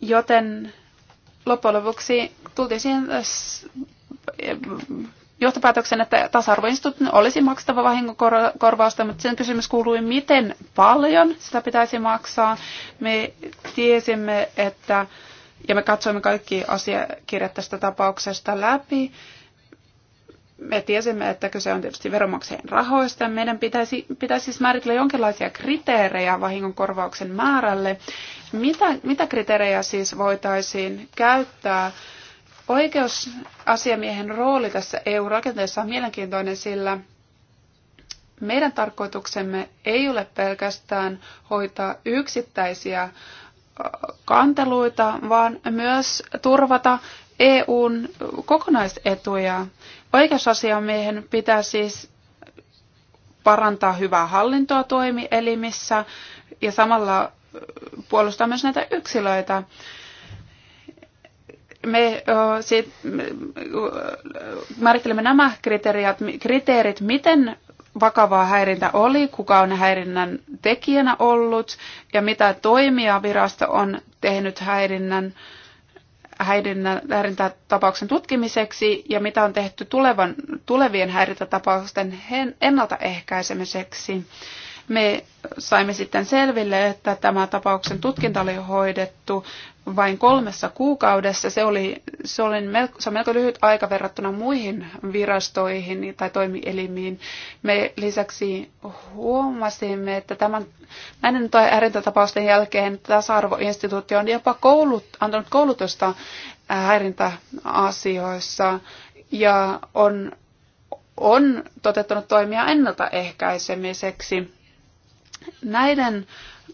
joten loppujen lopuksi tultiin siihen johtopäätöksen, että tasa-arvoinstituutin olisi maksettava vahingonkorvausta, mutta sen kysymys kuului, miten paljon sitä pitäisi maksaa. Me tiesimme, että, ja me katsoimme kaikki asiakirjat tästä tapauksesta läpi, me tiesimme, että kyse on tietysti veronmaksajien rahoista. Meidän pitäisi, pitäisi siis määritellä jonkinlaisia kriteerejä vahingonkorvauksen määrälle. Mitä, mitä kriteerejä siis voitaisiin käyttää Oikeusasiamiehen rooli tässä EU-rakenteessa on mielenkiintoinen, sillä meidän tarkoituksemme ei ole pelkästään hoitaa yksittäisiä kanteluita, vaan myös turvata EUn kokonaisetuja. Oikeusasiamiehen pitää siis parantaa hyvää hallintoa toimielimissä ja samalla puolustaa myös näitä yksilöitä me sit, määrittelemme nämä kriteerit, kriteerit, miten vakavaa häirintä oli, kuka on häirinnän tekijänä ollut ja mitä toimia virasto on tehnyt häirinnän, häirinnän, häirintätapauksen tutkimiseksi ja mitä on tehty tulevan, tulevien häirintätapausten ennaltaehkäisemiseksi. Me saimme sitten selville, että tämä tapauksen tutkinta oli hoidettu vain kolmessa kuukaudessa. Se, oli, se, oli melko, se on melko lyhyt aika verrattuna muihin virastoihin tai toimielimiin. Me lisäksi huomasimme, että tämän, näiden tai häirintätapausten jälkeen tasa-arvoinstituutio on jopa koulut, antanut koulutusta äh, häirintäasioissa ja on, on toteuttanut toimia ennaltaehkäisemiseksi. Näiden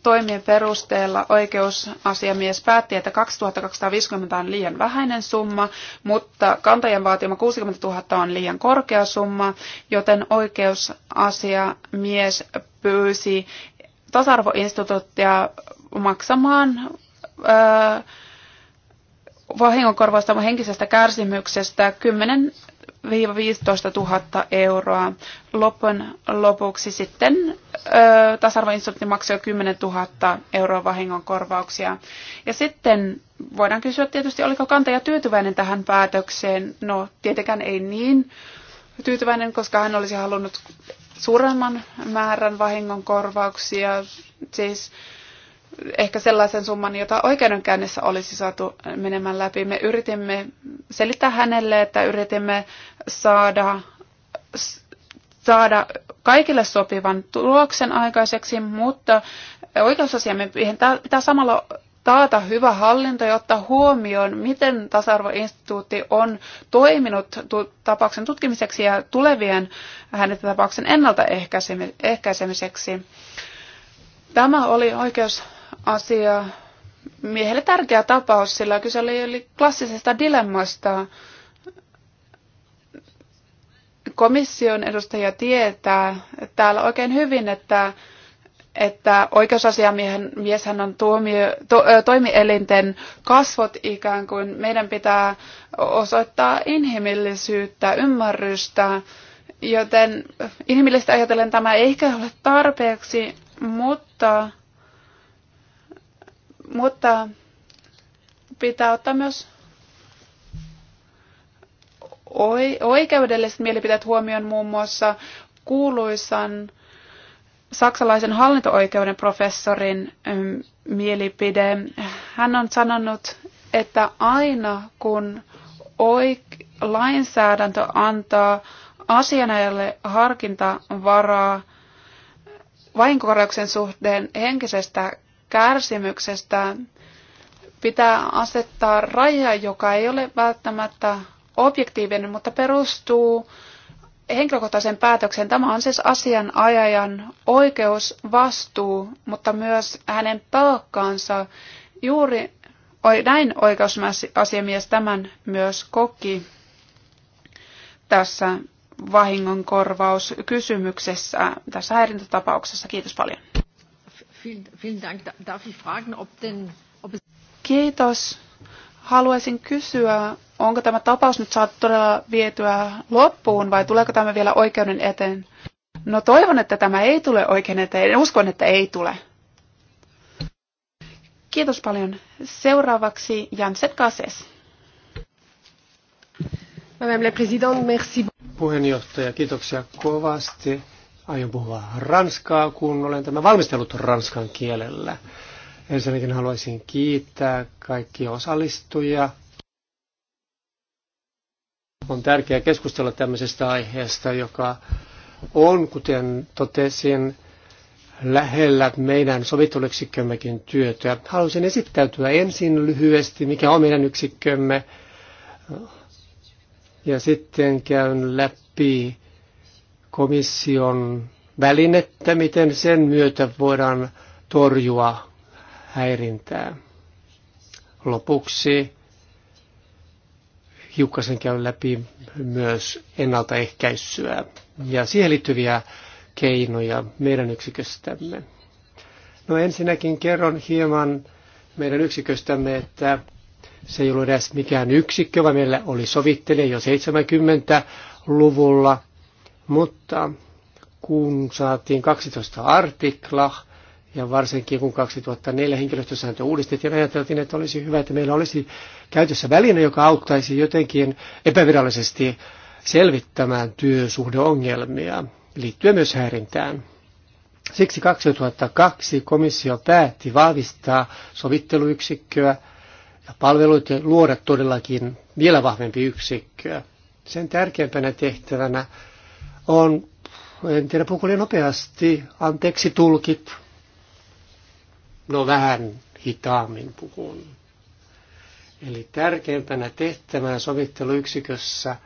toimien perusteella oikeusasiamies päätti, että 2250 on liian vähäinen summa, mutta kantajan vaatima 60 000 on liian korkea summa, joten oikeusasiamies pyysi tasa-arvoinstituuttia maksamaan öö, vahingonkorvausta henkisestä kärsimyksestä 10 15 000 euroa. Lopun lopuksi sitten tasa-arvoinstituutti maksoi 10 000 euroa vahingonkorvauksia. Ja sitten voidaan kysyä tietysti, oliko kantaja tyytyväinen tähän päätökseen. No, tietenkään ei niin tyytyväinen, koska hän olisi halunnut suuremman määrän vahingonkorvauksia. Siis ehkä sellaisen summan, jota oikeudenkäynnissä olisi saatu menemään läpi. Me yritimme selittää hänelle, että yritimme saada, saada kaikille sopivan tuloksen aikaiseksi, mutta oikeusasiamme pitää samalla taata hyvä hallinto ja ottaa huomioon, miten tasa-arvoinstituutti on toiminut tapauksen tutkimiseksi ja tulevien hänen tapauksen ennaltaehkäisemiseksi. Tämä oli oikeus asia, miehelle tärkeä tapaus, sillä kyse oli, oli klassisesta dilemmasta. Komission edustaja tietää täällä oikein hyvin, että, että oikeusasiamiehen mieshän on tuomio, to, toimielinten kasvot ikään kuin. Meidän pitää osoittaa inhimillisyyttä, ymmärrystä, joten inhimillistä ajatellen tämä ei ehkä ole tarpeeksi, mutta mutta pitää ottaa myös oikeudelliset mielipiteet huomioon muun muassa kuuluisan saksalaisen hallinto-oikeuden professorin ähm, mielipide. Hän on sanonut, että aina kun oik- lainsäädäntö antaa asianajalle harkintavaraa vahinkokorjauksen suhteen henkisestä kärsimyksestä. Pitää asettaa raja, joka ei ole välttämättä objektiivinen, mutta perustuu henkilökohtaisen päätöksen. Tämä on siis asianajajan oikeus, vastuu, mutta myös hänen palkkaansa. Juuri näin oikeusasiamies tämän myös koki tässä vahingonkorvauskysymyksessä, tässä häirintätapauksessa. Kiitos paljon. Kiitos. Haluaisin kysyä, onko tämä tapaus nyt saatu todella vietyä loppuun vai tuleeko tämä vielä oikeuden eteen? No toivon, että tämä ei tule oikein eteen. Uskon, että ei tule. Kiitos paljon. Seuraavaksi Jan Setkases. Madame la Présidente, merci. Puheenjohtaja, kiitoksia kovasti aion puhua ranskaa, kun olen tämä valmistellut ranskan kielellä. Ensinnäkin haluaisin kiittää kaikkia osallistujia. On tärkeää keskustella tämmöisestä aiheesta, joka on, kuten totesin, lähellä meidän sovitteluyksikkymmekin työtä. Haluaisin esittäytyä ensin lyhyesti, mikä on meidän yksikkömme, ja sitten käyn läpi komission välinettä, miten sen myötä voidaan torjua häirintää. Lopuksi hiukkasen käy läpi myös ennaltaehkäisyä ja siihen liittyviä keinoja meidän yksiköstämme. No ensinnäkin kerron hieman meidän yksiköstämme, että se ei ollut edes mikään yksikkö, vaan meillä oli sovittelija jo 70-luvulla – mutta kun saatiin 12 artikla, ja varsinkin kun 2004 henkilöstösääntö uudistettiin, ajateltiin, että olisi hyvä, että meillä olisi käytössä väline, joka auttaisi jotenkin epävirallisesti selvittämään työsuhdeongelmia liittyen myös häirintään. Siksi 2002 komissio päätti vahvistaa sovitteluyksikköä ja palveluita luoda todellakin vielä vahvempi yksikkö. Sen tärkeimpänä tehtävänä on, en tiedä puhuko nopeasti, anteeksi tulkit, no vähän hitaammin puhun. Eli tärkeimpänä tehtävänä sovitteluyksikössä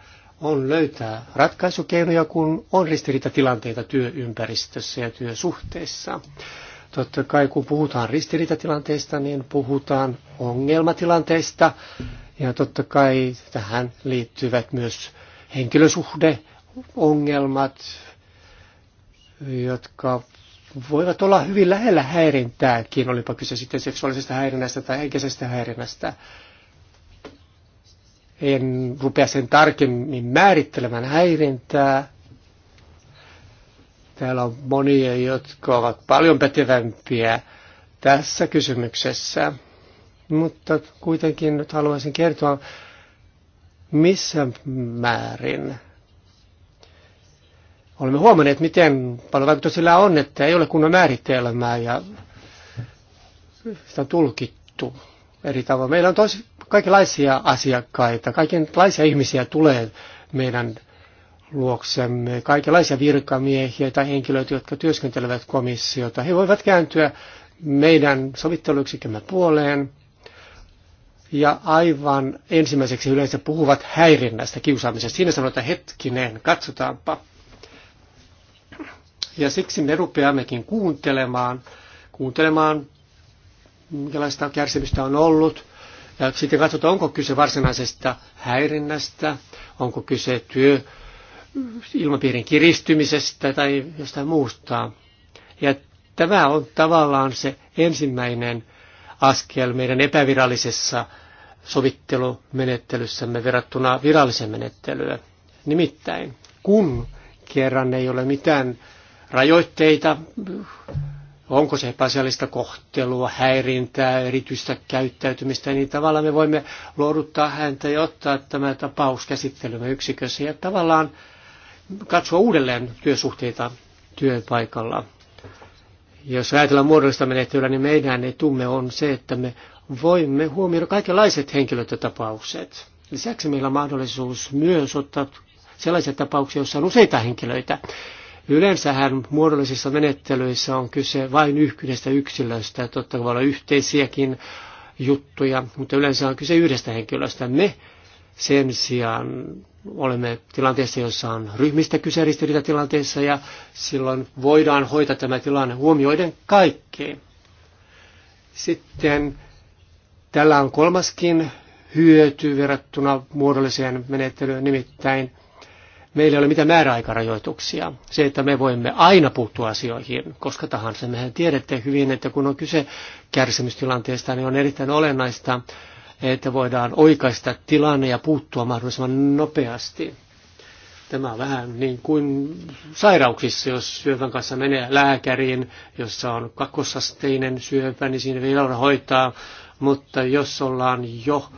on löytää ratkaisukeinoja, kun on ristiriitatilanteita työympäristössä ja työsuhteissa. Totta kai kun puhutaan ristiriitatilanteista, niin puhutaan ongelmatilanteista ja totta kai tähän liittyvät myös henkilösuhde, ongelmat, jotka voivat olla hyvin lähellä häirintääkin, olipa kyse sitten seksuaalisesta häirinnästä tai henkisestä häirinnästä. En rupea sen tarkemmin määrittelemään häirintää. Täällä on monia, jotka ovat paljon pätevämpiä tässä kysymyksessä. Mutta kuitenkin nyt haluaisin kertoa, missä määrin olemme huomanneet, miten paljon vaikutusta sillä on, että ei ole kunnon määritelmää ja sitä on tulkittu eri tavoin. Meillä on tosi kaikenlaisia asiakkaita, kaikenlaisia ihmisiä tulee meidän luoksemme, kaikenlaisia virkamiehiä tai henkilöitä, jotka työskentelevät komissiota. He voivat kääntyä meidän sovitteluyksikömme puoleen ja aivan ensimmäiseksi yleensä puhuvat häirinnästä, kiusaamisesta. Siinä sanotaan, hetkinen, katsotaanpa ja siksi me rupeammekin kuuntelemaan, kuuntelemaan, minkälaista kärsimystä on ollut. Ja sitten katsotaan, onko kyse varsinaisesta häirinnästä, onko kyse työ ilmapiirin kiristymisestä tai jostain muusta. Ja tämä on tavallaan se ensimmäinen askel meidän epävirallisessa sovittelumenettelyssämme verrattuna viralliseen menettelyyn. Nimittäin, kun kerran ei ole mitään rajoitteita, onko se epäasiallista kohtelua, häirintää, erityistä käyttäytymistä, niin tavallaan me voimme luoduttaa häntä ja ottaa tämä tapaus käsittelymme yksikössä ja tavallaan katsoa uudelleen työsuhteita työpaikalla. Jos ajatellaan muodollista menettelyä, niin meidän etumme on se, että me voimme huomioida kaikenlaiset tapaukset. Lisäksi meillä on mahdollisuus myös ottaa sellaisia tapauksia, joissa on useita henkilöitä, Yleensähän muodollisissa menettelyissä on kyse vain yhdestä yksilöstä, totta kai voi olla yhteisiäkin juttuja, mutta yleensä on kyse yhdestä henkilöstä. Me sen sijaan olemme tilanteessa, jossa on ryhmistä kyse tilanteessa ja silloin voidaan hoitaa tämä tilanne huomioiden kaikkeen. Sitten tällä on kolmaskin hyöty verrattuna muodolliseen menettelyyn, nimittäin Meillä ei ole mitään määräaikarajoituksia. Se, että me voimme aina puuttua asioihin, koska tahansa. Mehän tiedätte hyvin, että kun on kyse kärsimystilanteesta, niin on erittäin olennaista, että voidaan oikaista tilanne ja puuttua mahdollisimman nopeasti. Tämä on vähän niin kuin sairauksissa, jos syövän kanssa menee lääkäriin, jossa on kakkosasteinen syöpä, niin siinä vielä on hoitaa, mutta jos ollaan jo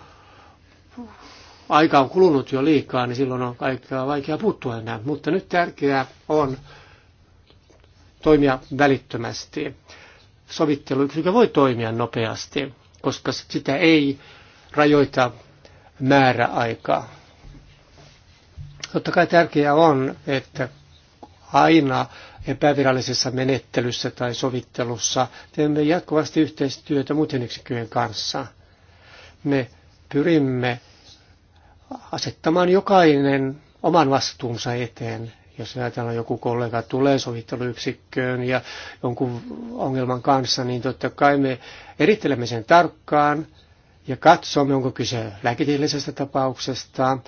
aika on kulunut jo liikaa, niin silloin on aikaa vaikea puuttua enää. Mutta nyt tärkeää on toimia välittömästi. Sovitteluyksikö voi toimia nopeasti, koska sitä ei rajoita määräaikaa. Totta kai tärkeää on, että aina epävirallisessa menettelyssä tai sovittelussa teemme jatkuvasti yhteistyötä muiden yksikköjen kanssa. Me pyrimme asettamaan jokainen oman vastuunsa eteen. Jos ajatellaan joku kollega tulee sovitteluyksikköön ja jonkun ongelman kanssa, niin totta kai me erittelemme sen tarkkaan ja katsomme, onko kyse lääketieteellisestä tapauksesta,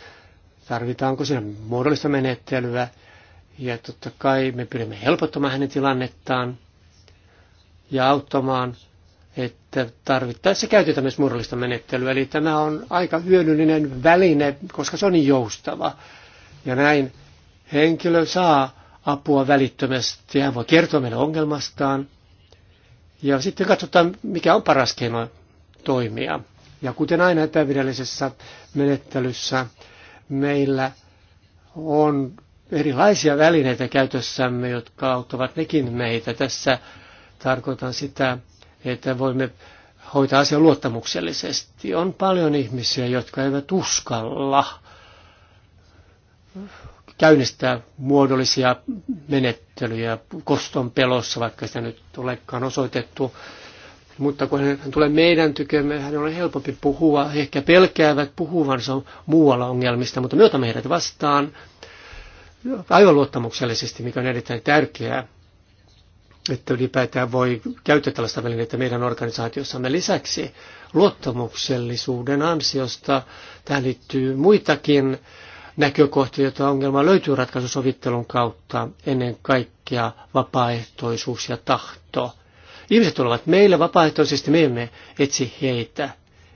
tarvitaanko siinä muodollista menettelyä. Ja totta kai me pyrimme helpottamaan hänen tilannettaan ja auttamaan että tarvittaessa käytetään myös murrallista menettelyä. Eli tämä on aika hyödyllinen väline, koska se on niin joustava. Ja näin henkilö saa apua välittömästi. Hän voi kertoa meille ongelmastaan. Ja sitten katsotaan, mikä on paras keino toimia. Ja kuten aina epävirallisessa menettelyssä, meillä on erilaisia välineitä käytössämme, jotka auttavat nekin meitä. Tässä tarkoitan sitä, että voimme hoitaa asian luottamuksellisesti. On paljon ihmisiä, jotka eivät uskalla käynnistää muodollisia menettelyjä koston pelossa, vaikka sitä nyt olekaan osoitettu. Mutta kun hän tulee meidän tykemme, hän on helpompi puhua. ehkä pelkäävät puhuvansa muualla ongelmista, mutta me otamme heidät vastaan aivan luottamuksellisesti, mikä on erittäin tärkeää että ylipäätään voi käyttää tällaista välineitä meidän organisaatiossamme lisäksi luottamuksellisuuden ansiosta. Tähän liittyy muitakin näkökohtia, joita ongelma löytyy ratkaisusovittelun kautta, ennen kaikkea vapaaehtoisuus ja tahto. Ihmiset tulevat meille vapaaehtoisesti, me emme etsi heitä.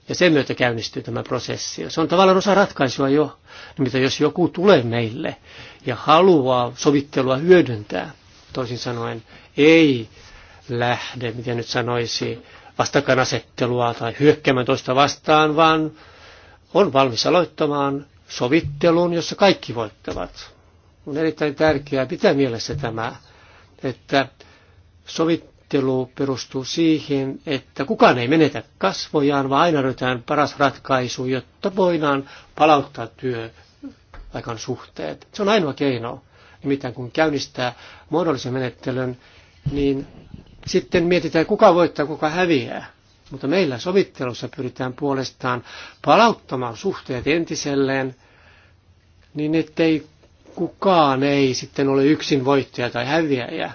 Ja sen myötä käynnistyy tämä prosessi. se on tavallaan osa ratkaisua jo, mitä jos joku tulee meille ja haluaa sovittelua hyödyntää, toisin sanoen ei lähde, miten nyt sanoisi, vastakkainasettelua tai hyökkäämään toista vastaan, vaan on valmis aloittamaan sovittelun, jossa kaikki voittavat. On erittäin tärkeää pitää mielessä tämä, että sovittelu perustuu siihen, että kukaan ei menetä kasvojaan, vaan aina löydetään paras ratkaisu, jotta voidaan palauttaa työ suhteet. Se on ainoa keino. Nimittäin kun käynnistää muodollisen menettelyn, niin sitten mietitään, kuka voittaa, kuka häviää. Mutta meillä sovittelussa pyritään puolestaan palauttamaan suhteet entiselleen, niin ettei kukaan ei sitten ole yksin voittaja tai häviäjä.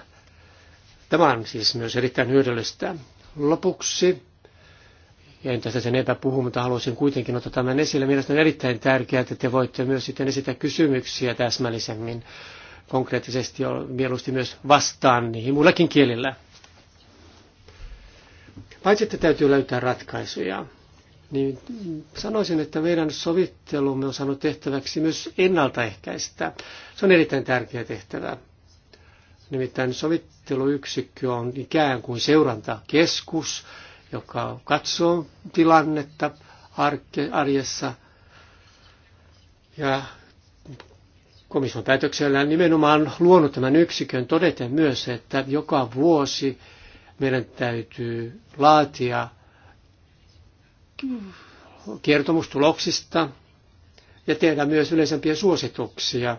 Tämä on siis myös erittäin hyödyllistä. Lopuksi, ja en tästä sen enempää puhu, mutta haluaisin kuitenkin ottaa tämän esille. Mielestäni on erittäin tärkeää, että te voitte myös sitten esittää kysymyksiä täsmällisemmin konkreettisesti mieluusti myös vastaan niihin muillakin kielillä. Paitsi että täytyy löytää ratkaisuja, niin sanoisin, että meidän sovittelumme on saanut tehtäväksi myös ennaltaehkäistä. Se on erittäin tärkeä tehtävä. Nimittäin sovitteluyksikkö on ikään kuin seurantakeskus, joka katsoo tilannetta arjessa ja komission päätöksellään nimenomaan luonut tämän yksikön todeten myös, että joka vuosi meidän täytyy laatia kertomustuloksista ja tehdä myös yleisempiä suosituksia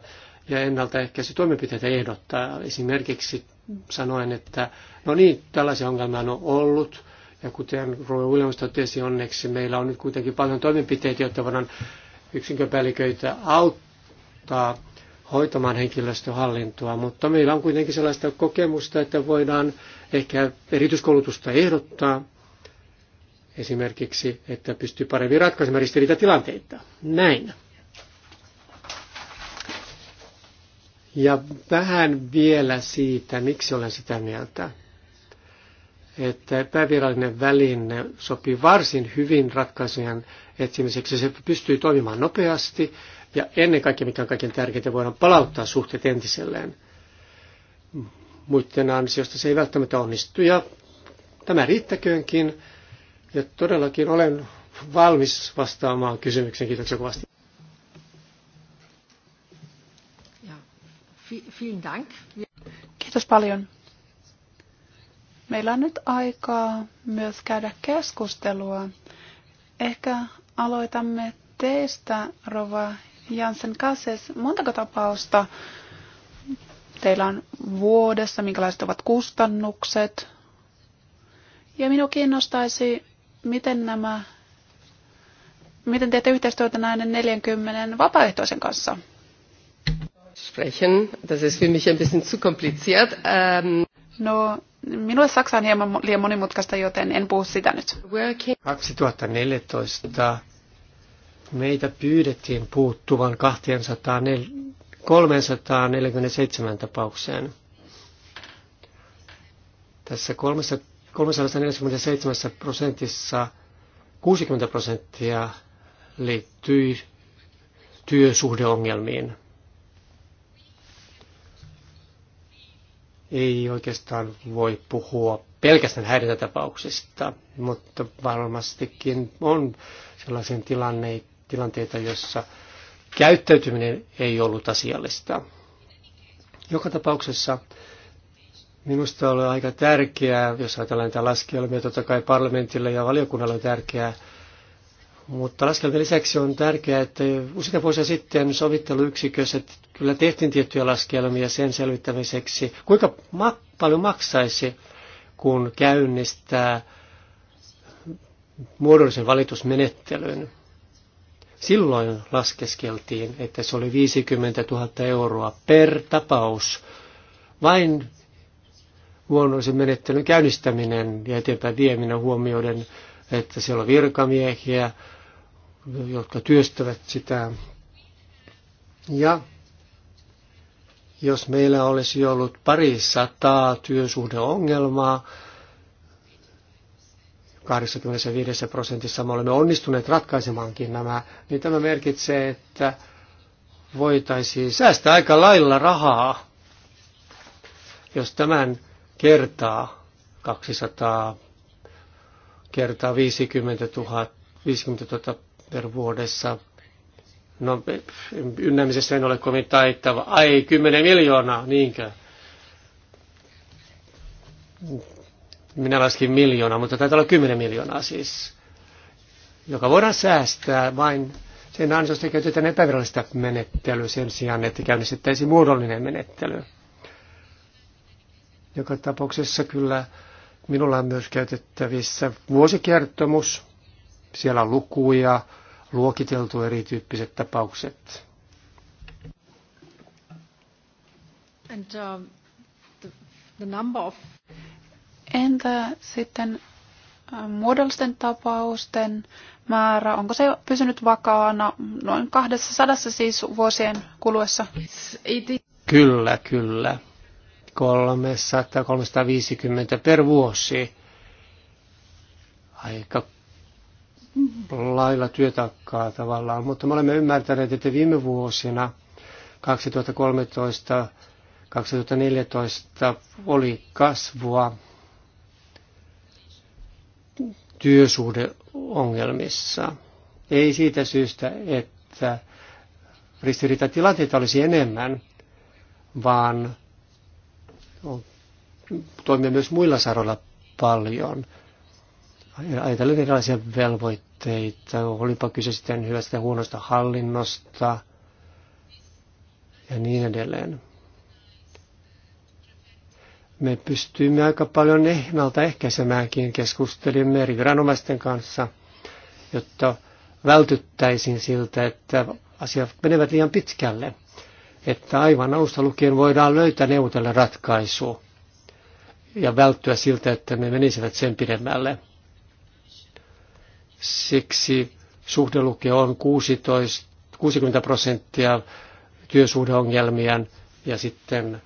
ja ennaltaehkäisy toimenpiteitä ehdottaa. Esimerkiksi sanoen, että no niin, tällaisia ongelmia on ollut. Ja kuten Roy Williams totesi, onneksi meillä on nyt kuitenkin paljon toimenpiteitä, joita voidaan yksinköpäälliköitä auttaa hoitamaan henkilöstöhallintoa, mutta meillä on kuitenkin sellaista kokemusta, että voidaan ehkä erityiskoulutusta ehdottaa, esimerkiksi, että pystyy paremmin ratkaisemaan ristiriitatilanteita. Näin. Ja vähän vielä siitä, miksi olen sitä mieltä, että epävirallinen väline sopii varsin hyvin ratkaisujen etsimiseksi. Se pystyy toimimaan nopeasti ja ennen kaikkea, mikä on kaiken tärkeintä, voidaan palauttaa suhteet entiselleen. Muiden ansiosta se ei välttämättä onnistu ja tämä riittäköönkin. Ja todellakin olen valmis vastaamaan kysymykseen. Kiitoksia kovasti. Kiitos paljon. Meillä on nyt aikaa myös käydä keskustelua. Ehkä aloitamme teistä, Rova Janssen Kasses, montako tapausta teillä on vuodessa, minkälaiset ovat kustannukset? Ja minua kiinnostaisi, miten nämä miten teette yhteistyötä näiden 40 vapaaehtoisen kanssa? Sprechen, das ist für mich ein bisschen zu kompliziert. Ähm no, minulle Saksa on hieman liian monimutkaista, joten en puhu sitä nyt. 2014 meitä pyydettiin puuttuvan 347 tapaukseen. Tässä 347 prosentissa 60 prosenttia liittyi työsuhdeongelmiin. Ei oikeastaan voi puhua pelkästään häirintätapauksista, mutta varmastikin on sellaisia tilanneita, tilanteita, joissa käyttäytyminen ei ollut asiallista. Joka tapauksessa minusta on aika tärkeää, jos ajatellaan näitä laskelmia, totta kai parlamentille ja valiokunnalle on tärkeää, mutta laskelmien lisäksi on tärkeää, että useita vuosia sitten sovitteluyksikössä kyllä tehtiin tiettyjä laskelmia sen selvittämiseksi, kuinka ma- paljon maksaisi, kun käynnistää muodollisen valitusmenettelyn. Silloin laskeskeltiin, että se oli 50 000 euroa per tapaus. Vain luonnollisen menettelyn käynnistäminen ja eteenpäin vieminen huomioiden, että siellä on virkamiehiä, jotka työstävät sitä. Ja jos meillä olisi ollut pari sataa työsuhdeongelmaa, 85 prosentissa me olemme onnistuneet ratkaisemaankin nämä, niin tämä merkitsee, että voitaisiin säästää aika lailla rahaa, jos tämän kertaa 200 kertaa 50 000, 50 000 per vuodessa. No, ynnämisessä en ole kovin taittava. Ai, 10 miljoonaa, niinkö? minä laskin miljoonaa, mutta taitaa olla kymmenen miljoonaa siis, joka voidaan säästää vain sen ansiosta käytetään epävirallista menettelyä sen sijaan, että käynnistettäisiin muodollinen menettely. Joka tapauksessa kyllä minulla on myös käytettävissä vuosikertomus. Siellä on lukuja, luokiteltu erityyppiset tapaukset. And, uh, the, the number of... Entä sitten äh, muodollisten tapausten määrä, onko se pysynyt vakaana noin 200 siis vuosien kuluessa? Kyllä, kyllä. 300-350 per vuosi. Aika lailla työtakkaa tavallaan, mutta me olemme ymmärtäneet, että viime vuosina 2013-2014 oli kasvua työsuhdeongelmissa. Ei siitä syystä, että ristiriitatilanteita olisi enemmän, vaan toimii myös muilla saroilla paljon. Ajatellen erilaisia velvoitteita, olipa kyse sitten hyvästä ja huonosta hallinnosta ja niin edelleen. Me pystyimme aika paljon ennaltaehkäisemäänkin, keskustelimme eri viranomaisten kanssa, jotta vältyttäisiin siltä, että asiat menevät liian pitkälle, että aivan alusta lukien voidaan löytää neuvotella ratkaisu ja välttyä siltä, että ne menisivät sen pidemmälle. Siksi suhdeluke on 16, 60 prosenttia työsuhdeongelmien ja sitten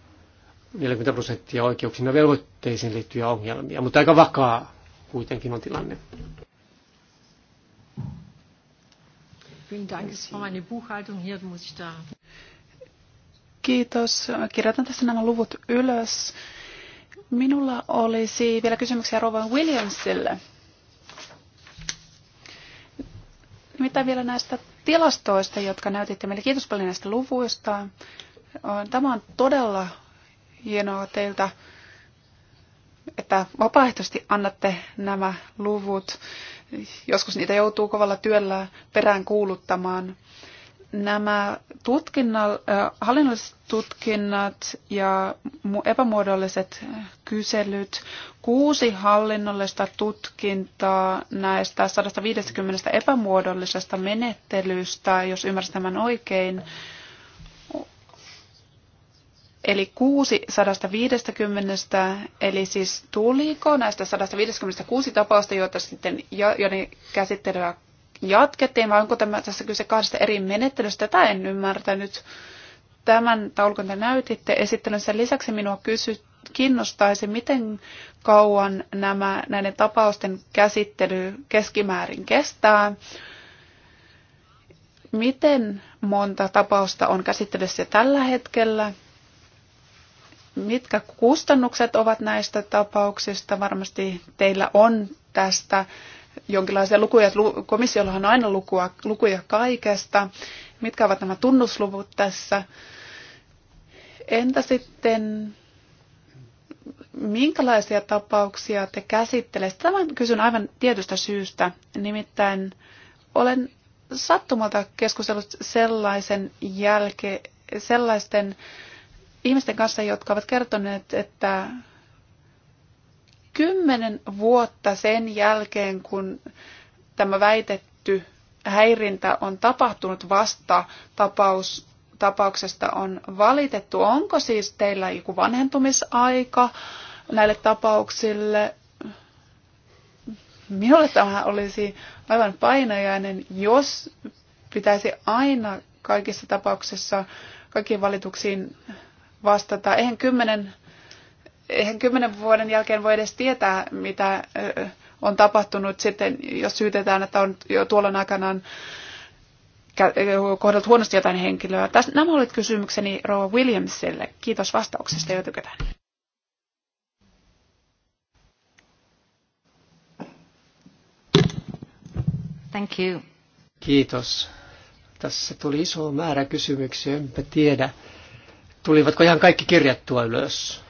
40 prosenttia oikeuksina velvoitteisiin liittyviä ongelmia, mutta aika vakaa kuitenkin on tilanne. Kiitos. Kirjoitan tässä nämä luvut ylös. Minulla olisi vielä kysymyksiä Rovan Williamsille. Mitä vielä näistä tilastoista, jotka näytitte meille? Kiitos paljon näistä luvuista. Tämä on todella hienoa teiltä, että vapaaehtoisesti annatte nämä luvut. Joskus niitä joutuu kovalla työllä perään kuuluttamaan. Nämä äh, hallinnolliset tutkinnat ja epämuodolliset kyselyt, kuusi hallinnollista tutkintaa näistä 150 epämuodollisesta menettelystä, jos ymmärsit tämän oikein, Eli 6 150, eli siis tuliko näistä 156 tapausta, joita sitten, joiden käsittelyä jatkettiin, vai onko tämä, tässä kyse kahdesta eri menettelystä? Tätä en ymmärtänyt. Tämän taulukon te näytitte sen lisäksi minua kysy, kiinnostaisi, miten kauan nämä, näiden tapausten käsittely keskimäärin kestää miten monta tapausta on käsittelyssä tällä hetkellä mitkä kustannukset ovat näistä tapauksista. Varmasti teillä on tästä jonkinlaisia lukuja. Komissiollahan on aina lukua, lukuja kaikesta. Mitkä ovat nämä tunnusluvut tässä? Entä sitten, minkälaisia tapauksia te käsittelette? Tämän kysyn aivan tietystä syystä. Nimittäin olen sattumalta keskustellut sellaisen jälke, sellaisten äh, ihmisten kanssa, jotka ovat kertoneet, että kymmenen vuotta sen jälkeen, kun tämä väitetty häirintä on tapahtunut vasta tapaus, tapauksesta on valitettu. Onko siis teillä joku vanhentumisaika näille tapauksille? Minulle tämä olisi aivan painajainen, jos pitäisi aina kaikissa tapauksissa kaikkiin valituksiin vastata. Eihän kymmenen, eihän kymmenen vuoden jälkeen voi edes tietää, mitä on tapahtunut sitten, jos syytetään, että on jo tuolloin aikanaan kohdeltu huonosti jotain henkilöä. Täs, nämä olivat kysymykseni Rova Williamsille. Kiitos vastauksesta jo tykätään. Thank you. Kiitos. Tässä tuli iso määrä kysymyksiä, enpä tiedä Tulivatko ihan kaikki kirjattua ylös?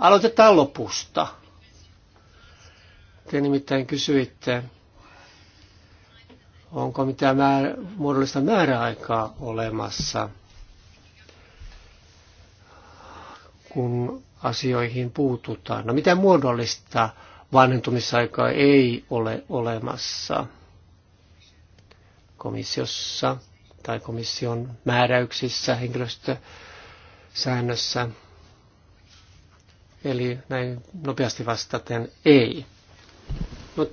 Aloitetaan lopusta. Te nimittäin kysyitte, onko mitään määr- muodollista määräaikaa olemassa, kun asioihin puututaan. No mitään muodollista vanhentumisaikaa ei ole olemassa komissiossa tai komission määräyksissä, henkilöstösäännössä. Eli näin nopeasti vastaten ei. No,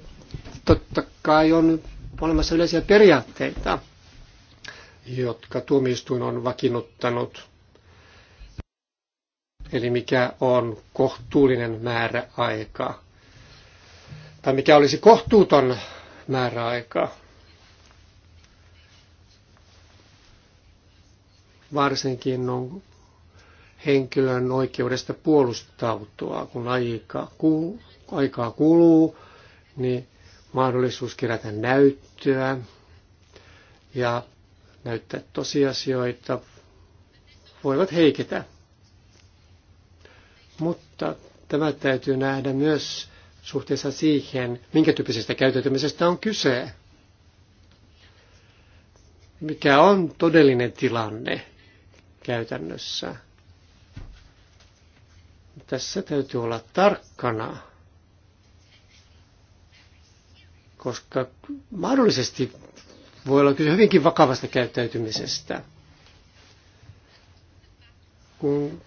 totta kai on olemassa yleisiä periaatteita, jotka tuomioistuin on vakiinnuttanut. Eli mikä on kohtuullinen määräaika. Tai mikä olisi kohtuuton määräaika. varsinkin on henkilön oikeudesta puolustautua. Kun aika, ku, aikaa kuluu, niin mahdollisuus kerätä näyttöä ja näyttää tosiasioita voivat heiketä. Mutta tämä täytyy nähdä myös suhteessa siihen, minkä tyyppisestä käyttäytymisestä on kyse. Mikä on todellinen tilanne? käytännössä. Tässä täytyy olla tarkkana, koska mahdollisesti voi olla kyse hyvinkin vakavasta käyttäytymisestä. Kun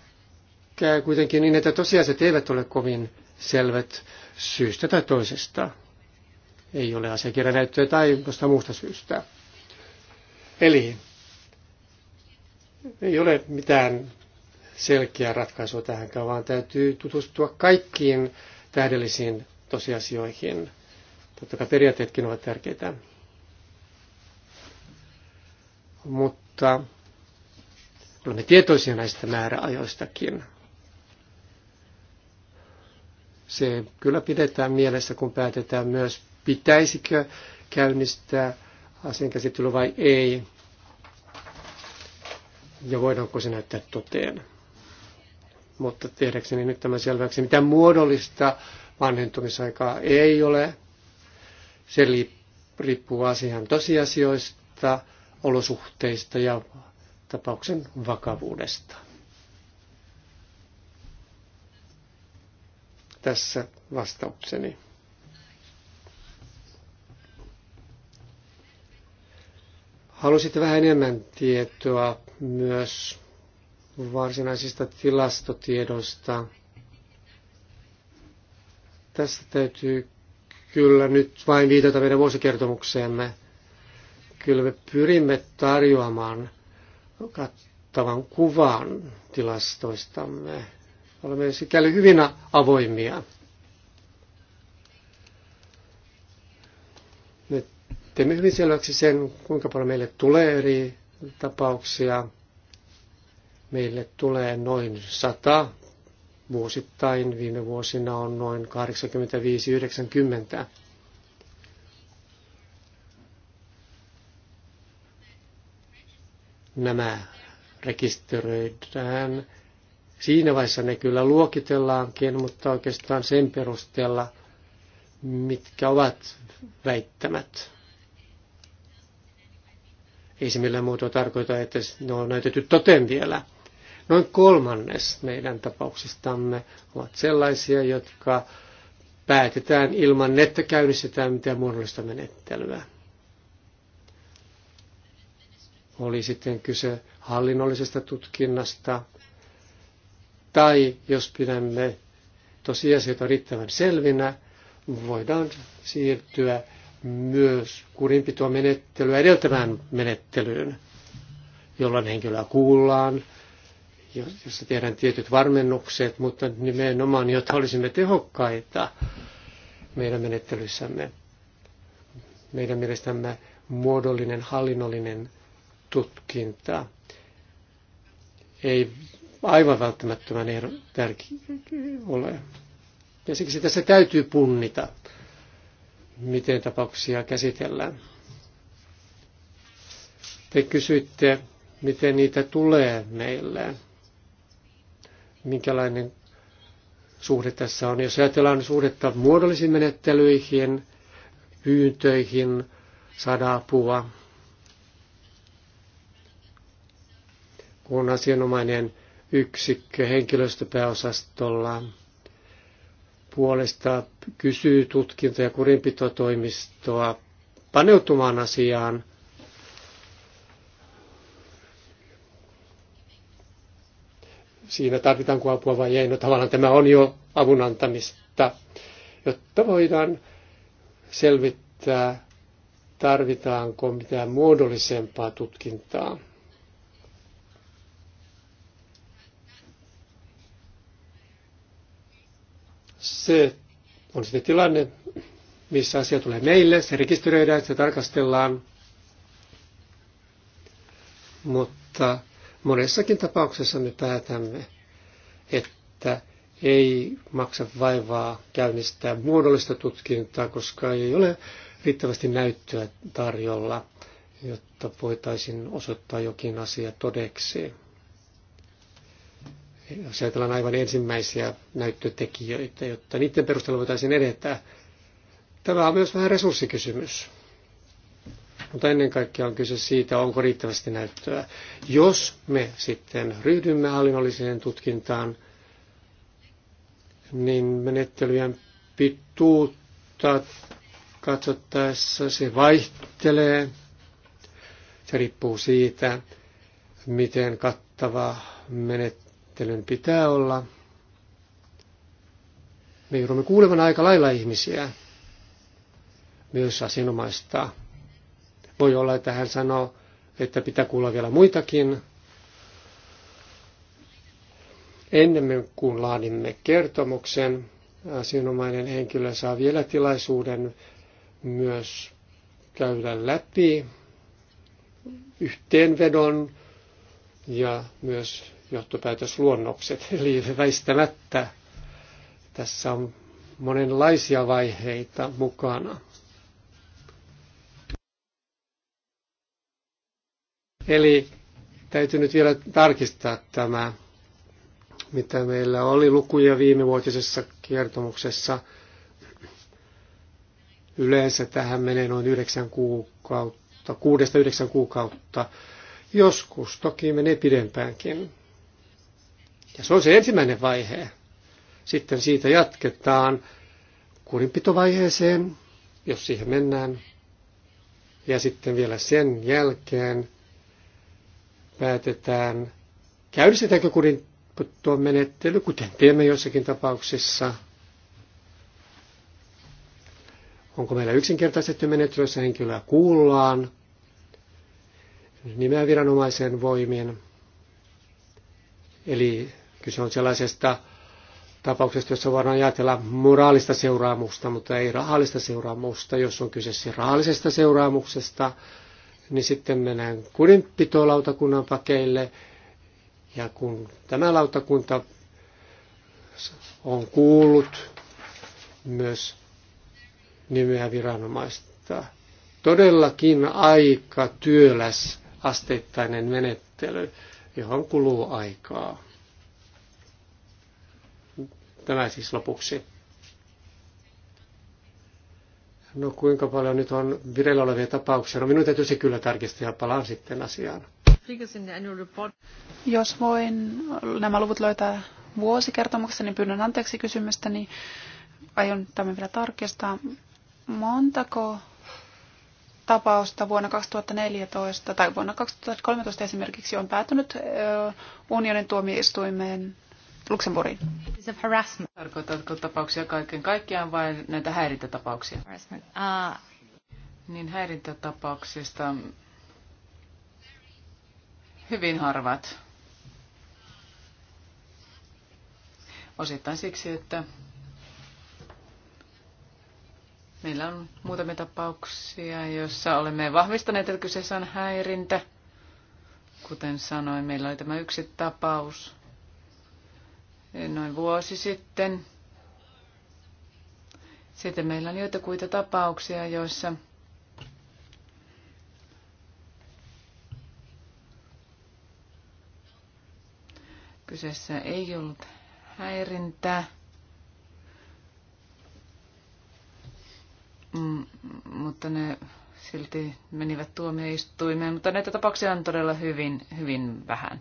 käy kuitenkin niin, että tosiasiat eivät ole kovin selvät syystä tai toisesta. Ei ole asiakirjanäyttöä tai jostain muusta syystä. Eli ei ole mitään selkeää ratkaisua tähänkään, vaan täytyy tutustua kaikkiin tähdellisiin tosiasioihin. Totta kai periaatteetkin ovat tärkeitä. Mutta olemme tietoisia näistä määräajoistakin. Se kyllä pidetään mielessä, kun päätetään myös, pitäisikö käynnistää asian käsittely vai ei ja voidaanko se näyttää toteen. Mutta tehdäkseni nyt tämän selväksi, mitä muodollista vanhentumisaikaa ei ole. Se riippuu asian tosiasioista, olosuhteista ja tapauksen vakavuudesta. Tässä vastaukseni. Halusit vähän enemmän tietoa myös varsinaisista tilastotiedoista. Tästä täytyy kyllä nyt vain viitata meidän vuosikertomukseemme. Kyllä me pyrimme tarjoamaan kattavan kuvan tilastoistamme. Olemme sikäli hyvin avoimia. Teemme hyvin selväksi sen, kuinka paljon meille tulee eri tapauksia. Meille tulee noin 100 vuosittain. Viime vuosina on noin 85-90. Nämä rekisteröidään. Siinä vaiheessa ne kyllä luokitellaankin, mutta oikeastaan sen perusteella, mitkä ovat väittämät. Ei se millään muotoa tarkoita, että ne on näytetty toteen vielä. Noin kolmannes meidän tapauksistamme ovat sellaisia, jotka päätetään ilman, että käynnistetään mitään muodollista menettelyä. Oli sitten kyse hallinnollisesta tutkinnasta, tai jos pidämme tosiasioita riittävän selvinä, voidaan siirtyä myös menettelyä edeltävään menettelyyn, jolloin henkilöä kuullaan, jossa tehdään tietyt varmennukset, mutta nimenomaan, jotta olisimme tehokkaita meidän menettelyssämme. Meidän mielestämme muodollinen, hallinnollinen tutkinta ei aivan välttämättömän ero tärkeä ole. Ja siksi tässä täytyy punnita miten tapauksia käsitellään. Te kysyitte, miten niitä tulee meille, minkälainen suhde tässä on. Jos ajatellaan suhdetta muodollisiin menettelyihin, pyyntöihin, saada apua, kun asianomainen yksikkö henkilöstöpääosastolla – puolesta kysyy tutkinta- ja kurinpitotoimistoa paneutumaan asiaan. Siinä tarvitaanko apua vai ei. No tavallaan tämä on jo avun antamista, jotta voidaan selvittää, tarvitaanko mitään muodollisempaa tutkintaa. Se on sitten tilanne, missä asia tulee meille, se rekisteröidään, se tarkastellaan. Mutta monessakin tapauksessa me päätämme, että ei maksa vaivaa käynnistää muodollista tutkintaa, koska ei ole riittävästi näyttöä tarjolla, jotta voitaisiin osoittaa jokin asia todeksi jos ajatellaan aivan ensimmäisiä näyttötekijöitä, jotta niiden perusteella voitaisiin edetä. Tämä on myös vähän resurssikysymys. Mutta ennen kaikkea on kyse siitä, onko riittävästi näyttöä. Jos me sitten ryhdymme hallinnolliseen tutkintaan, niin menettelyjen pituutta katsottaessa se vaihtelee. Se riippuu siitä, miten kattava menettely ajattelen, pitää olla. Me joudumme kuulemaan aika lailla ihmisiä, myös asianomaista. Voi olla, että hän sanoo, että pitää kuulla vielä muitakin. Ennen kuin laadimme kertomuksen, asianomainen henkilö saa vielä tilaisuuden myös käydä läpi yhteenvedon ja myös johtopäätösluonnokset. Eli väistämättä tässä on monenlaisia vaiheita mukana. Eli täytyy nyt vielä tarkistaa tämä, mitä meillä oli lukuja viimevuotisessa kertomuksessa. Yleensä tähän menee noin yhdeksän kuukautta, kuudesta yhdeksän kuukautta. Joskus toki menee pidempäänkin. Ja se on se ensimmäinen vaihe. Sitten siitä jatketaan kurinpitovaiheeseen, jos siihen mennään. Ja sitten vielä sen jälkeen päätetään, käynnistetäänkö kurinpitoa menettely, kuten teemme jossakin tapauksessa, Onko meillä yksinkertaisesti menettely, jossa henkilöä kuullaan, nimeä viranomaisen voimin. Eli Kyse on sellaisesta tapauksesta, jossa voidaan ajatella moraalista seuraamusta, mutta ei rahallista seuraamusta. Jos on kyse siis rahallisesta seuraamuksesta, niin sitten mennään kurinpitolautakunnan pakeille. Ja kun tämä lautakunta on kuullut myös nimeä viranomaista, todellakin aika työläs asteittainen menettely, johon kuluu aikaa. Tämä siis lopuksi. No kuinka paljon nyt on vireillä olevia tapauksia? No minun täytyy se kyllä tarkistaa ja palaan sitten asiaan. Jos voin nämä luvut löytää vuosikertomuksesta, niin pyydän anteeksi kysymystä, niin aion tämän vielä tarkistaa. Montako tapausta vuonna 2014 tai vuonna 2013 esimerkiksi on päätynyt unionin tuomioistuimeen Luxemburgiin. Tarkoitatko tapauksia kaiken kaikkiaan vai näitä häirintätapauksia? Uh. Niin häirintätapauksista hyvin harvat. Osittain siksi, että meillä on muutamia tapauksia, joissa olemme vahvistaneet, että kyseessä on häirintä. Kuten sanoin, meillä oli tämä yksi tapaus – noin vuosi sitten. Sitten meillä on joitakuita tapauksia, joissa kyseessä ei ollut häirintää. Mm, mutta ne silti menivät tuomioistuimeen, mutta näitä tapauksia on todella hyvin, hyvin vähän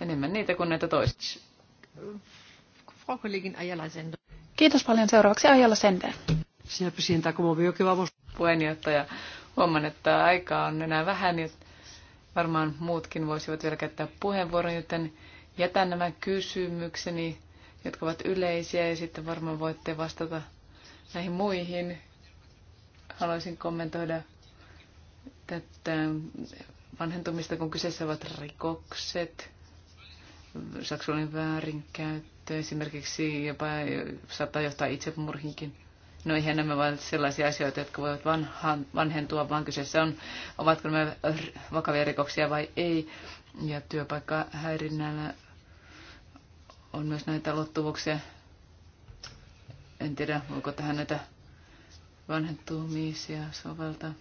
enemmän niitä kuin näitä toisia. Kiitos paljon. Seuraavaksi Ajala Sender. Sinä pysiin como veo que vamos... Puheenjohtaja, huomaan, että aikaa on enää vähän niin varmaan muutkin voisivat vielä käyttää puheenvuoron, joten jätän nämä kysymykseni, jotka ovat yleisiä ja sitten varmaan voitte vastata näihin muihin. Haluaisin kommentoida tätä vanhentumista, kun kyseessä ovat rikokset seksuaalinen väärinkäyttö esimerkiksi jopa saattaa johtaa itsemurhiinkin. No eihän nämä vain sellaisia asioita, jotka voivat vanhan, vanhentua, vaan kyseessä on, ovatko nämä vakavia rikoksia vai ei. Ja työpaikkahäirinnällä on myös näitä lottuvuuksia. En tiedä, voiko tähän näitä vanhentumisia soveltaa.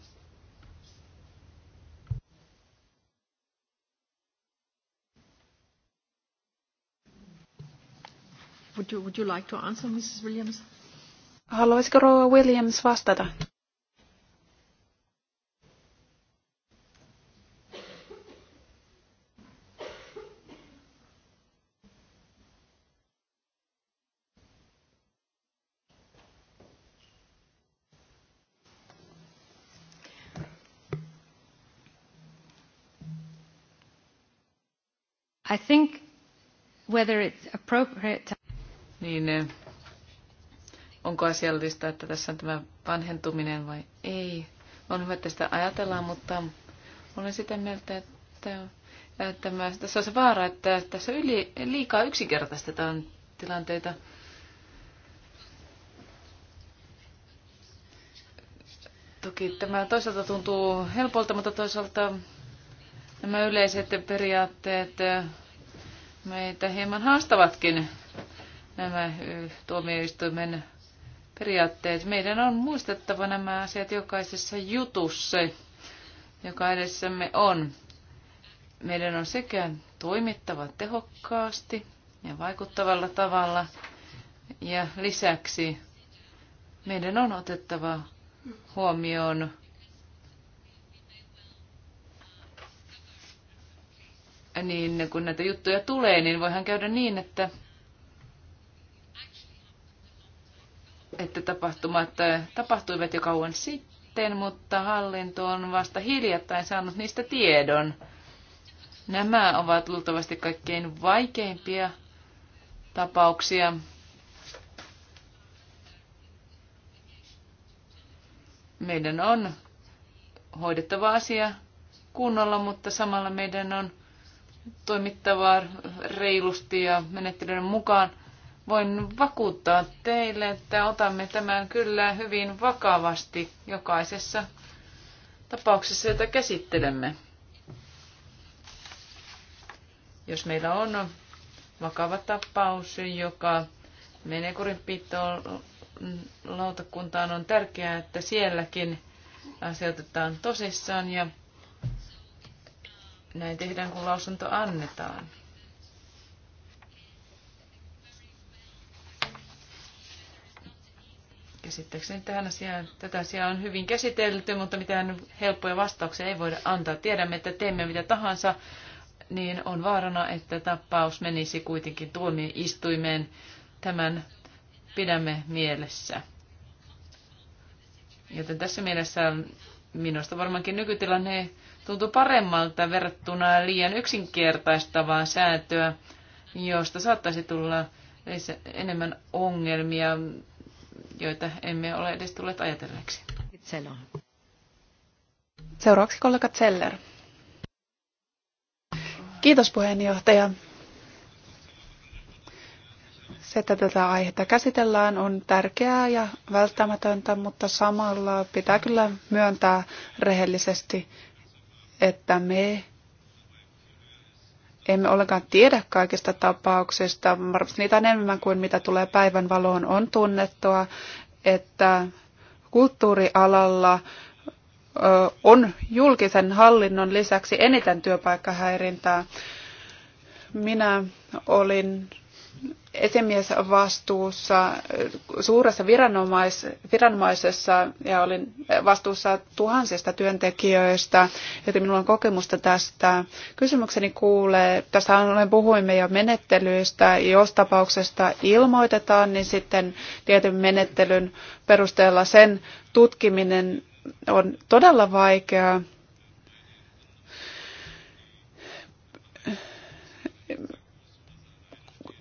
Would you, would you like to answer, Mrs. Williams? Haluaisiko Rouva Williams vastata? I think whether it's appropriate to niin eh, onko asiallista, että tässä on tämä vanhentuminen vai ei. On hyvä, että sitä ajatellaan, mutta olen sitä mieltä, että, että mä, tässä on se vaara, että tässä yli, liikaa yksinkertaistetaan tilanteita. Toki tämä toisaalta tuntuu helpolta, mutta toisaalta nämä yleiset periaatteet eh, meitä hieman haastavatkin nämä tuomioistuimen periaatteet. Meidän on muistettava nämä asiat jokaisessa jutussa, joka edessämme on. Meidän on sekä toimittava tehokkaasti ja vaikuttavalla tavalla, ja lisäksi meidän on otettava huomioon niin kun näitä juttuja tulee, niin voihan käydä niin, että että tapahtumat tapahtuivat jo kauan sitten, mutta hallinto on vasta hiljattain saanut niistä tiedon. Nämä ovat luultavasti kaikkein vaikeimpia tapauksia. Meidän on hoidettava asia kunnolla, mutta samalla meidän on toimittava reilusti ja menettelyiden mukaan. Voin vakuuttaa teille, että otamme tämän kyllä hyvin vakavasti jokaisessa tapauksessa, jota käsittelemme. Jos meillä on vakava tapaus, joka menee kurinpitoon lautakuntaan, on tärkeää, että sielläkin asioitetaan tosissaan ja näin tehdään, kun lausunto annetaan. Käsittääkseni tähän asiaan, tätä asiaa on hyvin käsitelty, mutta mitään helppoja vastauksia ei voida antaa. Tiedämme, että teemme mitä tahansa, niin on vaarana, että tapaus menisi kuitenkin tuomioistuimeen. Tämän pidämme mielessä. Joten tässä mielessä minusta varmaankin nykytilanne tuntuu paremmalta verrattuna liian yksinkertaistavaa säätöä, josta saattaisi tulla enemmän ongelmia joita emme ole edes tulleet ajatelleeksi. Seuraavaksi kollega Zeller. Kiitos puheenjohtaja. Se, että tätä aihetta käsitellään, on tärkeää ja välttämätöntä, mutta samalla pitää kyllä myöntää rehellisesti, että me emme ollenkaan tiedä kaikista tapauksista. Varmasti niitä on enemmän kuin mitä tulee päivänvaloon. On tunnettua, että kulttuurialalla on julkisen hallinnon lisäksi eniten työpaikkahäirintää. Minä olin esimies vastuussa suuressa viranomais, viranomaisessa ja olin vastuussa tuhansista työntekijöistä, joten minulla on kokemusta tästä. Kysymykseni kuulee, tässä olen puhuimme jo menettelyistä, jos tapauksesta ilmoitetaan, niin sitten tietyn menettelyn perusteella sen tutkiminen on todella vaikeaa.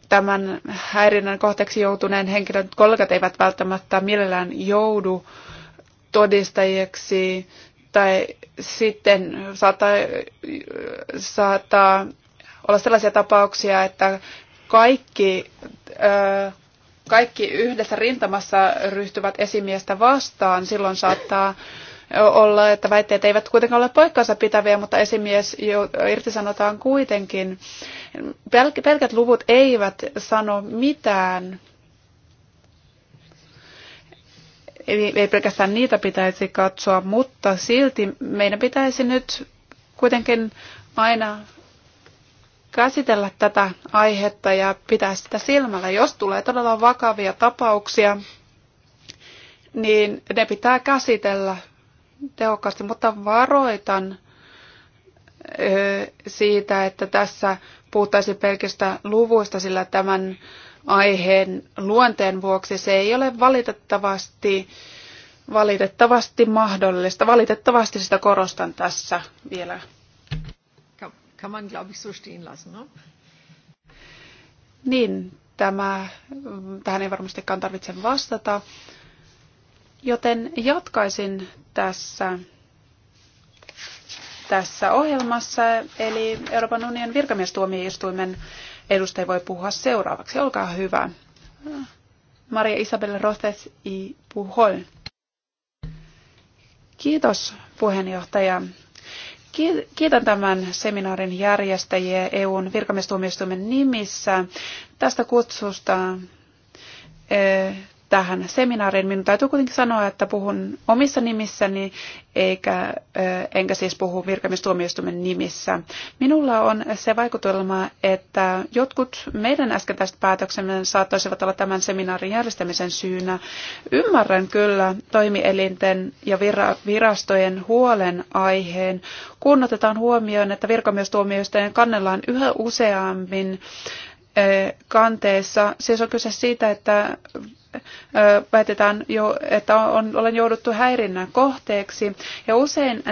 tämän häirinnän kohteeksi joutuneen henkilön kollegat eivät välttämättä mielellään joudu todistajiksi tai sitten saattaa, saattaa olla sellaisia tapauksia, että kaikki, kaikki yhdessä rintamassa ryhtyvät esimiestä vastaan. Silloin saattaa olla, että väitteet eivät kuitenkaan ole paikkansa pitäviä, mutta esimies irtisanotaan kuitenkin. Pelkät luvut eivät sano mitään. ei pelkästään niitä pitäisi katsoa, mutta silti meidän pitäisi nyt kuitenkin aina käsitellä tätä aihetta ja pitää sitä silmällä. Jos tulee todella vakavia tapauksia, niin ne pitää käsitellä tehokkaasti, mutta varoitan siitä, että tässä puhuttaisiin pelkistä luvuista, sillä tämän aiheen luonteen vuoksi se ei ole valitettavasti, valitettavasti mahdollista. Valitettavasti sitä korostan tässä vielä. Kann man, glaube ich, so stehen lassen, no? Niin, tämä, tähän ei varmastikaan tarvitse vastata. Joten jatkaisin tässä, tässä ohjelmassa, eli Euroopan unionin virkamiestuomioistuimen edustaja voi puhua seuraavaksi. Olkaa hyvä. Maria Isabel Rothes i Puhol. Kiitos puheenjohtaja. Kiitän tämän seminaarin järjestäjiä EUn virkamiestuomioistuimen nimissä tästä kutsusta tähän seminaariin. Minun täytyy kuitenkin sanoa, että puhun omissa nimissäni, eikä, enkä siis puhu virkamiestuomioistuimen nimissä. Minulla on se vaikutelma, että jotkut meidän äsken tästä päätöksemme saattaisivat olla tämän seminaarin järjestämisen syynä. Ymmärrän kyllä toimielinten ja virastojen huolen aiheen, kun otetaan huomioon, että virkamistuomioistuimen kannellaan yhä useammin kanteessa. Siis on kyse siitä, että väitetään jo, että on, olen jouduttu häirinnän kohteeksi. Ja usein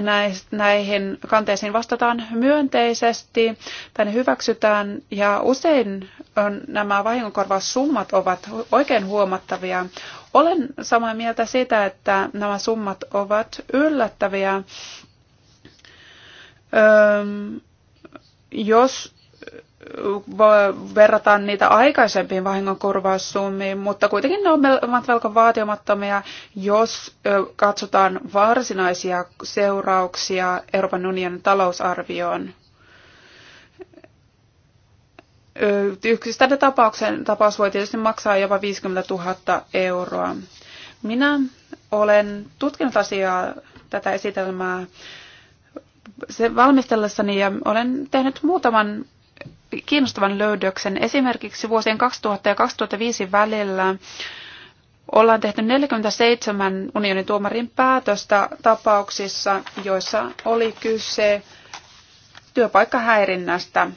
näihin kanteisiin vastataan myönteisesti tai ne hyväksytään ja usein on, nämä vahingonkorvaussummat ovat oikein huomattavia. Olen samaa mieltä siitä, että nämä summat ovat yllättäviä. Öm, jos verrata niitä aikaisempiin vahingonkorvaussummiin, mutta kuitenkin ne ovat melko vaatimattomia, jos katsotaan varsinaisia seurauksia Euroopan unionin talousarvioon. Yksittäinen tapauksen, tapaus voi tietysti maksaa jopa 50 000 euroa. Minä olen tutkinut asiaa tätä esitelmää se valmistellessani ja olen tehnyt muutaman kiinnostavan löydöksen. Esimerkiksi vuosien 2000 ja 2005 välillä ollaan tehty 47 unionin tuomarin päätöstä tapauksissa, joissa oli kyse työpaikkahäirinnästä.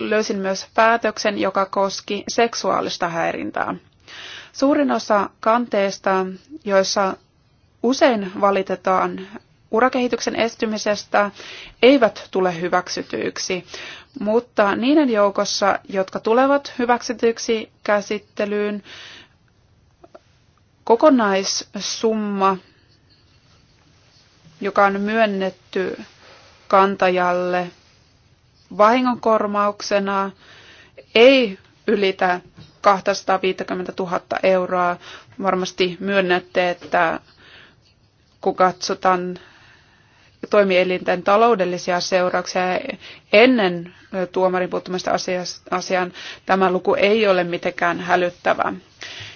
Löysin myös päätöksen, joka koski seksuaalista häirintää. Suurin osa kanteista, joissa usein valitetaan urakehityksen estymisestä eivät tule hyväksytyiksi, mutta niiden joukossa, jotka tulevat hyväksytyiksi käsittelyyn, kokonaissumma, joka on myönnetty kantajalle vahingonkormauksena, ei ylitä 250 000 euroa. Varmasti myönnätte, että kun katsotaan toimielinten taloudellisia seurauksia ennen tuomarin puuttumista asiaan tämä luku ei ole mitenkään hälyttävä.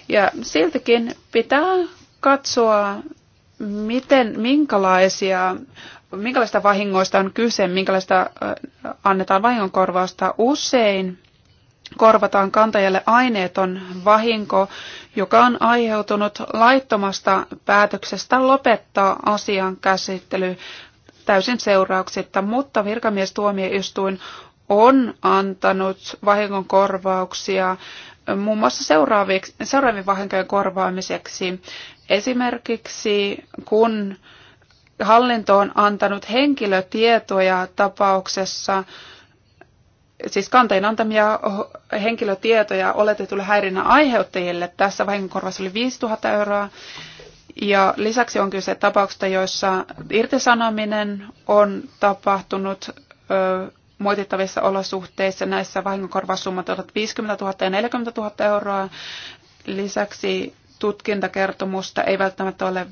Ja siltikin pitää katsoa, miten, minkälaisia, minkälaista vahingoista on kyse, minkälaista annetaan vahingonkorvausta usein korvataan kantajalle aineeton vahinko, joka on aiheutunut laittomasta päätöksestä lopettaa asian käsittely täysin seurauksetta, mutta virkamiestuomioistuin on antanut vahingonkorvauksia muun mm. muassa seuraavien vahinkojen korvaamiseksi. Esimerkiksi kun hallinto on antanut henkilötietoja tapauksessa, siis kanteen antamia henkilötietoja oletetulle häirinnän aiheuttajille. Tässä vahingonkorvaus oli 5000 euroa. Ja lisäksi on kyse tapauksista, joissa irtisanominen on tapahtunut ö, moitittavissa olosuhteissa. Näissä vahingonkorvaussummat ovat 50 000 ja 40 000 euroa. Lisäksi tutkintakertomusta ei välttämättä ole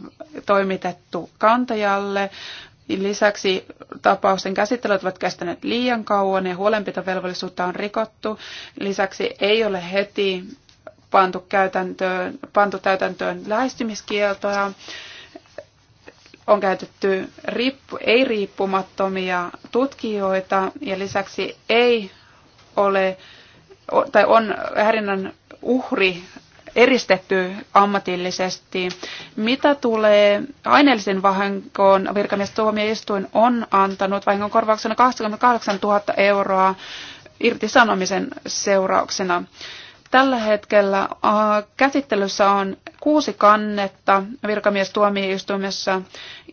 toimitettu kantajalle. Lisäksi tapausten käsittelyt ovat kestäneet liian kauan ja huolenpitovelvollisuutta on rikottu. Lisäksi ei ole heti pantu, käytäntöön, pantu täytäntöön lähestymiskieltoja, on käytetty riippu, ei-riippumattomia tutkijoita ja lisäksi ei ole tai on häirinnän uhri eristetty ammatillisesti. Mitä tulee aineellisen vahinkoon, virkamiestuomioistuin on antanut korvauksena 28 000 euroa irtisanomisen seurauksena. Tällä hetkellä käsittelyssä on kuusi kannetta virkamiestuomioistuimessa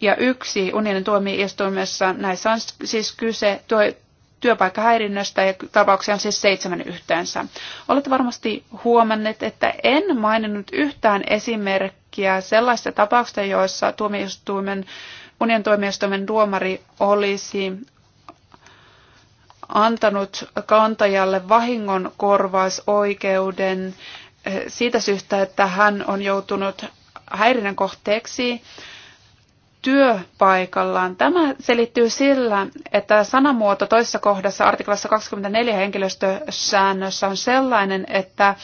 ja yksi unionin tuomioistuimessa. Näissä on siis kyse työpaikkahäirinnöstä ja tapauksia on siis seitsemän yhteensä. Olette varmasti huomanneet, että en maininnut yhtään esimerkkiä sellaista tapauksista, joissa tuomioistuimen unionin tuomioistuimen duomari olisi antanut kantajalle vahingonkorvausoikeuden eh, siitä syystä, että hän on joutunut häirinnän kohteeksi työpaikallaan. Tämä selittyy sillä, että sanamuoto toisessa kohdassa artiklassa 24 henkilöstösäännössä on sellainen, että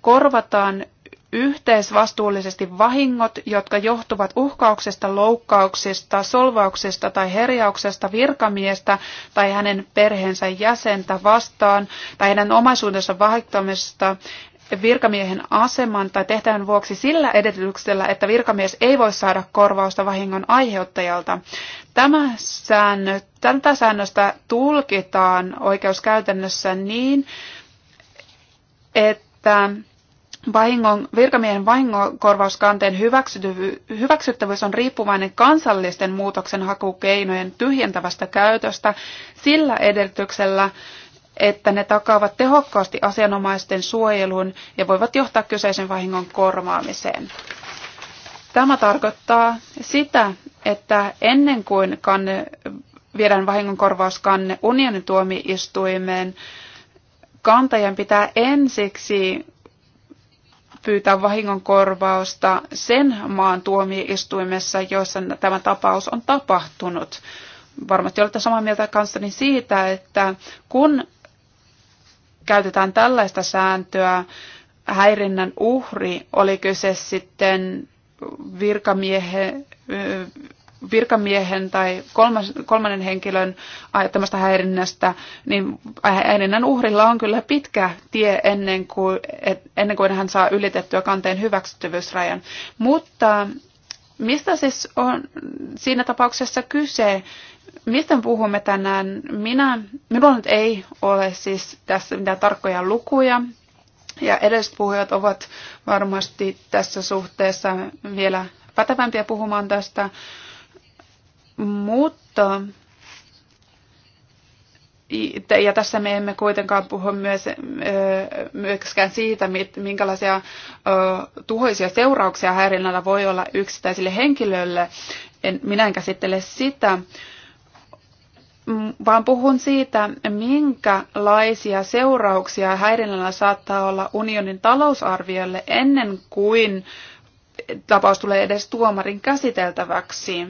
korvataan yhteisvastuullisesti vahingot, jotka johtuvat uhkauksesta, loukkauksesta, solvauksesta tai herjauksesta virkamiestä tai hänen perheensä jäsentä vastaan tai hänen omaisuutensa vaihtamisesta virkamiehen aseman tai tehtävän vuoksi sillä edellytyksellä, että virkamies ei voi saada korvausta vahingon aiheuttajalta. Tämä säännö, tätä säännöstä tulkitaan oikeuskäytännössä niin, että vahingon, virkamiehen vahingonkorvauskanteen hyväksyttävyys on riippuvainen kansallisten muutoksenhakukeinojen tyhjentävästä käytöstä sillä edellytyksellä, että ne takaavat tehokkaasti asianomaisten suojelun ja voivat johtaa kyseisen vahingon korvaamiseen. Tämä tarkoittaa sitä, että ennen kuin kanne, viedään vahingonkorvauskanne unionin tuomioistuimeen, kantajan pitää ensiksi pyytää vahingonkorvausta sen maan tuomioistuimessa, jossa tämä tapaus on tapahtunut. Varmasti olette samaa mieltä kanssani siitä, että kun käytetään tällaista sääntöä, häirinnän uhri, oli kyse sitten virkamiehen virkamiehen tai kolmas, kolmannen henkilön aiheuttamasta häirinnästä, niin häirinnän uhrilla on kyllä pitkä tie ennen kuin, et, ennen kuin hän saa ylitettyä kanteen hyväksyttävyysrajan. Mutta mistä siis on siinä tapauksessa kyse? Mistä puhumme tänään? Minä, minulla nyt ei ole siis tässä mitään tarkkoja lukuja, ja edelliset puhujat ovat varmasti tässä suhteessa vielä pätevämpiä puhumaan tästä, mutta ja tässä me emme kuitenkaan puhu myös, myöskään siitä, minkälaisia tuhoisia seurauksia häirinnällä voi olla yksittäisille henkilöille. En, minä en käsittele sitä, vaan puhun siitä, minkälaisia seurauksia häirinnällä saattaa olla unionin talousarviolle ennen kuin tapaus tulee edes tuomarin käsiteltäväksi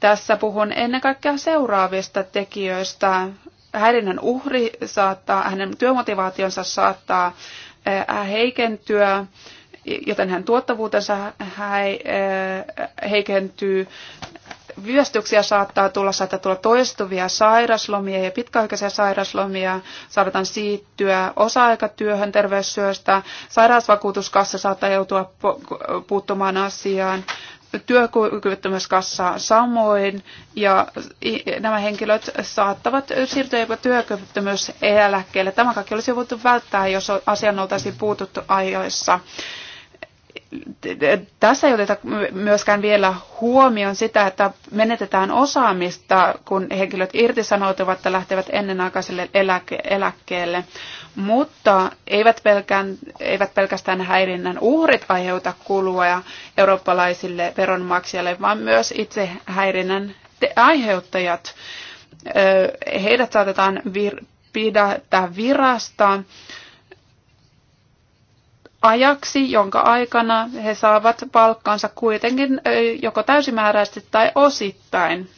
tässä puhun ennen kaikkea seuraavista tekijöistä. Häirinnän uhri saattaa, hänen työmotivaationsa saattaa eh, heikentyä, joten hän tuottavuutensa eh, heikentyy. Vyöstyksiä saattaa tulla, saattaa tulla toistuvia sairaslomia ja pitkäaikaisia sairaslomia, saadaan siittyä osa-aikatyöhön terveyssyöstä, sairausvakuutuskassa saattaa joutua puuttumaan asiaan, työkyvyttömyyskassaa samoin, ja nämä henkilöt saattavat siirtyä jopa työkyvyttömyyseläkkeelle. Tämä kaikki olisi voitu välttää, jos asian oltaisiin puututtu ajoissa. Tässä ei oteta myöskään vielä huomioon sitä, että menetetään osaamista, kun henkilöt irtisanoutuvat ja lähtevät ennenaikaiselle eläke- eläkkeelle mutta eivät, pelkään, eivät pelkästään häirinnän uhrit aiheuta kulua ja eurooppalaisille veronmaksijalle, vaan myös itse häirinnän aiheuttajat. Heidät saatetaan vir- pidättää virasta ajaksi, jonka aikana he saavat palkkansa kuitenkin joko täysimääräisesti tai osittain.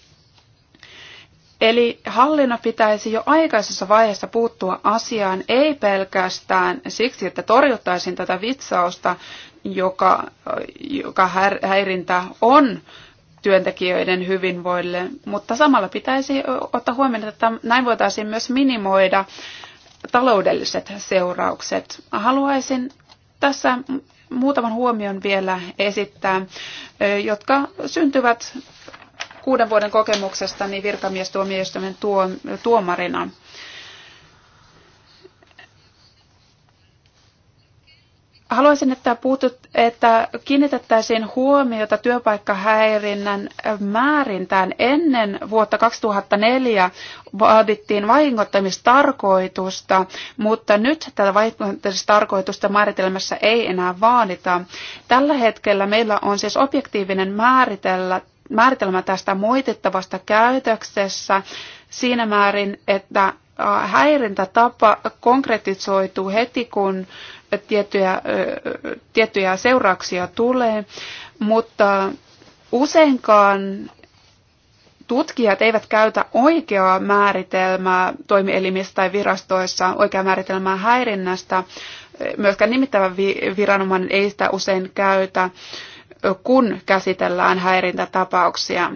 Eli hallinnon pitäisi jo aikaisessa vaiheessa puuttua asiaan, ei pelkästään siksi, että torjuttaisiin tätä vitsausta, joka, joka häirintä on työntekijöiden hyvinvoille, mutta samalla pitäisi ottaa huomioon, että näin voitaisiin myös minimoida taloudelliset seuraukset. Haluaisin tässä muutaman huomion vielä esittää, jotka syntyvät kuuden vuoden kokemuksestani niin virkamiestuomioistuimen tuomarina. Haluaisin, että, puutut, että kiinnitettäisiin huomiota työpaikkahäirinnän määrintään. Ennen vuotta 2004 vaadittiin vahingoittamistarkoitusta, mutta nyt tätä vahingoittamistarkoitusta määritelmässä ei enää vaadita. Tällä hetkellä meillä on siis objektiivinen määritellä määritelmä tästä moitettavasta käytöksessä siinä määrin, että häirintätapa konkretisoituu heti, kun tiettyjä, tiettyjä seurauksia tulee, mutta useinkaan tutkijat eivät käytä oikeaa määritelmää toimielimissä tai virastoissa, oikeaa määritelmää häirinnästä. Myöskään nimittävä viranomainen ei sitä usein käytä kun käsitellään häirintätapauksia.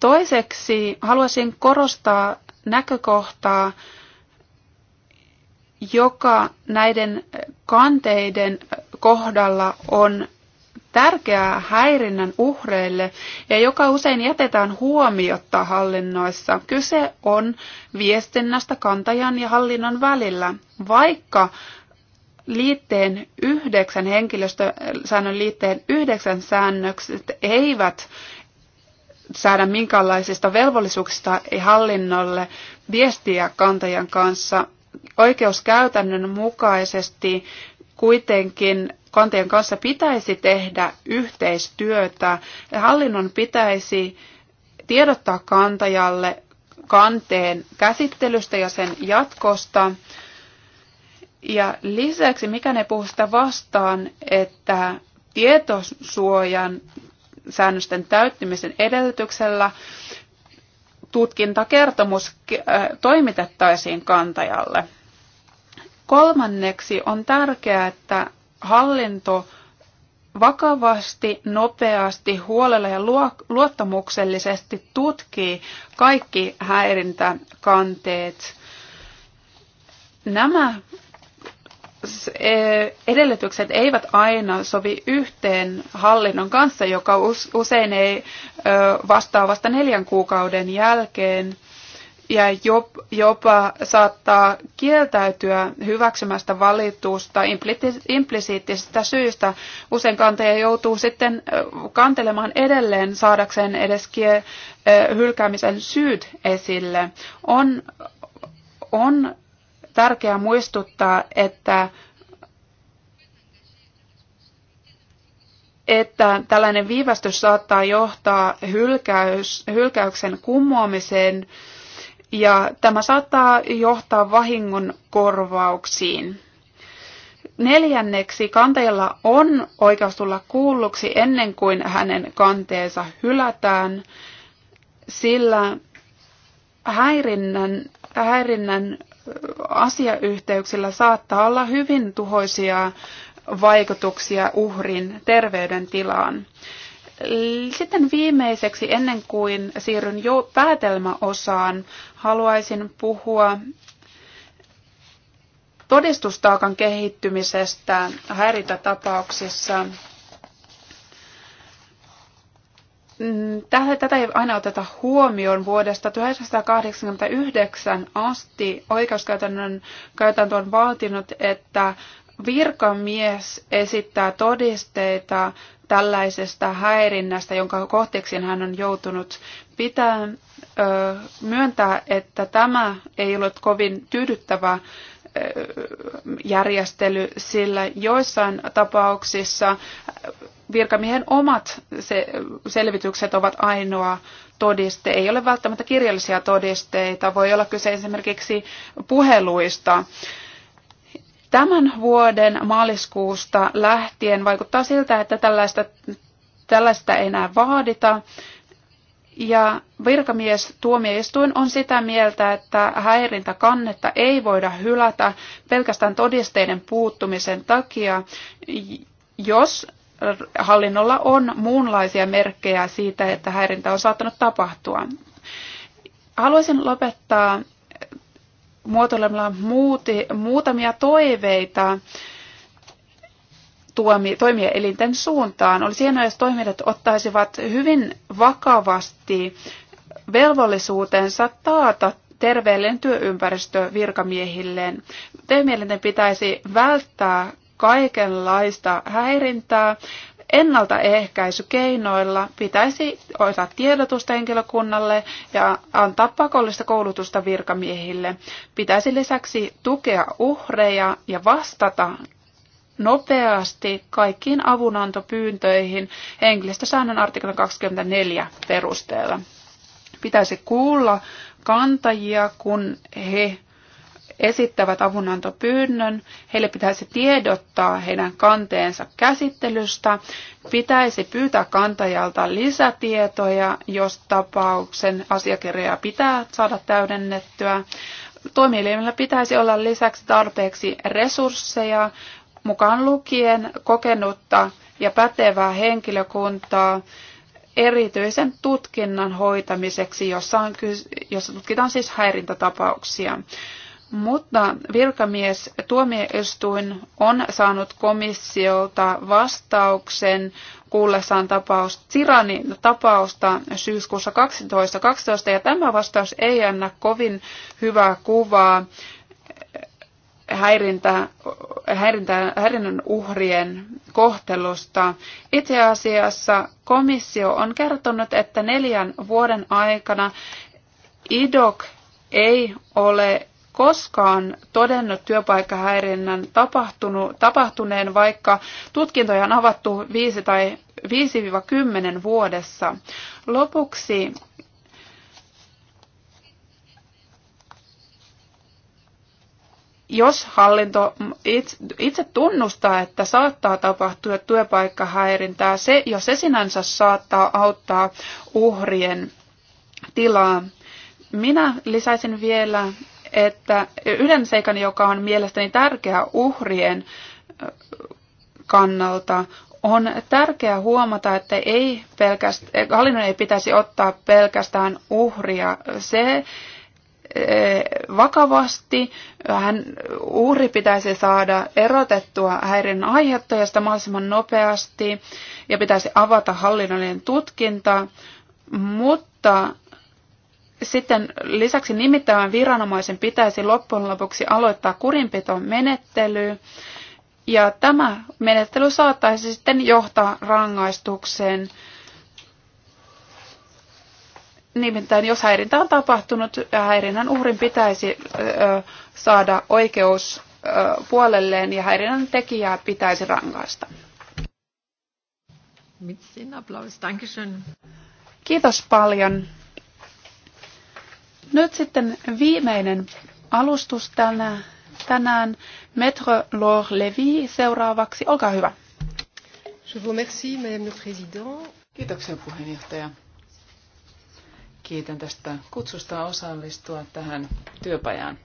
Toiseksi haluaisin korostaa näkökohtaa, joka näiden kanteiden kohdalla on tärkeää häirinnän uhreille ja joka usein jätetään huomiotta hallinnoissa. Kyse on viestinnästä kantajan ja hallinnon välillä. Vaikka liitteen yhdeksän henkilöstösäännön liitteen yhdeksän säännökset eivät saada minkäänlaisista velvollisuuksista ei hallinnolle viestiä kantajan kanssa. Oikeuskäytännön mukaisesti kuitenkin kantajan kanssa pitäisi tehdä yhteistyötä. Hallinnon pitäisi tiedottaa kantajalle kanteen käsittelystä ja sen jatkosta. Ja lisäksi, mikä ne puhuu sitä vastaan, että tietosuojan säännösten täyttymisen edellytyksellä tutkintakertomus äh, toimitettaisiin kantajalle. Kolmanneksi on tärkeää, että hallinto vakavasti, nopeasti, huolella ja luottamuksellisesti tutkii kaikki häirintäkanteet. Nämä Eh, edellytykset eivät aina sovi yhteen hallinnon kanssa, joka usein ei vastaa vasta neljän kuukauden jälkeen ja jopa saattaa kieltäytyä hyväksymästä valitusta implisiittisistä syistä. Usein kanteja joutuu sitten kantelemaan edelleen saadakseen edes hylkäämisen syyt esille. On, on tärkeää muistuttaa, että, että tällainen viivästys saattaa johtaa hylkäys, hylkäyksen kummoamiseen ja tämä saattaa johtaa vahingon korvauksiin. Neljänneksi kanteella on oikeus tulla kuulluksi ennen kuin hänen kanteensa hylätään, sillä häirinnän, häirinnän asiayhteyksillä saattaa olla hyvin tuhoisia vaikutuksia uhrin terveydentilaan. Sitten viimeiseksi, ennen kuin siirryn jo päätelmäosaan, haluaisin puhua todistustaakan kehittymisestä häiritätapauksissa. tapauksissa Tätä ei aina oteta huomioon vuodesta 1989 asti. Oikeuskäytännön käytäntö on vaatinut, että virkamies esittää todisteita tällaisesta häirinnästä, jonka kohteeksi hän on joutunut. Pitää ö, myöntää, että tämä ei ollut kovin tyydyttävä järjestely, sillä joissain tapauksissa virkamiehen omat selvitykset ovat ainoa todiste. Ei ole välttämättä kirjallisia todisteita, voi olla kyse esimerkiksi puheluista. Tämän vuoden maaliskuusta lähtien vaikuttaa siltä, että tällaista, tällaista ei enää vaadita ja virkamies tuomioistuin on sitä mieltä, että häirintäkannetta ei voida hylätä pelkästään todisteiden puuttumisen takia, jos hallinnolla on muunlaisia merkkejä siitä, että häirintä on saattanut tapahtua. Haluaisin lopettaa muotoilemalla muuti, muutamia toiveita tuomi, toimielinten suuntaan. Olisi hienoa, jos toimijat ottaisivat hyvin vakavasti velvollisuutensa taata terveellinen työympäristö virkamiehilleen. Toimielinten pitäisi välttää kaikenlaista häirintää. Ennaltaehkäisykeinoilla pitäisi ottaa tiedotusta henkilökunnalle ja antaa pakollista koulutusta virkamiehille. Pitäisi lisäksi tukea uhreja ja vastata nopeasti kaikkiin avunantopyyntöihin henkilöstösäännön artiklan 24 perusteella. Pitäisi kuulla kantajia, kun he esittävät avunantopyynnön, heille pitäisi tiedottaa heidän kanteensa käsittelystä, pitäisi pyytää kantajalta lisätietoja, jos tapauksen asiakirjaa pitää saada täydennettyä. Toimielimellä pitäisi olla lisäksi tarpeeksi resursseja mukaan lukien kokenutta ja pätevää henkilökuntaa erityisen tutkinnan hoitamiseksi, jossa, on, jossa tutkitaan siis häirintätapauksia. Mutta virkamies tuomioistuin on saanut komissiolta vastauksen kuullessaan tapaus, Tiranin tapausta syyskuussa 2012, ja tämä vastaus ei anna kovin hyvää kuvaa häirintä, häirintä, häirinnän uhrien kohtelusta. Itse asiassa komissio on kertonut, että neljän vuoden aikana IDOC ei ole koskaan todennut työpaikkahäirinnän tapahtuneen, vaikka tutkintoja on avattu 5 tai 5-10 vuodessa. Lopuksi jos hallinto itse tunnustaa, että saattaa tapahtua työpaikkahäirintää, se jo se sinänsä saattaa auttaa uhrien tilaa. Minä lisäisin vielä että yhden seikan, joka on mielestäni tärkeä uhrien kannalta, on tärkeää huomata, että ei pelkästään, hallinnon ei pitäisi ottaa pelkästään uhria. Se, Eh, vakavasti. Hän, uhri pitäisi saada erotettua häirinnän aiheuttajasta mahdollisimman nopeasti ja pitäisi avata hallinnollinen tutkinta, mutta sitten lisäksi nimittävän viranomaisen pitäisi loppujen lopuksi aloittaa menettely ja tämä menettely saattaisi sitten johtaa rangaistukseen. Nimittäin jos häirintä on tapahtunut, häirinnän uhrin pitäisi saada oikeus puolelleen ja häirinnän tekijää pitäisi rangaista. Kiitos paljon. Nyt sitten viimeinen alustus tänään. tänään Maître Laure Levy seuraavaksi. Olkaa hyvä. Je vous remercie, Madame le Président. Kiitoksia puheenjohtaja. Kiitän tästä kutsusta osallistua tähän työpajaan.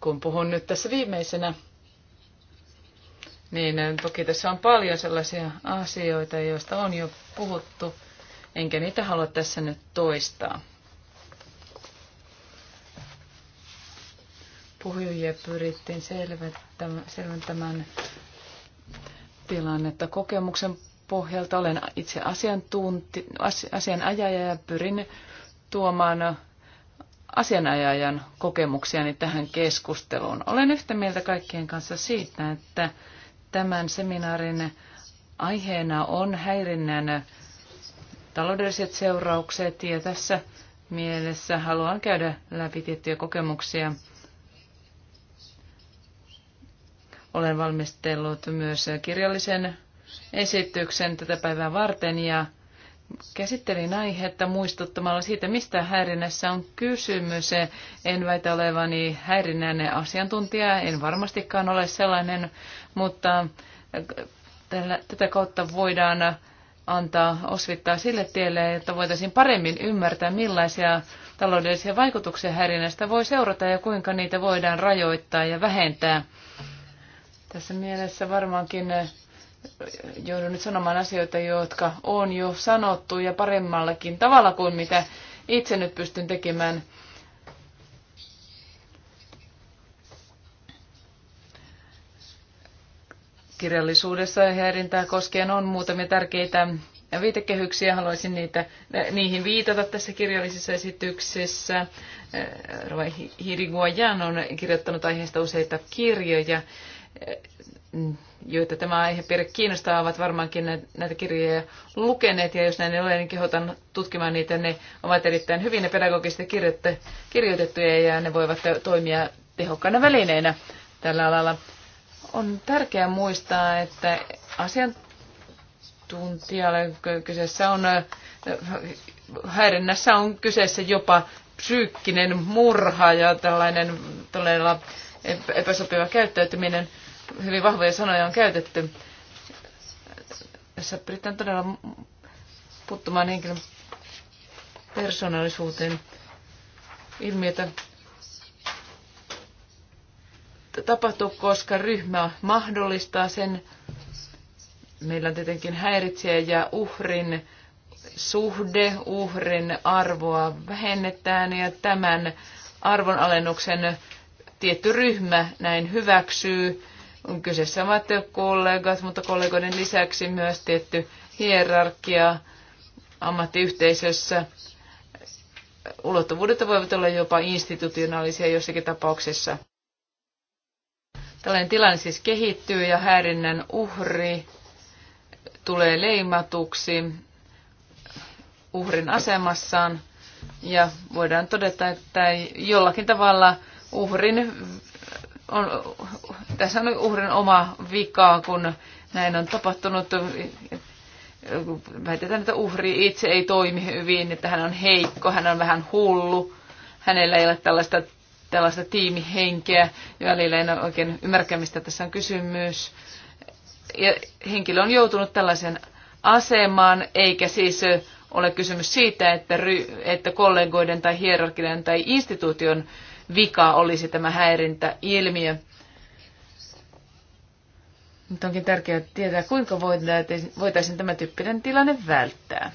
Kun puhun nyt tässä viimeisenä, niin toki tässä on paljon sellaisia asioita, joista on jo puhuttu, enkä niitä halua tässä nyt toistaa. Puhujia pyrittiin selventämään tilannetta kokemuksen pohjalta. Olen itse asiantunti, asianajaja ja pyrin tuomaan asianajajan kokemuksiani tähän keskusteluun. Olen yhtä mieltä kaikkien kanssa siitä, että tämän seminaarin aiheena on häirinnän taloudelliset seuraukset ja tässä mielessä haluan käydä läpi tiettyjä kokemuksia. Olen valmistellut myös kirjallisen esityksen tätä päivää varten ja käsittelin aihetta muistuttamalla siitä, mistä häirinnässä on kysymys. En väitä olevani häirinnän asiantuntija, en varmastikaan ole sellainen, mutta tällä, tätä kautta voidaan antaa osvittaa sille tielle, että voitaisiin paremmin ymmärtää, millaisia taloudellisia vaikutuksia häirinnästä voi seurata ja kuinka niitä voidaan rajoittaa ja vähentää. Tässä mielessä varmaankin joudun nyt sanomaan asioita, jotka on jo sanottu ja paremmallakin tavalla kuin mitä itse nyt pystyn tekemään. Kirjallisuudessa häirintää koskien on muutamia tärkeitä viitekehyksiä. Haluaisin niitä, niihin viitata tässä kirjallisessa esityksessä. Hiriguajan on kirjoittanut aiheesta useita kirjoja joita tämä aihepiiri kiinnostaa, ovat varmaankin näitä kirjoja lukeneet, ja jos näin ei ole, niin kehotan tutkimaan niitä. Ne ovat erittäin hyvin ja pedagogisesti kirjoitettuja, ja ne voivat toimia tehokkaana välineinä tällä alalla. On tärkeää muistaa, että asiantuntijalle kyseessä on, häirinnässä on kyseessä jopa psyykkinen murha ja tällainen todella epäsopiva käyttäytyminen hyvin vahvoja sanoja on käytetty. Tässä pyritään todella puuttumaan henkilön persoonallisuuteen ilmiötä tapahtuu, koska ryhmä mahdollistaa sen. Meillä on tietenkin häiritsijä ja uhrin suhde, uhrin arvoa vähennetään ja tämän arvonalennuksen tietty ryhmä näin hyväksyy on kyse samat kollegat, mutta kollegoiden lisäksi myös tietty hierarkia ammattiyhteisössä. Ulottuvuudet voivat olla jopa institutionaalisia jossakin tapauksessa. Tällainen tilanne siis kehittyy ja häirinnän uhri tulee leimatuksi uhrin asemassaan ja voidaan todeta, että jollakin tavalla uhrin on, tässä on uhrin oma vikaa, kun näin on tapahtunut. Väitetään, että uhri itse ei toimi hyvin, että hän on heikko, hän on vähän hullu, hänellä ei ole tällaista, tällaista tiimihenkeä. Välillä ole oikein ymmärkämistä, tässä on kysymys. Ja henkilö on joutunut tällaisen asemaan, eikä siis ole kysymys siitä, että, ry, että kollegoiden tai hierarkinen tai instituution vika olisi tämä häirintäilmiö. mutta onkin tärkeää tietää, kuinka voitaisiin tämä tyyppinen tilanne välttää.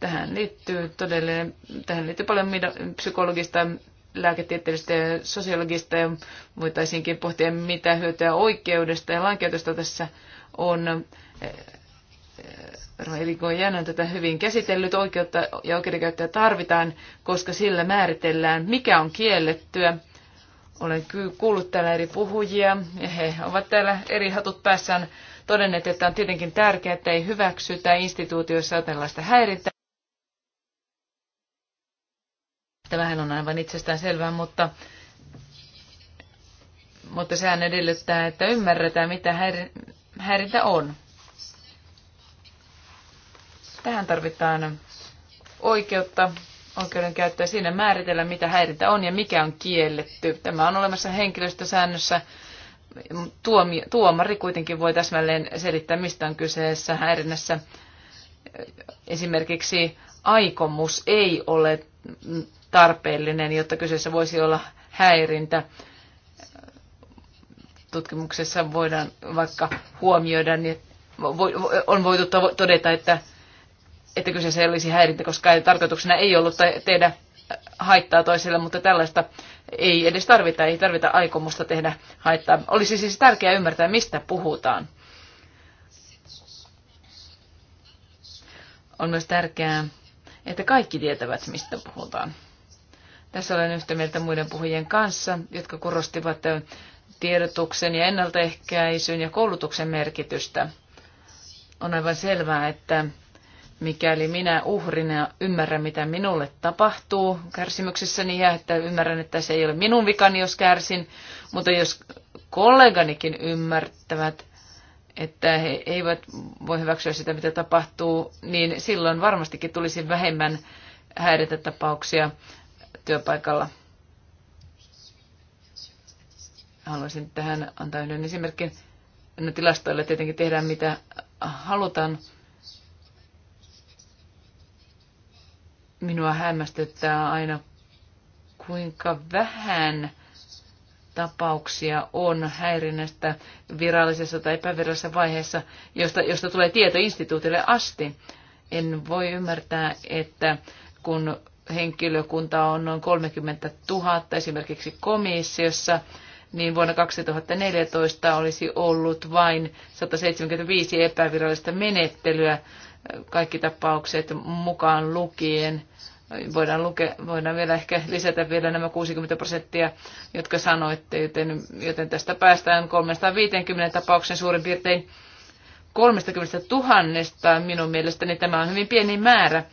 Tähän liittyy, todellinen, tähän liittyy paljon psykologista, lääketieteellistä ja sosiologista ja voitaisiinkin pohtia, mitä hyötyä oikeudesta ja lainkäytöstä tässä on Roheliko on Jänen tätä hyvin käsitellyt. Oikeutta ja oikeudenkäyttöä tarvitaan, koska sillä määritellään, mikä on kiellettyä. Olen kuullut täällä eri puhujia ja he ovat täällä eri hatut päässään todenneet, että on tietenkin tärkeää, että ei hyväksytä instituutioissa tällaista häirintää. Tämähän on aivan itsestään selvää, mutta, mutta sehän edellyttää, että ymmärretään, mitä häirintä on. Tähän tarvitaan oikeutta, oikeudenkäyttöä siinä määritellä, mitä häiritä on ja mikä on kielletty. Tämä on olemassa henkilöstösäännössä. Tuomi, tuomari kuitenkin voi täsmälleen selittää, mistä on kyseessä häirinnässä. Esimerkiksi aikomus ei ole tarpeellinen, jotta kyseessä voisi olla häirintä. Tutkimuksessa voidaan vaikka huomioida, niin on voitu todeta, että että kyseessä ei olisi häirintä, koska tarkoituksena ei ollut tehdä äh, haittaa toiselle, mutta tällaista ei edes tarvita, ei tarvita aikomusta tehdä haittaa. Olisi siis tärkeää ymmärtää, mistä puhutaan. On myös tärkeää, että kaikki tietävät, mistä puhutaan. Tässä olen yhtä mieltä muiden puhujien kanssa, jotka korostivat äh, tiedotuksen ja ennaltaehkäisyn ja koulutuksen merkitystä. On aivan selvää, että mikäli minä uhrina ymmärrän, mitä minulle tapahtuu kärsimyksessäni ja että ymmärrän, että se ei ole minun vikani, jos kärsin, mutta jos kolleganikin ymmärtävät, että he eivät voi hyväksyä sitä, mitä tapahtuu, niin silloin varmastikin tulisi vähemmän häiritä tapauksia työpaikalla. Haluaisin tähän antaa yhden esimerkin. No, tilastoilla tietenkin tehdään mitä halutaan, Minua hämmästyttää aina, kuinka vähän tapauksia on häirinnästä virallisessa tai epävirallisessa vaiheessa, josta, josta tulee tieto instituutille asti. En voi ymmärtää, että kun henkilökunta on noin 30 000 esimerkiksi komissiossa, niin vuonna 2014 olisi ollut vain 175 epävirallista menettelyä kaikki tapaukset mukaan lukien. Voidaan, luke, voidaan vielä ehkä lisätä vielä nämä 60 prosenttia, jotka sanoitte, joten, joten tästä päästään 350 tapauksen suurin piirtein 30 000. Minun mielestäni tämä on hyvin pieni määrä.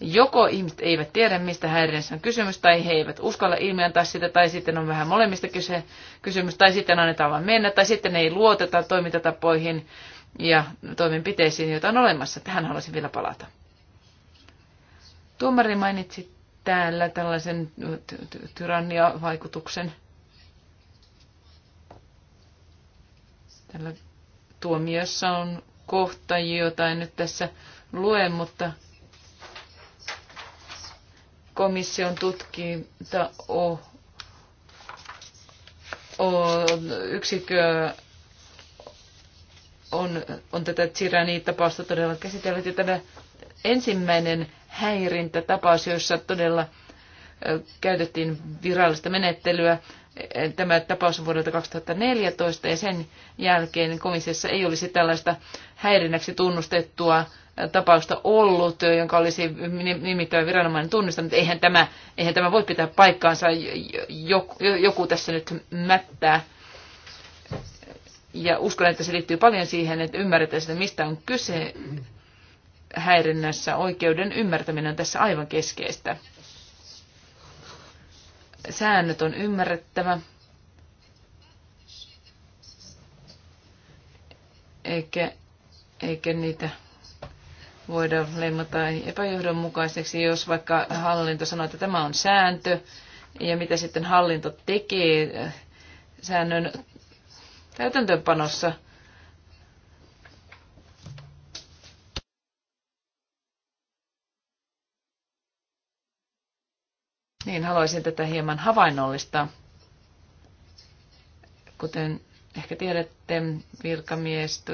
Joko ihmiset eivät tiedä, mistä häirinnässä on kysymys, tai he eivät uskalla ilmiöntää sitä, tai sitten on vähän molemmista kyse, kysymys, tai sitten annetaan vain mennä, tai sitten ei luoteta toimintatapoihin, ja toimenpiteisiin, joita on olemassa. Tähän haluaisin vielä palata. Tuomari mainitsi täällä tällaisen tyranniavaikutuksen tällä tuomiossa on kohta, jota en nyt tässä lue, mutta komission tutkinta on yksikö on, on tätä tsirani tapausta todella käsitellyt. Ja tämä ensimmäinen häirintätapaus, jossa todella käytettiin virallista menettelyä, e, tämä tapaus on vuodelta 2014 ja sen jälkeen komissiossa ei olisi tällaista häirinnäksi tunnustettua tapausta ollut, jonka olisi nimittävä viranomainen tunnistanut. Eihän tämä, eihän tämä voi pitää paikkaansa, joku, joku tässä nyt mättää. Ja uskon, että se liittyy paljon siihen, että ymmärretään sitä, mistä on kyse häirinnässä. Oikeuden ymmärtäminen on tässä aivan keskeistä. Säännöt on ymmärrettävä. Eikä, eikä niitä voida leimata epäjohdonmukaiseksi, jos vaikka hallinto sanoo, että tämä on sääntö, ja mitä sitten hallinto tekee säännön täytäntöönpanossa. Niin, haluaisin tätä hieman havainnollistaa. Kuten ehkä tiedätte, virkamies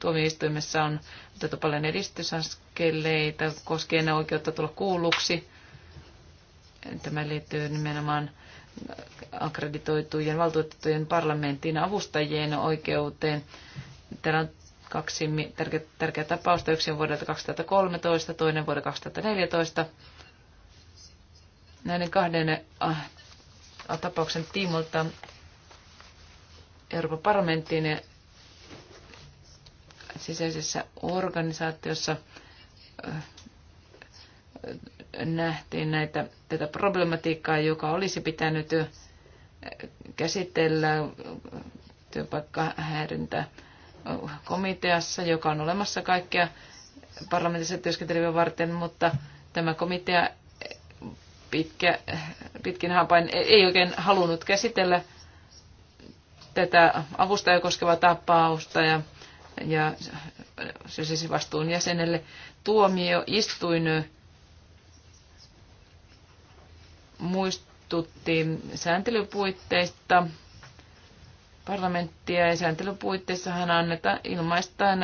tuomioistuimessa on otettu paljon edistysaskeleita koskien oikeutta tulla kuulluksi. Tämä liittyy nimenomaan akkreditoitujen valtuutettujen parlamenttiin avustajien oikeuteen. Täällä on kaksi tärkeää tärkeä tapausta. Yksi on vuodelta 2013, toinen vuodelta 2014. Näiden kahden äh, tapauksen tiimolta Euroopan parlamenttiin sisäisessä organisaatiossa äh, nähtiin näitä, tätä problematiikkaa, joka olisi pitänyt käsitellä työpaikkahäirintä komiteassa, joka on olemassa kaikkea parlamentissa työskenteleviä varten, mutta tämä komitea pitkä, pitkin hapain ei oikein halunnut käsitellä tätä avustaja koskevaa tapausta ja, ja se siis vastuun jäsenelle tuomioistuin muistutti sääntelypuitteista. Parlamenttia ja hän annetaan ilmaistaan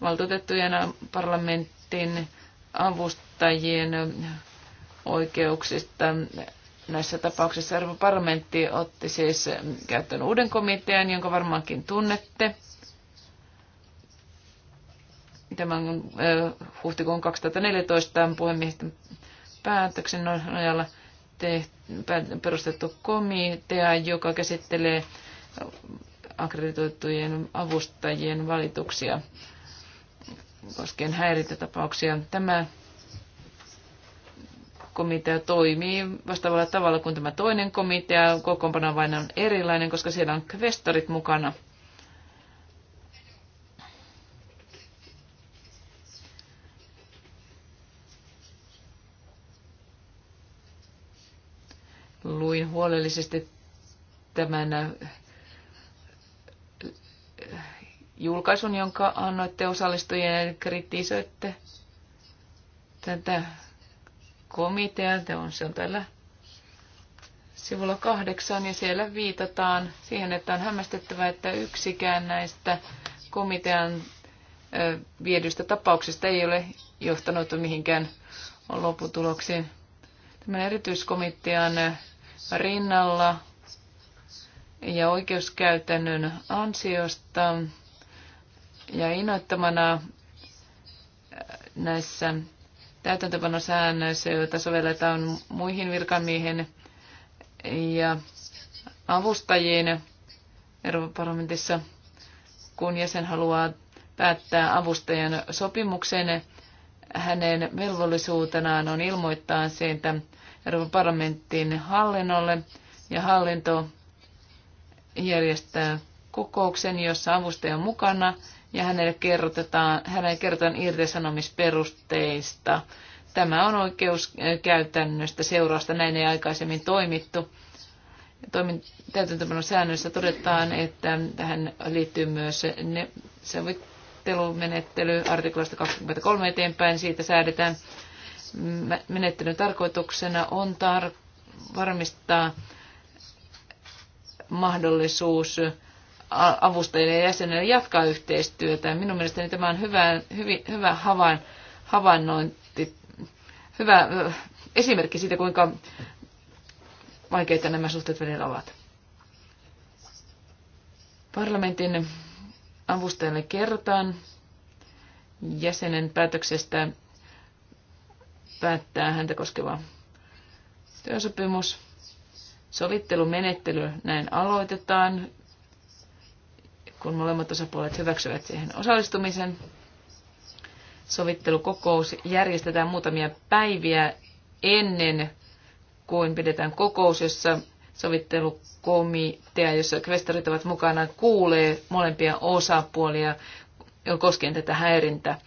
valtuutettujen parlamentin avustajien oikeuksista. Näissä tapauksissa Euroopan parlamentti otti siis käyttöön uuden komitean, jonka varmaankin tunnette tämän huhtikuun 2014 puhemiehistön päätöksen nojalla perustettu komitea, joka käsittelee akkreditoitujen avustajien valituksia koskien häiriötapauksia. Tämä komitea toimii vastaavalla tavalla kuin tämä toinen komitea. Kokoonpano vain on erilainen, koska siellä on kvestorit mukana – luin huolellisesti tämän äh, julkaisun, jonka annoitte osallistujien ja kritisoitte tätä komiteaa. On, se on täällä sivulla kahdeksan ja siellä viitataan siihen, että on hämmästyttävää, että yksikään näistä komitean äh, viedyistä tapauksista ei ole johtanut mihinkään lopputuloksiin. Tämän erityiskomitean äh, rinnalla ja oikeuskäytännön ansiosta ja innoittamana äh, näissä täytäntöpanosäännöissä, joita sovelletaan muihin virkamiehen ja avustajiin Euroopan parlamentissa, kun jäsen haluaa päättää avustajan sopimuksen, hänen velvollisuutenaan on ilmoittaa siitä Euroopan parlamenttiin hallinnolle ja hallinto järjestää kokouksen, jossa avustaja on mukana ja hänelle kerrotetaan, hänelle kerrotaan irtisanomisperusteista. Tämä on oikeus käytännöstä seurausta, näin ei aikaisemmin toimittu. Toimin täytäntöpanon säännöissä todetaan, että tähän liittyy myös ne, sovittelumenettely artiklasta 23 eteenpäin. Siitä säädetään menettelyn tarkoituksena on tar- varmistaa mahdollisuus avustajille ja jäsenille jatkaa yhteistyötä. Minun mielestäni tämä on hyvä, hyvin, hyvä havain, havainnointi, hyvä esimerkki siitä, kuinka vaikeita nämä suhteet välillä ovat. Parlamentin avustajalle kertaan jäsenen päätöksestä päättää häntä koskeva työsopimus. Sovittelumenettely näin aloitetaan, kun molemmat osapuolet hyväksyvät siihen osallistumisen. Sovittelukokous järjestetään muutamia päiviä ennen kuin pidetään kokous, jossa sovittelukomitea, jossa kvestorit ovat mukana, kuulee molempia osapuolia koskien tätä häirintäongelmaa.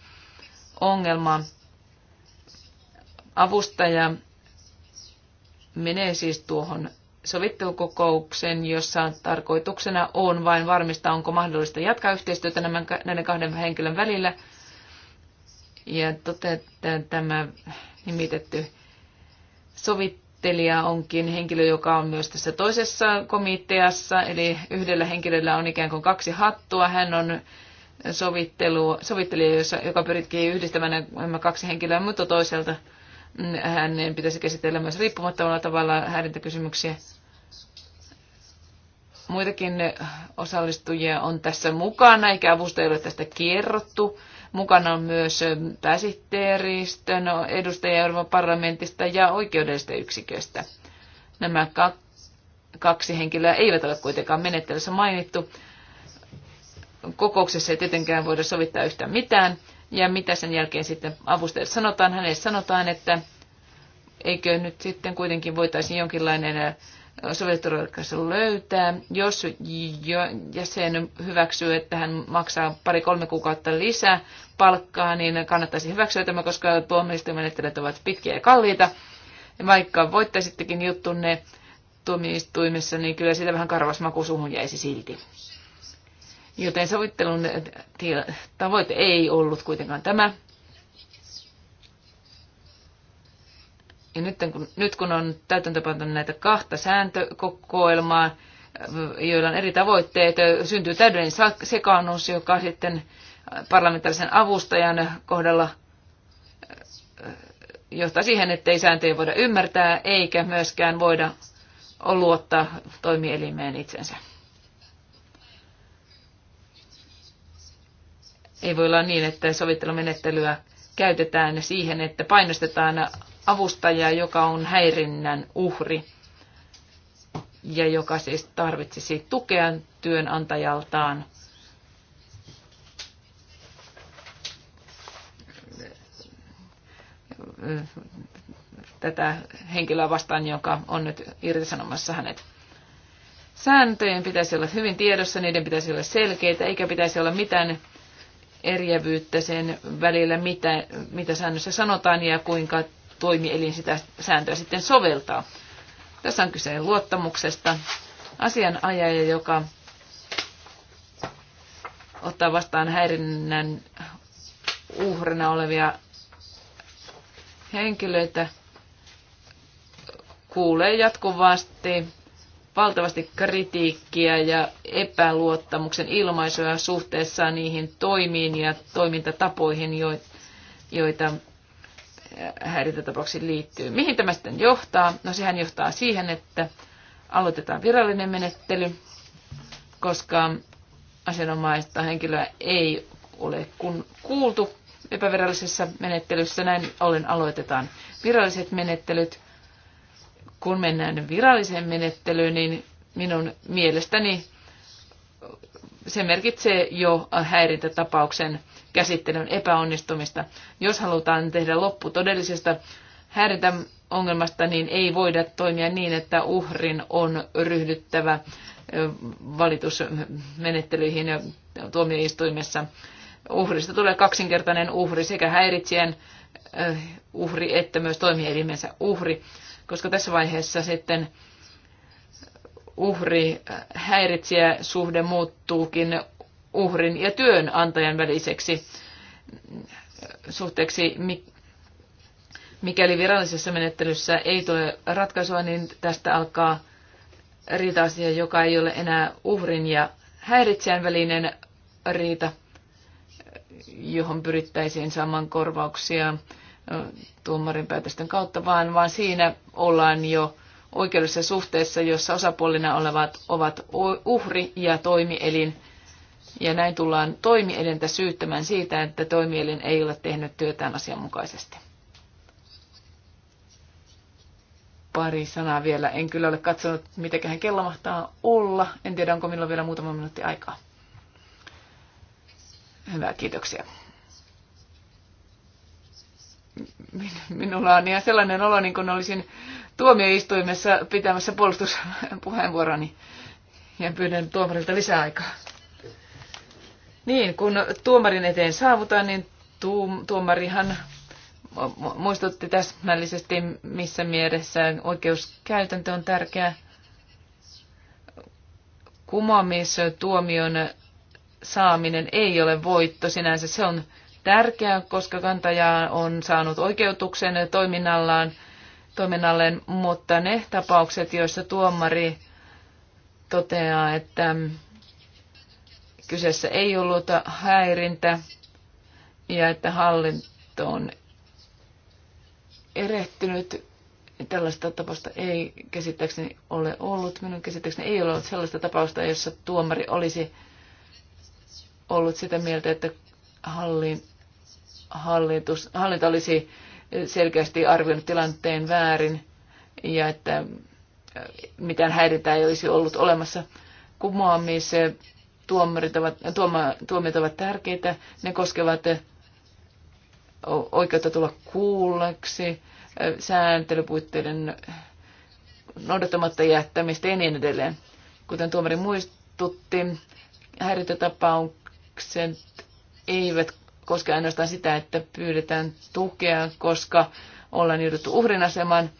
ongelmaa. Avustaja menee siis tuohon sovittelukokoukseen, jossa tarkoituksena on vain varmistaa, onko mahdollista jatkaa yhteistyötä näiden kahden henkilön välillä. Ja toteuttaa tämä nimitetty sovittelija onkin henkilö, joka on myös tässä toisessa komiteassa, eli yhdellä henkilöllä on ikään kuin kaksi hattua. Hän on sovittelu, sovittelija, joka pyrkii yhdistämään nämä kaksi henkilöä, mutta toiselta hänen pitäisi käsitellä myös riippumattomalla tavalla häirintäkysymyksiä. Muitakin osallistujia on tässä mukana, eikä avusta ei ole tästä kerrottu. Mukana on myös pääsihteeristön edustajia Euroopan parlamentista ja oikeudellisesta yksiköstä. Nämä kaksi henkilöä eivät ole kuitenkaan menettelyssä mainittu. Kokouksessa ei tietenkään voida sovittaa yhtään mitään ja mitä sen jälkeen sitten avustajat sanotaan? Hänelle sanotaan, että eikö nyt sitten kuitenkin voitaisiin jonkinlainen äh, sovellusratkaisu löytää, jos jäsen hyväksyy, että hän maksaa pari-kolme kuukautta lisää palkkaa, niin kannattaisi hyväksyä tämä, koska tuomioistuimenettelijät ovat pitkiä ja kalliita. Ja vaikka voittaisittekin juttunne tuomioistuimessa, niin kyllä siitä vähän karvas maku suhun jäisi silti. Joten sovittelun tavoite ei ollut kuitenkaan tämä. Ja nyt kun, nyt kun on täytäntöpantu näitä kahta sääntökokoelmaa, joilla on eri tavoitteet, syntyy täydellinen sekaannus, joka sitten parlamentaarisen avustajan kohdalla eh, johtaa siihen, että ei sääntöjä voida ymmärtää, eikä myöskään voida luottaa toimielimeen itsensä. Ei voi olla niin, että sovittelumenettelyä käytetään siihen, että painostetaan avustajaa, joka on häirinnän uhri ja joka siis tarvitsisi tukea työnantajaltaan. tätä henkilöä vastaan, joka on nyt irtisanomassa hänet. Sääntöjen pitäisi olla hyvin tiedossa, niiden pitäisi olla selkeitä, eikä pitäisi olla mitään eriävyyttä sen välillä, mitä, mitä säännössä sanotaan ja kuinka toimielin sitä sääntöä sitten soveltaa. Tässä on kyse luottamuksesta. Asianajaja, joka ottaa vastaan häirinnän uhrina olevia henkilöitä, kuulee jatkuvasti valtavasti kritiikkiä ja epäluottamuksen ilmaisuja suhteessa niihin toimiin ja toimintatapoihin, joita äh, häirintätapauksiin liittyy. Mihin tämä sitten johtaa? No sehän johtaa siihen, että aloitetaan virallinen menettely, koska asianomaista henkilöä ei ole kun kuultu epävirallisessa menettelyssä. Näin ollen aloitetaan viralliset menettelyt kun mennään viralliseen menettelyyn, niin minun mielestäni se merkitsee jo häirintätapauksen käsittelyn epäonnistumista. Jos halutaan tehdä loppu todellisesta häirintäongelmasta, niin ei voida toimia niin, että uhrin on ryhdyttävä valitusmenettelyihin tuomioistuimessa. Uhrista tulee kaksinkertainen uhri sekä häiritsijän uhri että myös toimielimensä uhri koska tässä vaiheessa sitten uhri äh, häiritsijä suhde muuttuukin uhrin ja työnantajan väliseksi äh, suhteeksi, mikäli virallisessa menettelyssä ei tule ratkaisua, niin tästä alkaa riita-asia, joka ei ole enää uhrin ja häiritsijän välinen riita, äh, johon pyrittäisiin saamaan korvauksia tuomarin päätösten kautta, vaan, vaan siinä ollaan jo oikeudessa suhteessa, jossa osapuolina olevat ovat uhri ja toimielin. Ja näin tullaan toimielintä syyttämään siitä, että toimielin ei ole tehnyt työtään asianmukaisesti. Pari sanaa vielä. En kyllä ole katsonut, mitäköhän kello mahtaa olla. En tiedä, onko minulla vielä muutama minuutti aikaa. Hyvä, kiitoksia minulla on ihan sellainen olo, niin kuin olisin tuomioistuimessa pitämässä puolustuspuheenvuoroni ja pyydän tuomarilta lisää aikaa. Niin, kun tuomarin eteen saavutaan, niin tuum, tuomarihan muistutti täsmällisesti, missä mielessä oikeuskäytäntö on tärkeä. Kumoamistuomion saaminen ei ole voitto sinänsä, se on tärkeä, koska kantaja on saanut oikeutuksen toiminnallaan, toiminnalleen, mutta ne tapaukset, joissa tuomari toteaa, että kyseessä ei ollut häirintä ja että hallinto on erehtynyt, tällaista tapausta ei käsittääkseni ole ollut. Minun käsittääkseni ei ole ollut sellaista tapausta, jossa tuomari olisi ollut sitä mieltä, että hallin, hallitus, hallinta olisi selkeästi arvioinut tilanteen väärin ja että äh, mitään häiritä ei olisi ollut olemassa. Kumoamisen tuomarit ovat, tuoma, tuomiot ovat tärkeitä. Ne koskevat äh, oikeutta tulla kuulleksi, äh, sääntelypuitteiden noudattamatta jättämistä ja niin edelleen. Kuten tuomari muistutti, häiritötapaukset eivät koske ainoastaan sitä, että pyydetään tukea, koska ollaan jouduttu uhrin asemaan,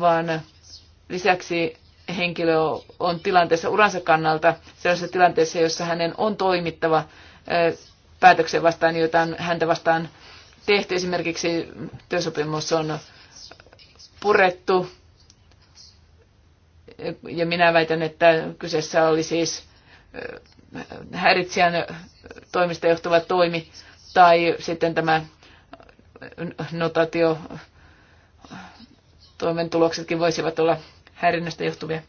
vaan lisäksi henkilö on tilanteessa uransa kannalta sellaisessa tilanteessa, jossa hänen on toimittava päätöksen vastaan, joita on häntä vastaan tehty. Esimerkiksi työsopimus on purettu ja minä väitän, että kyseessä oli siis häiritsijän toimista johtuva toimi tai sitten tämä notaatio toimen tuloksetkin voisivat olla häirinnästä johtuvia.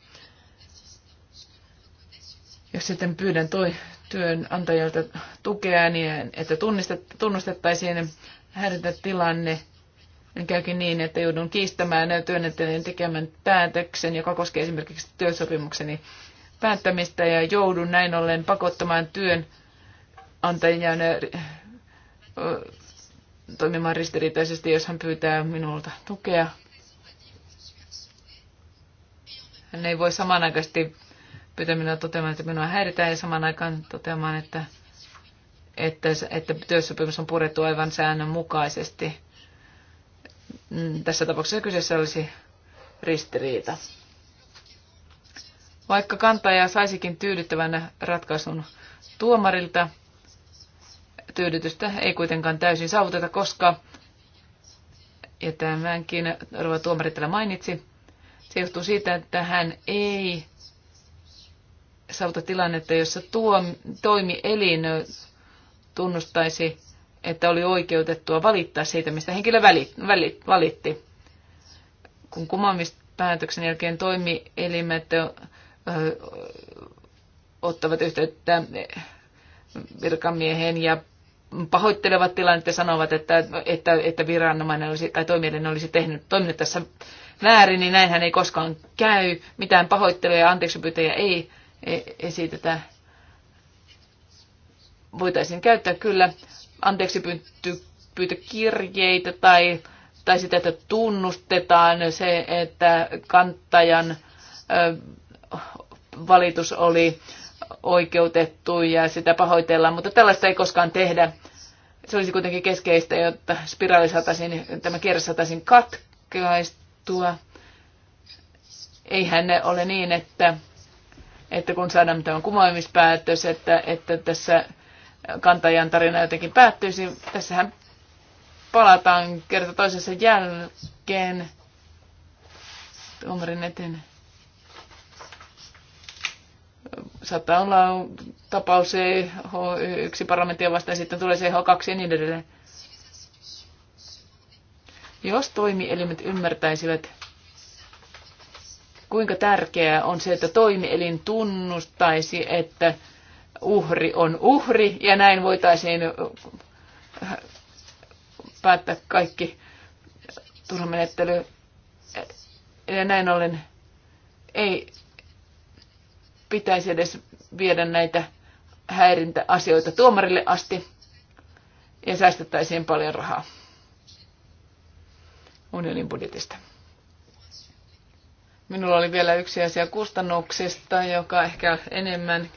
Jos sitten pyydän toi työnantajalta tukea, niin että tunnustettaisiin häirintätilanne, niin käykin niin, että joudun kiistämään työnantajan tekemän päätöksen, joka koskee esimerkiksi työsopimukseni päättämistä, ja joudun näin ollen pakottamaan työnantajan toimimaan ristiriitaisesti, jos hän pyytää minulta tukea. Hän ei voi samanaikaisesti pyytää minua toteamaan, että minua häiritään ja samaan aikaan toteamaan, että, että, että työsopimus on purettu aivan säännönmukaisesti. Mm, tässä tapauksessa kyseessä olisi ristiriita. Vaikka kantaja saisikin tyydyttävän ratkaisun tuomarilta, tyydytystä ei kuitenkaan täysin saavuteta, koska, ja tämänkin Rova tuomari täällä mainitsi, se johtuu siitä, että hän ei saavuta tilannetta, jossa tuo toimielin tunnustaisi, että oli oikeutettua valittaa siitä, mistä henkilö väli, väli, valitti. Kun kumoamispäätöksen jälkeen toimielimet ö, ottavat yhteyttä virkamiehen ja pahoittelevat tilannetta ja sanovat, että, että, että viranomainen olisi, tai toimielin olisi tehnyt, toiminut tässä väärin, niin näinhän ei koskaan käy. Mitään pahoitteluja ja anteeksipyytäjä ei e, esitetä. Voitaisiin käyttää kyllä anteeksipyyntökirjeitä tai, tai sitä, että tunnustetaan se, että kantajan valitus oli oikeutettu ja sitä pahoitellaan, mutta tällaista ei koskaan tehdä. Se olisi kuitenkin keskeistä, jotta spiraali saataisiin, tämä kierre saataisiin katkaistua. Eihän ne ole niin, että, että kun saadaan tämä kumoamispäätös, että, että tässä kantajan tarina jotenkin päättyisi. Tässähän palataan kerta toisessa jälkeen tuomarin eteen saattaa olla tapaus CH1 parlamenttia vastaan, sitten tulee CH2 ja niin edelleen. Jos toimielimet ymmärtäisivät, kuinka tärkeää on se, että toimielin tunnustaisi, että uhri on uhri, ja näin voitaisiin äh, päättää kaikki turhamenettely. Ja näin ollen ei pitäisi edes viedä näitä häirintäasioita tuomarille asti ja säästettäisiin paljon rahaa unionin budjetista. Minulla oli vielä yksi asia kustannuksesta, joka ehkä enemmän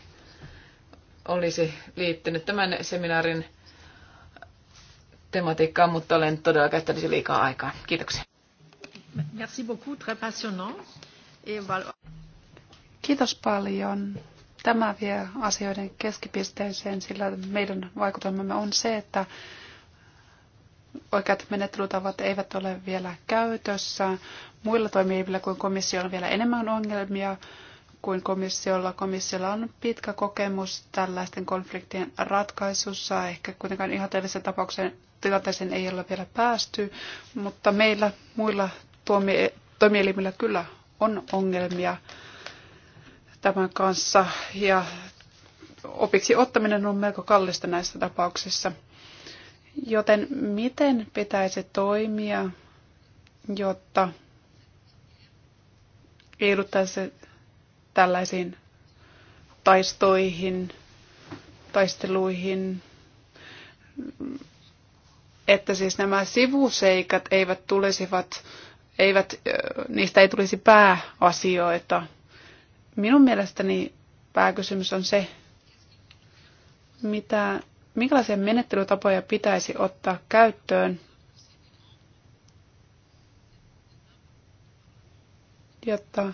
olisi liittynyt tämän seminaarin tematiikkaan, mutta olen todella käyttänyt liikaa aikaa. Kiitoksia. Merci beaucoup, très passionnant. Kiitos paljon. Tämä vie asioiden keskipisteeseen, sillä meidän vaikutelmamme on se, että oikeat menettelytavat eivät ole vielä käytössä. Muilla toimijoilla kuin komissiolla on vielä enemmän ongelmia kuin komissiolla. Komissiolla on pitkä kokemus tällaisten konfliktien ratkaisussa. Ehkä kuitenkaan ihan tällaisen tapauksen tilanteeseen ei ole vielä päästy, mutta meillä muilla toimielimillä kyllä on ongelmia tämän kanssa ja opiksi ottaminen on melko kallista näissä tapauksissa. Joten miten pitäisi toimia, jotta kiihdyttäisi tällaisiin taistoihin, taisteluihin, että siis nämä sivuseikat eivät tulisivat, eivät, niistä ei tulisi pääasioita – Minun mielestäni pääkysymys on se, mitä, minkälaisia menettelytapoja pitäisi ottaa käyttöön, jotta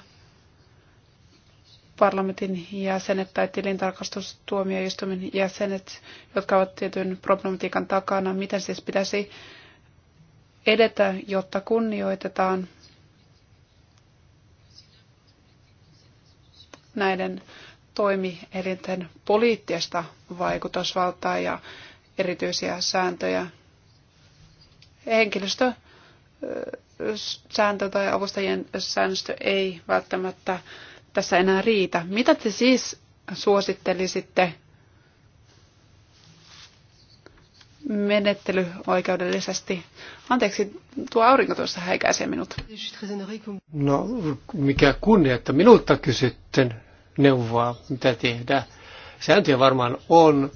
parlamentin jäsenet tai tilintarkastustuomioistuimen jäsenet, jotka ovat tietyn problematiikan takana, miten siis pitäisi edetä, jotta kunnioitetaan näiden toimielinten poliittista vaikutusvaltaa ja erityisiä sääntöjä. Henkilöstö sääntö tai avustajien säännöstö ei välttämättä tässä enää riitä. Mitä te siis suosittelisitte menettely oikeudellisesti. Anteeksi, tuo aurinko tuossa häikäisee minut. No, mikä kunnia, että minulta kysytte neuvoa, mitä tehdä. Sääntöjä varmaan on.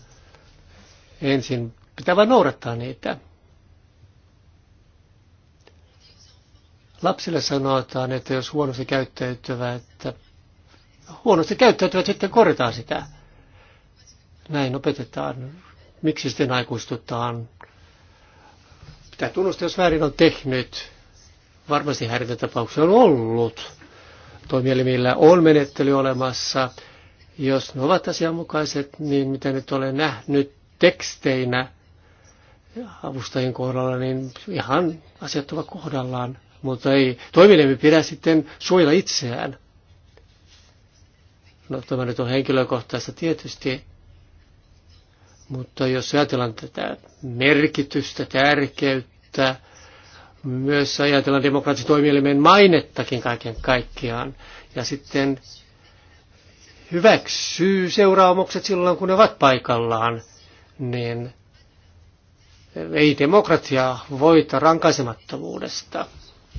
Ensin pitää vain noudattaa niitä. Lapsille sanotaan, että jos huonosti käyttäytyvät, että huonosti käyttäytyvät, sitten korjataan sitä. Näin opetetaan miksi sitten aikuistutaan. Pitää tunnustaa, jos väärin on tehnyt. Varmasti häirintätapauksia on ollut. Toimielimillä on menettely olemassa. Jos ne ovat asianmukaiset, niin mitä nyt olen nähnyt teksteinä avustajien kohdalla, niin ihan asiat ovat kohdallaan. Mutta ei toimielimi pidä sitten suojella itseään. No tämä nyt on henkilökohtaista tietysti, mutta jos ajatellaan tätä merkitystä, tärkeyttä, myös ajatellaan demokraattisen toimielimen mainettakin kaiken kaikkiaan. Ja sitten hyväksyy seuraamukset silloin, kun ne ovat paikallaan, niin ei demokratiaa voita rankaisemattomuudesta.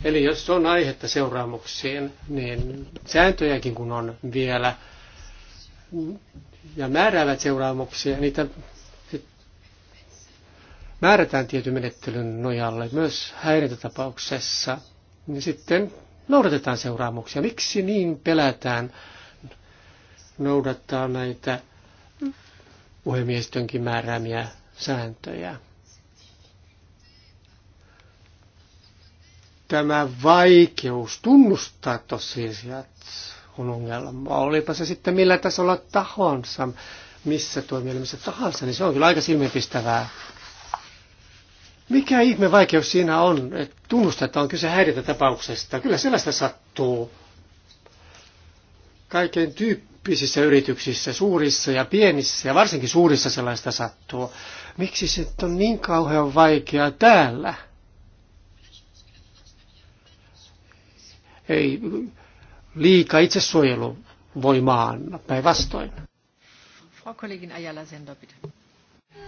Eli jos on aihetta seuraamuksiin, niin sääntöjäkin kun on vielä, ja määräävät seuraamuksia, niitä määrätään tietyn menettelyn nojalle myös häirintätapauksessa, niin sitten noudatetaan seuraamuksia. Miksi niin pelätään noudattaa näitä puhemiestönkin määräämiä sääntöjä? Tämä vaikeus tunnustaa tosiasiat on ongelma. Olipa se sitten millä tasolla tahansa, missä toimielimessä tahansa, niin se on kyllä aika silmiinpistävää mikä ihme vaikeus siinä on, että tunnustetaan kyse häiriötapauksesta? Kyllä sellaista sattuu. Kaiken tyyppisissä yrityksissä, suurissa ja pienissä, ja varsinkin suurissa sellaista sattuu. Miksi se on niin kauhean vaikeaa täällä? Ei liika itsesuojelu voimaan päinvastoin. Frau Kollegin Ajala Sender, bitte.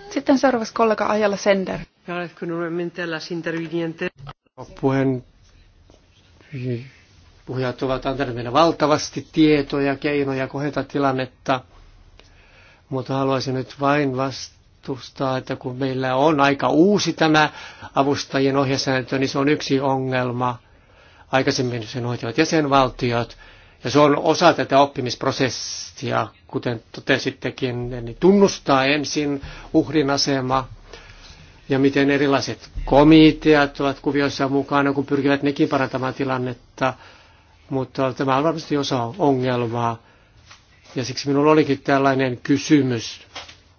Sitten seuraavaksi kollega Ajalla Sender. Puheen puhujat ovat antaneet meille valtavasti tietoja, keinoja kohdata tilannetta, mutta haluaisin nyt vain vastustaa, että kun meillä on aika uusi tämä avustajien ohjesääntö, niin se on yksi ongelma. Aikaisemmin sen hoitivat jäsenvaltiot, ja se on osa tätä oppimisprosessia, kuten totesittekin, niin tunnustaa ensin uhrin asema ja miten erilaiset komiteat ovat kuvioissa mukana, kun pyrkivät nekin parantamaan tilannetta. Mutta tämä on varmasti osa ongelmaa. Ja siksi minulla olikin tällainen kysymys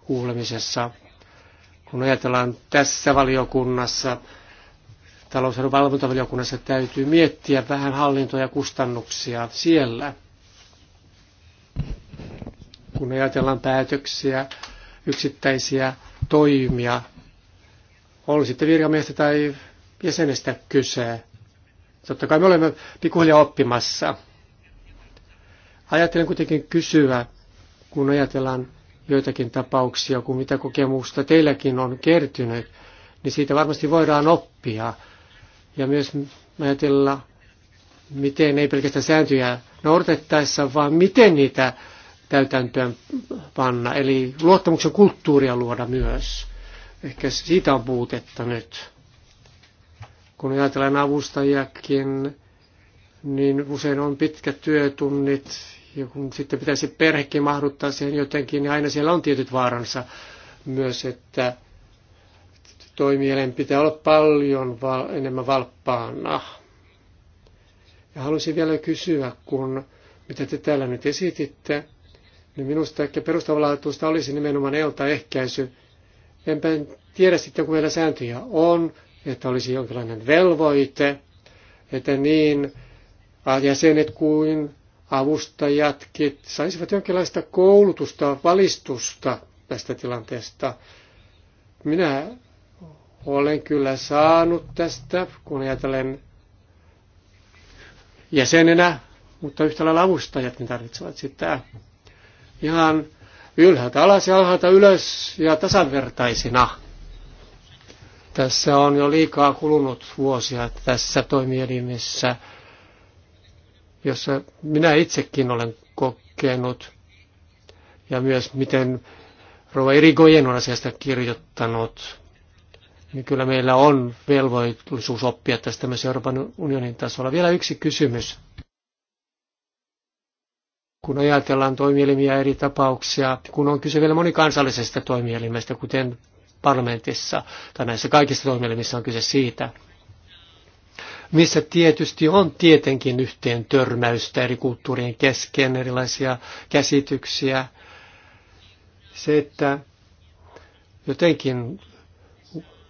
kuulemisessa, kun ajatellaan tässä valiokunnassa talousarvon valvontavaliokunnassa täytyy miettiä vähän hallintoa ja kustannuksia siellä. Kun ajatellaan päätöksiä, yksittäisiä toimia, on sitten virkamiestä tai jäsenestä kyse. Totta kai me olemme pikkuhiljaa oppimassa. Ajattelen kuitenkin kysyä, kun ajatellaan joitakin tapauksia, kun mitä kokemusta teilläkin on kertynyt, niin siitä varmasti voidaan oppia ja myös ajatella, miten ei pelkästään sääntöjä noudatettaessa, vaan miten niitä täytäntöön panna. Eli luottamuksen kulttuuria luoda myös. Ehkä siitä on puutetta nyt. Kun ajatellaan avustajakin, niin usein on pitkät työtunnit ja kun sitten pitäisi perhekin mahduttaa siihen jotenkin, niin aina siellä on tietyt vaaransa myös, että toimielen pitää olla paljon val- enemmän valppaana. Ja halusin vielä kysyä, kun mitä te täällä nyt esititte, niin minusta ehkä perustavanlaatuista olisi nimenomaan eltaehkäisy. Enpä tiedä sitten, kun meillä sääntöjä on, että olisi jonkinlainen velvoite, että niin jäsenet kuin avustajatkin saisivat jonkinlaista koulutusta, valistusta tästä tilanteesta. Minä olen kyllä saanut tästä, kun ajatellen jäsenenä, mutta yhtä lailla avustajatkin tarvitsevat sitä. Ihan ylhäältä alas ja alhaalta ylös ja tasavertaisina. Tässä on jo liikaa kulunut vuosia tässä toimielimessä, jossa minä itsekin olen kokenut ja myös miten Rova Irigoyen on asiasta kirjoittanut niin kyllä meillä on velvollisuus oppia tästä myös Euroopan unionin tasolla. Vielä yksi kysymys. Kun ajatellaan toimielimiä eri tapauksia, kun on kyse vielä monikansallisesta toimielimestä, kuten parlamentissa tai näissä kaikissa toimielimissä on kyse siitä, missä tietysti on tietenkin yhteen törmäystä eri kulttuurien kesken, erilaisia käsityksiä. Se, että jotenkin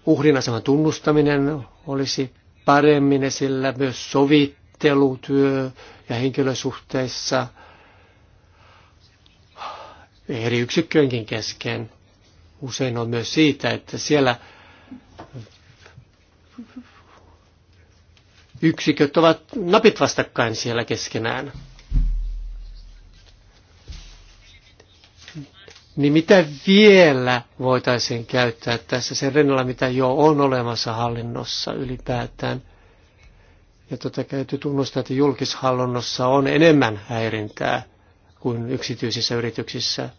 Uhrin aseman tunnustaminen olisi paremmin esillä myös sovittelutyö ja henkilösuhteissa eri yksikköönkin kesken. Usein on myös siitä, että siellä yksiköt ovat napit vastakkain siellä keskenään. niin mitä vielä voitaisiin käyttää tässä sen rinnalla, mitä jo on olemassa hallinnossa ylipäätään? Ja tuota käyty tunnustaa, että julkishallinnossa on enemmän häirintää kuin yksityisissä yrityksissä.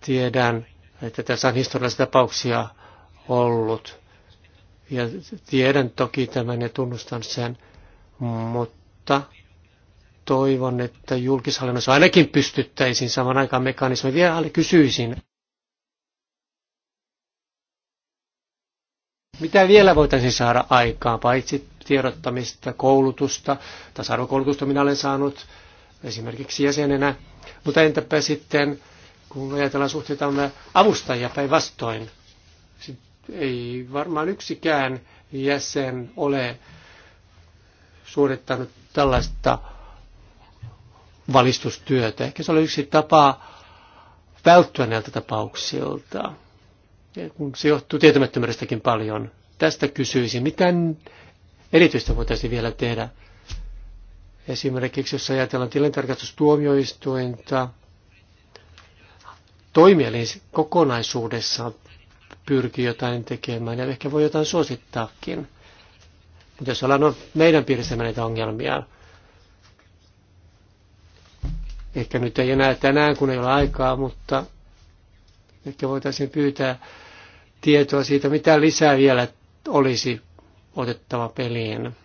Tiedän, että tässä on historiallisia tapauksia ollut. Ja tiedän toki tämän ja tunnustan sen, mutta toivon, että julkishallinnossa ainakin pystyttäisiin saman aikaan mekanismi. Vielä kysyisin, mitä vielä voitaisiin saada aikaan, paitsi tiedottamista, koulutusta, tasa-arvokoulutusta minä olen saanut esimerkiksi jäsenenä, mutta entäpä sitten, kun ajatellaan suhteitamme avustajia päinvastoin, ei varmaan yksikään jäsen ole suorittanut tällaista valistustyötä. Ehkä se oli yksi tapa välttyä näiltä tapauksilta. Se johtuu tietämättömyydestäkin paljon. Tästä kysyisin, mitä erityistä voitaisiin vielä tehdä? Esimerkiksi jos ajatellaan tilintarkastustuomioistuinta, toimielin kokonaisuudessa pyrkii jotain tekemään ja ehkä voi jotain suosittaakin. Mutta jos ollaan no, meidän piirissämme näitä ongelmia, Ehkä nyt ei enää tänään, kun ei ole aikaa, mutta ehkä voitaisiin pyytää tietoa siitä, mitä lisää vielä olisi otettava peliin.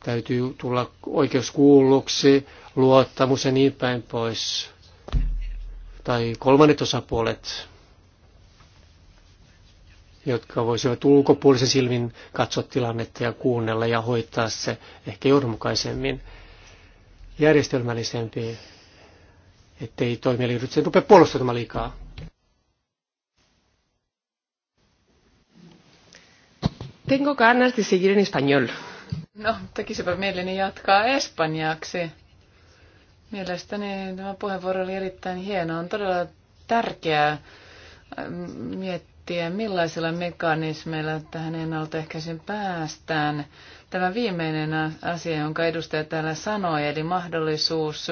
Täytyy tulla oikeus kuulluksi, luottamus ja niin päin pois. Tai kolmannet osapuolet, jotka voisivat ulkopuolisen silmin katsoa tilannetta ja kuunnella ja hoitaa se ehkä johdonmukaisemmin järjestelmällisempi, ettei toimieli sen rupea puolustamaan liikaa. Tengo ganas de seguir en español. No, tekisipä mieleni jatkaa espanjaksi. Mielestäni tämä puheenvuoro oli erittäin hieno. On todella tärkeää mm, miettiä miettiä, millaisilla mekanismeilla tähän ennaltaehkäisyyn päästään. Tämä viimeinen asia, jonka edustaja täällä sanoi, eli mahdollisuus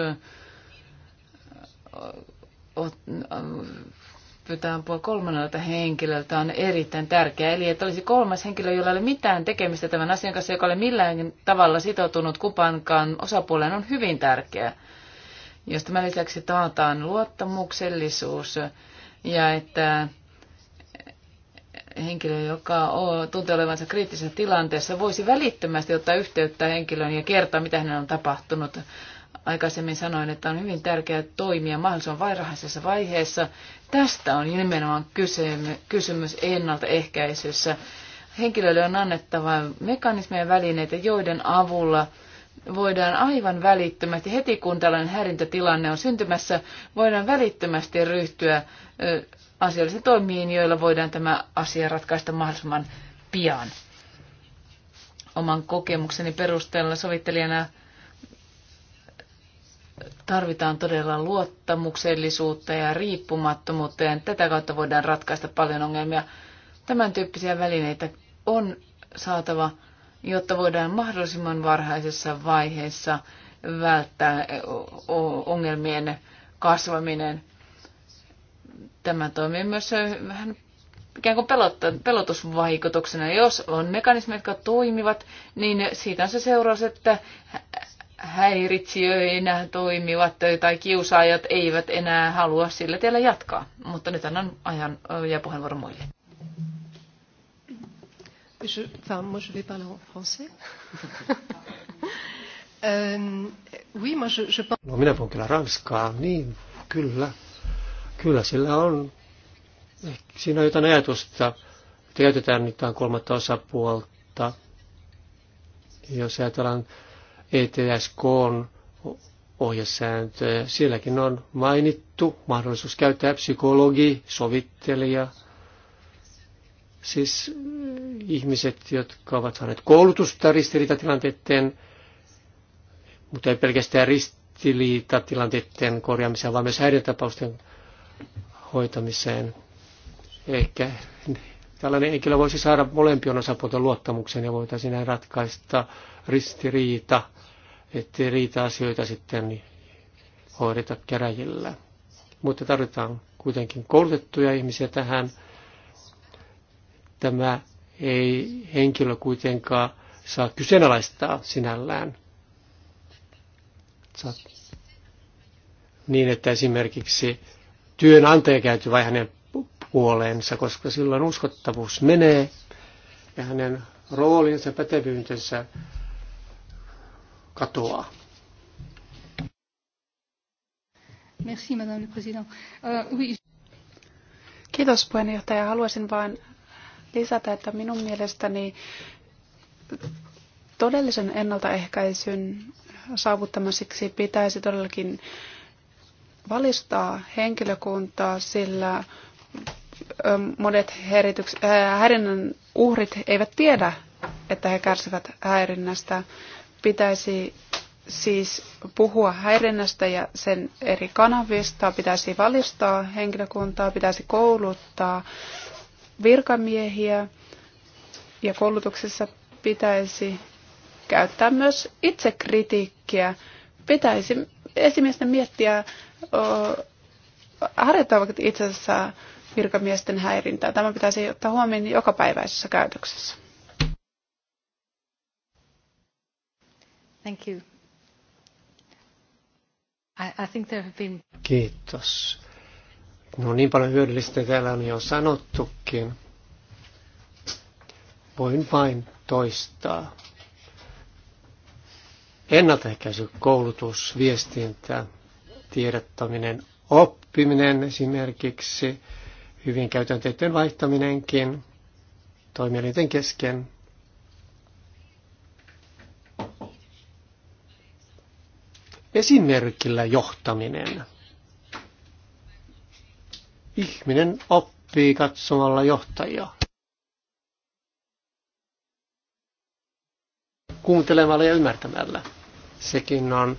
pyytää apua kolmannelta henkilöltä on erittäin tärkeää. Eli että olisi kolmas henkilö, jolla ei ole mitään tekemistä tämän asian kanssa, joka ole millään tavalla sitoutunut kupankaan osapuoleen, on hyvin tärkeää. Jos tämän lisäksi taataan luottamuksellisuus ja että henkilö, joka on, tuntee olevansa kriittisessä tilanteessa, voisi välittömästi ottaa yhteyttä henkilöön ja kertoa, mitä hänellä on tapahtunut. Aikaisemmin sanoin, että on hyvin tärkeää toimia mahdollisimman varhaisessa vaiheessa. Tästä on nimenomaan kysymys ennaltaehkäisyssä. Henkilölle on annettava mekanismeja ja välineitä, joiden avulla voidaan aivan välittömästi, heti kun tällainen häirintätilanne on syntymässä, voidaan välittömästi ryhtyä asiallisiin toimiin, joilla voidaan tämä asia ratkaista mahdollisimman pian. Oman kokemukseni perusteella sovittelijana tarvitaan todella luottamuksellisuutta ja riippumattomuutta, ja tätä kautta voidaan ratkaista paljon ongelmia. Tämän tyyppisiä välineitä on saatava, jotta voidaan mahdollisimman varhaisessa vaiheessa välttää ongelmien kasvaminen. Tämä toimii myös vähän ikään kuin pelotusvaikutuksena. Jos on mekanismit, jotka toimivat, niin siitä on se seuraus, että häiritsijöinä toimivat tai kiusaajat eivät enää halua sillä tiellä jatkaa. Mutta nyt annan ajan ja puheenvuoron muille. Je, enfin, moi je vais parler en français. euh, oui, moi je, je pense... No minä puhun kyllä ranskaa, niin kyllä. Kyllä sillä on, siinä on jotain ajatusta, että käytetään nyt tämän kolmatta osapuolta. Jos ajatellaan ETSK on ohjesääntöjä, sielläkin on mainittu mahdollisuus käyttää psykologi, sovittelija, siis mm, ihmiset, jotka ovat saaneet koulutusta ristiriitatilanteiden, mutta ei pelkästään ristiriitatilanteiden korjaamiseen, vaan myös häiriötapausten hoitamiseen. Ehkä tällainen henkilö voisi saada molempien osapuolten luottamuksen ja voitaisiin näin ratkaista ristiriita, ettei riita-asioita sitten hoideta käräjillä. Mutta tarvitaan kuitenkin koulutettuja ihmisiä tähän. Tämä ei henkilö kuitenkaan saa kyseenalaistaa sinällään. Niin, että esimerkiksi työnantaja kääntyy vai hänen puoleensa, koska silloin uskottavuus menee ja hänen roolinsa, pätevyytensä katoaa. Merci, Madame le Président. Uh, oui. Kiitos puheenjohtaja. Haluaisin vain lisätä, että minun mielestäni todellisen ennaltaehkäisyn saavuttamiseksi pitäisi todellakin valistaa henkilökuntaa, sillä monet häirinnän uhrit eivät tiedä, että he kärsivät häirinnästä. Pitäisi siis puhua häirinnästä ja sen eri kanavista, pitäisi valistaa henkilökuntaa, pitäisi kouluttaa virkamiehiä ja koulutuksessa pitäisi käyttää myös itsekritiikkiä. Pitäisi esimerkiksi miettiä harjoittavat itse asiassa virkamiesten häirintää. Tämä pitäisi ottaa huomioon jokapäiväisessä käytöksessä. Thank you. I, I think there have been... Kiitos. No niin paljon hyödyllistä täällä on jo sanottukin. Voin vain toistaa. Ennaltaehkäisy, koulutus, viestintä, tiedottaminen, oppiminen esimerkiksi, hyvin käytänteiden vaihtaminenkin toimielinten kesken. Esimerkillä johtaminen. Ihminen oppii katsomalla johtajia. Kuuntelemalla ja ymmärtämällä. Sekin on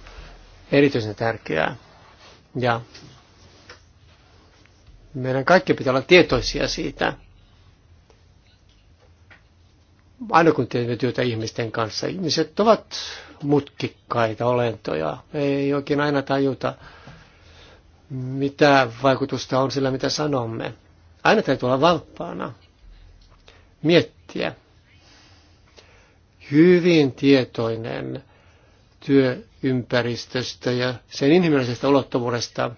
erityisen tärkeää. Ja meidän kaikki pitää olla tietoisia siitä, aina kun teemme työtä ihmisten kanssa. Ihmiset ovat mutkikkaita olentoja. Ei oikein aina tajuta, mitä vaikutusta on sillä, mitä sanomme. Aina täytyy olla valppaana. Miettiä. Hyvin tietoinen työympäristöstä ja sen inhimillisestä ulottuvuudesta.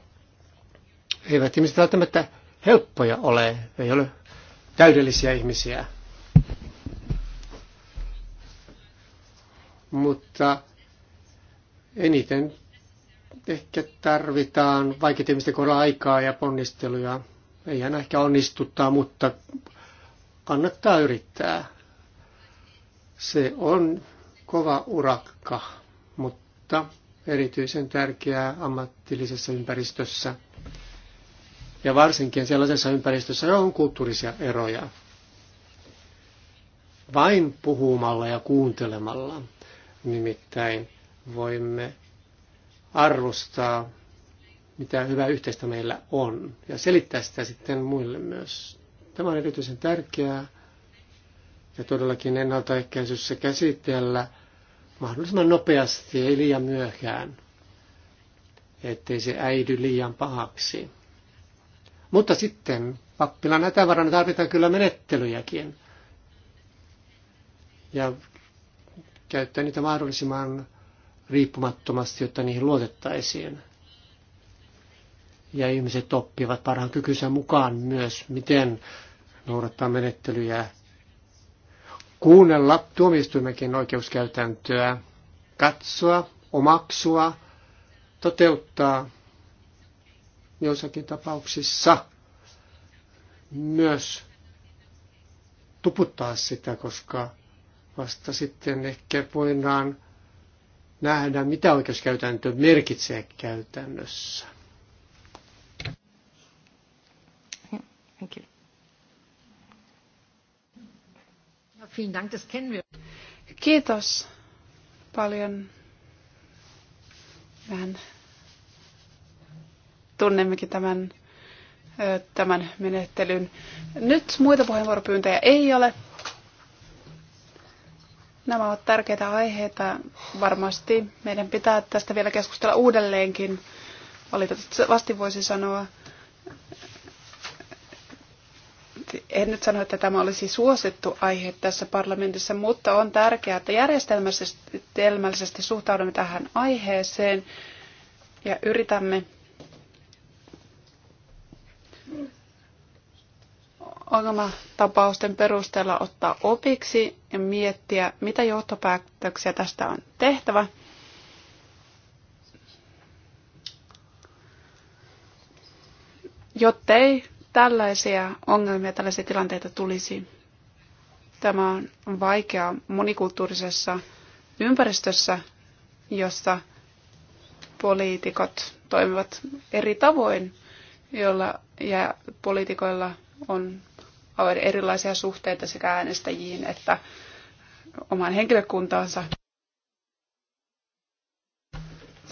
Eivät ihmiset välttämättä helppoja ole, ei ole täydellisiä ihmisiä. Mutta eniten ehkä tarvitaan vaikeiden ihmisten kohdalla aikaa ja ponnisteluja. Ei aina ehkä onnistuttaa, mutta kannattaa yrittää. Se on kova urakka mutta erityisen tärkeää ammattillisessa ympäristössä ja varsinkin sellaisessa ympäristössä, johon on kulttuurisia eroja. Vain puhumalla ja kuuntelemalla nimittäin voimme arvostaa, mitä hyvää yhteistä meillä on, ja selittää sitä sitten muille myös. Tämä on erityisen tärkeää, ja todellakin ennaltaehkäisyssä käsitellä – mahdollisimman nopeasti, ei liian myöhään, ettei se äidy liian pahaksi. Mutta sitten pappilan hätävarana tarvitaan kyllä menettelyjäkin. Ja käyttää niitä mahdollisimman riippumattomasti, jotta niihin luotettaisiin. Ja ihmiset oppivat parhaan kykynsä mukaan myös, miten noudattaa menettelyjä kuunnella tuomioistuimenkin oikeuskäytäntöä, katsoa, omaksua, toteuttaa joissakin tapauksissa myös tuputtaa sitä, koska vasta sitten ehkä voidaan nähdä, mitä oikeuskäytäntö merkitsee käytännössä. Thank you. Vielen Dank, das kennen wir. Kiitos paljon. Vähän tunnemmekin tämän, tämän menettelyn. Nyt muita puheenvuoropyyntöjä ei ole. Nämä ovat tärkeitä aiheita. Varmasti meidän pitää tästä vielä keskustella uudelleenkin. Valitettavasti voisi sanoa, en nyt sano, että tämä olisi suosittu aihe tässä parlamentissa, mutta on tärkeää, että järjestelmällisesti suhtaudumme tähän aiheeseen ja yritämme ongelmatapausten perusteella ottaa opiksi ja miettiä, mitä johtopäätöksiä tästä on tehtävä. Jottei Tällaisia ongelmia, tällaisia tilanteita tulisi. Tämä on vaikea monikulttuurisessa ympäristössä, jossa poliitikot toimivat eri tavoin, jolla ja poliitikoilla on erilaisia suhteita sekä äänestäjiin että omaan henkilökuntaansa.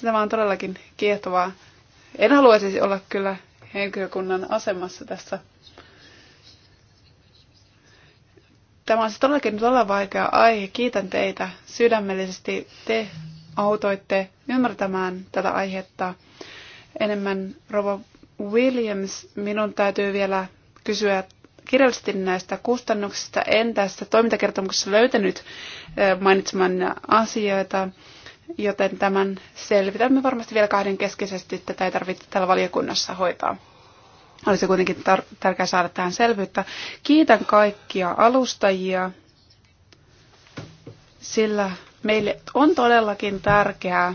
Tämä on todellakin kiehtovaa. En haluaisi olla kyllä henkilökunnan asemassa tässä. Tämä on siis todellakin todella vaikea aihe. Kiitän teitä sydämellisesti. Te autoitte ymmärtämään tätä aihetta enemmän. Rova Williams, minun täytyy vielä kysyä kirjallisesti näistä kustannuksista. En tästä toimintakertomuksessa löytänyt eh, mainitsemaan asioita joten tämän selvitämme varmasti vielä kahden keskisesti. Tätä ei tarvitse täällä valiokunnassa hoitaa. Olisi kuitenkin tar- tärkeää saada tähän selvyyttä. Kiitän kaikkia alustajia, sillä meille on todellakin tärkeää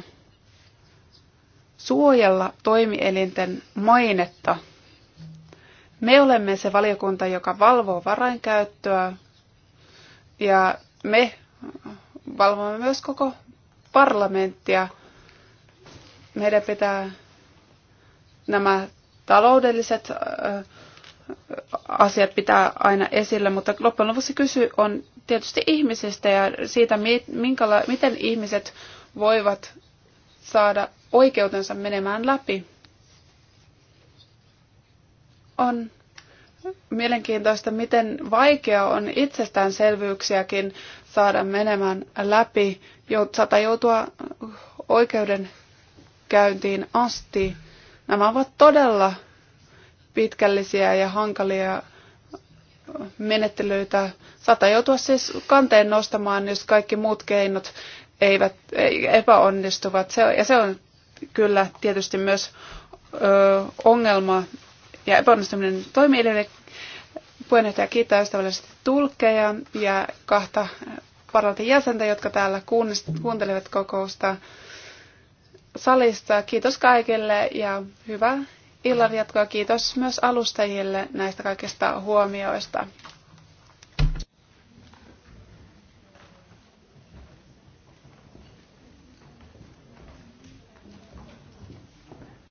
suojella toimielinten mainetta. Me olemme se valiokunta, joka valvoo varainkäyttöä ja me valvomme myös koko parlamenttia. Meidän pitää nämä taloudelliset asiat pitää aina esillä, mutta loppujen lopuksi kysy on tietysti ihmisistä ja siitä, minkäla- miten ihmiset voivat saada oikeutensa menemään läpi. On mielenkiintoista, miten vaikea on itsestäänselvyyksiäkin saada menemään läpi, saattaa joutua oikeudenkäyntiin asti. Nämä ovat todella pitkällisiä ja hankalia menettelyitä. Saattaa joutua siis kanteen nostamaan, jos kaikki muut keinot eivät e, epäonnistuvat. Se, ja se on kyllä tietysti myös ö, ongelma ja epäonnistuminen toimii Puheenjohtaja kiittää ystävällisesti tulkkeja ja kahta parlamentin jäsentä, jotka täällä kuuntelivat kokousta salissa. Kiitos kaikille ja hyvää illan jatkoa. Kiitos myös alustajille näistä kaikista huomioista.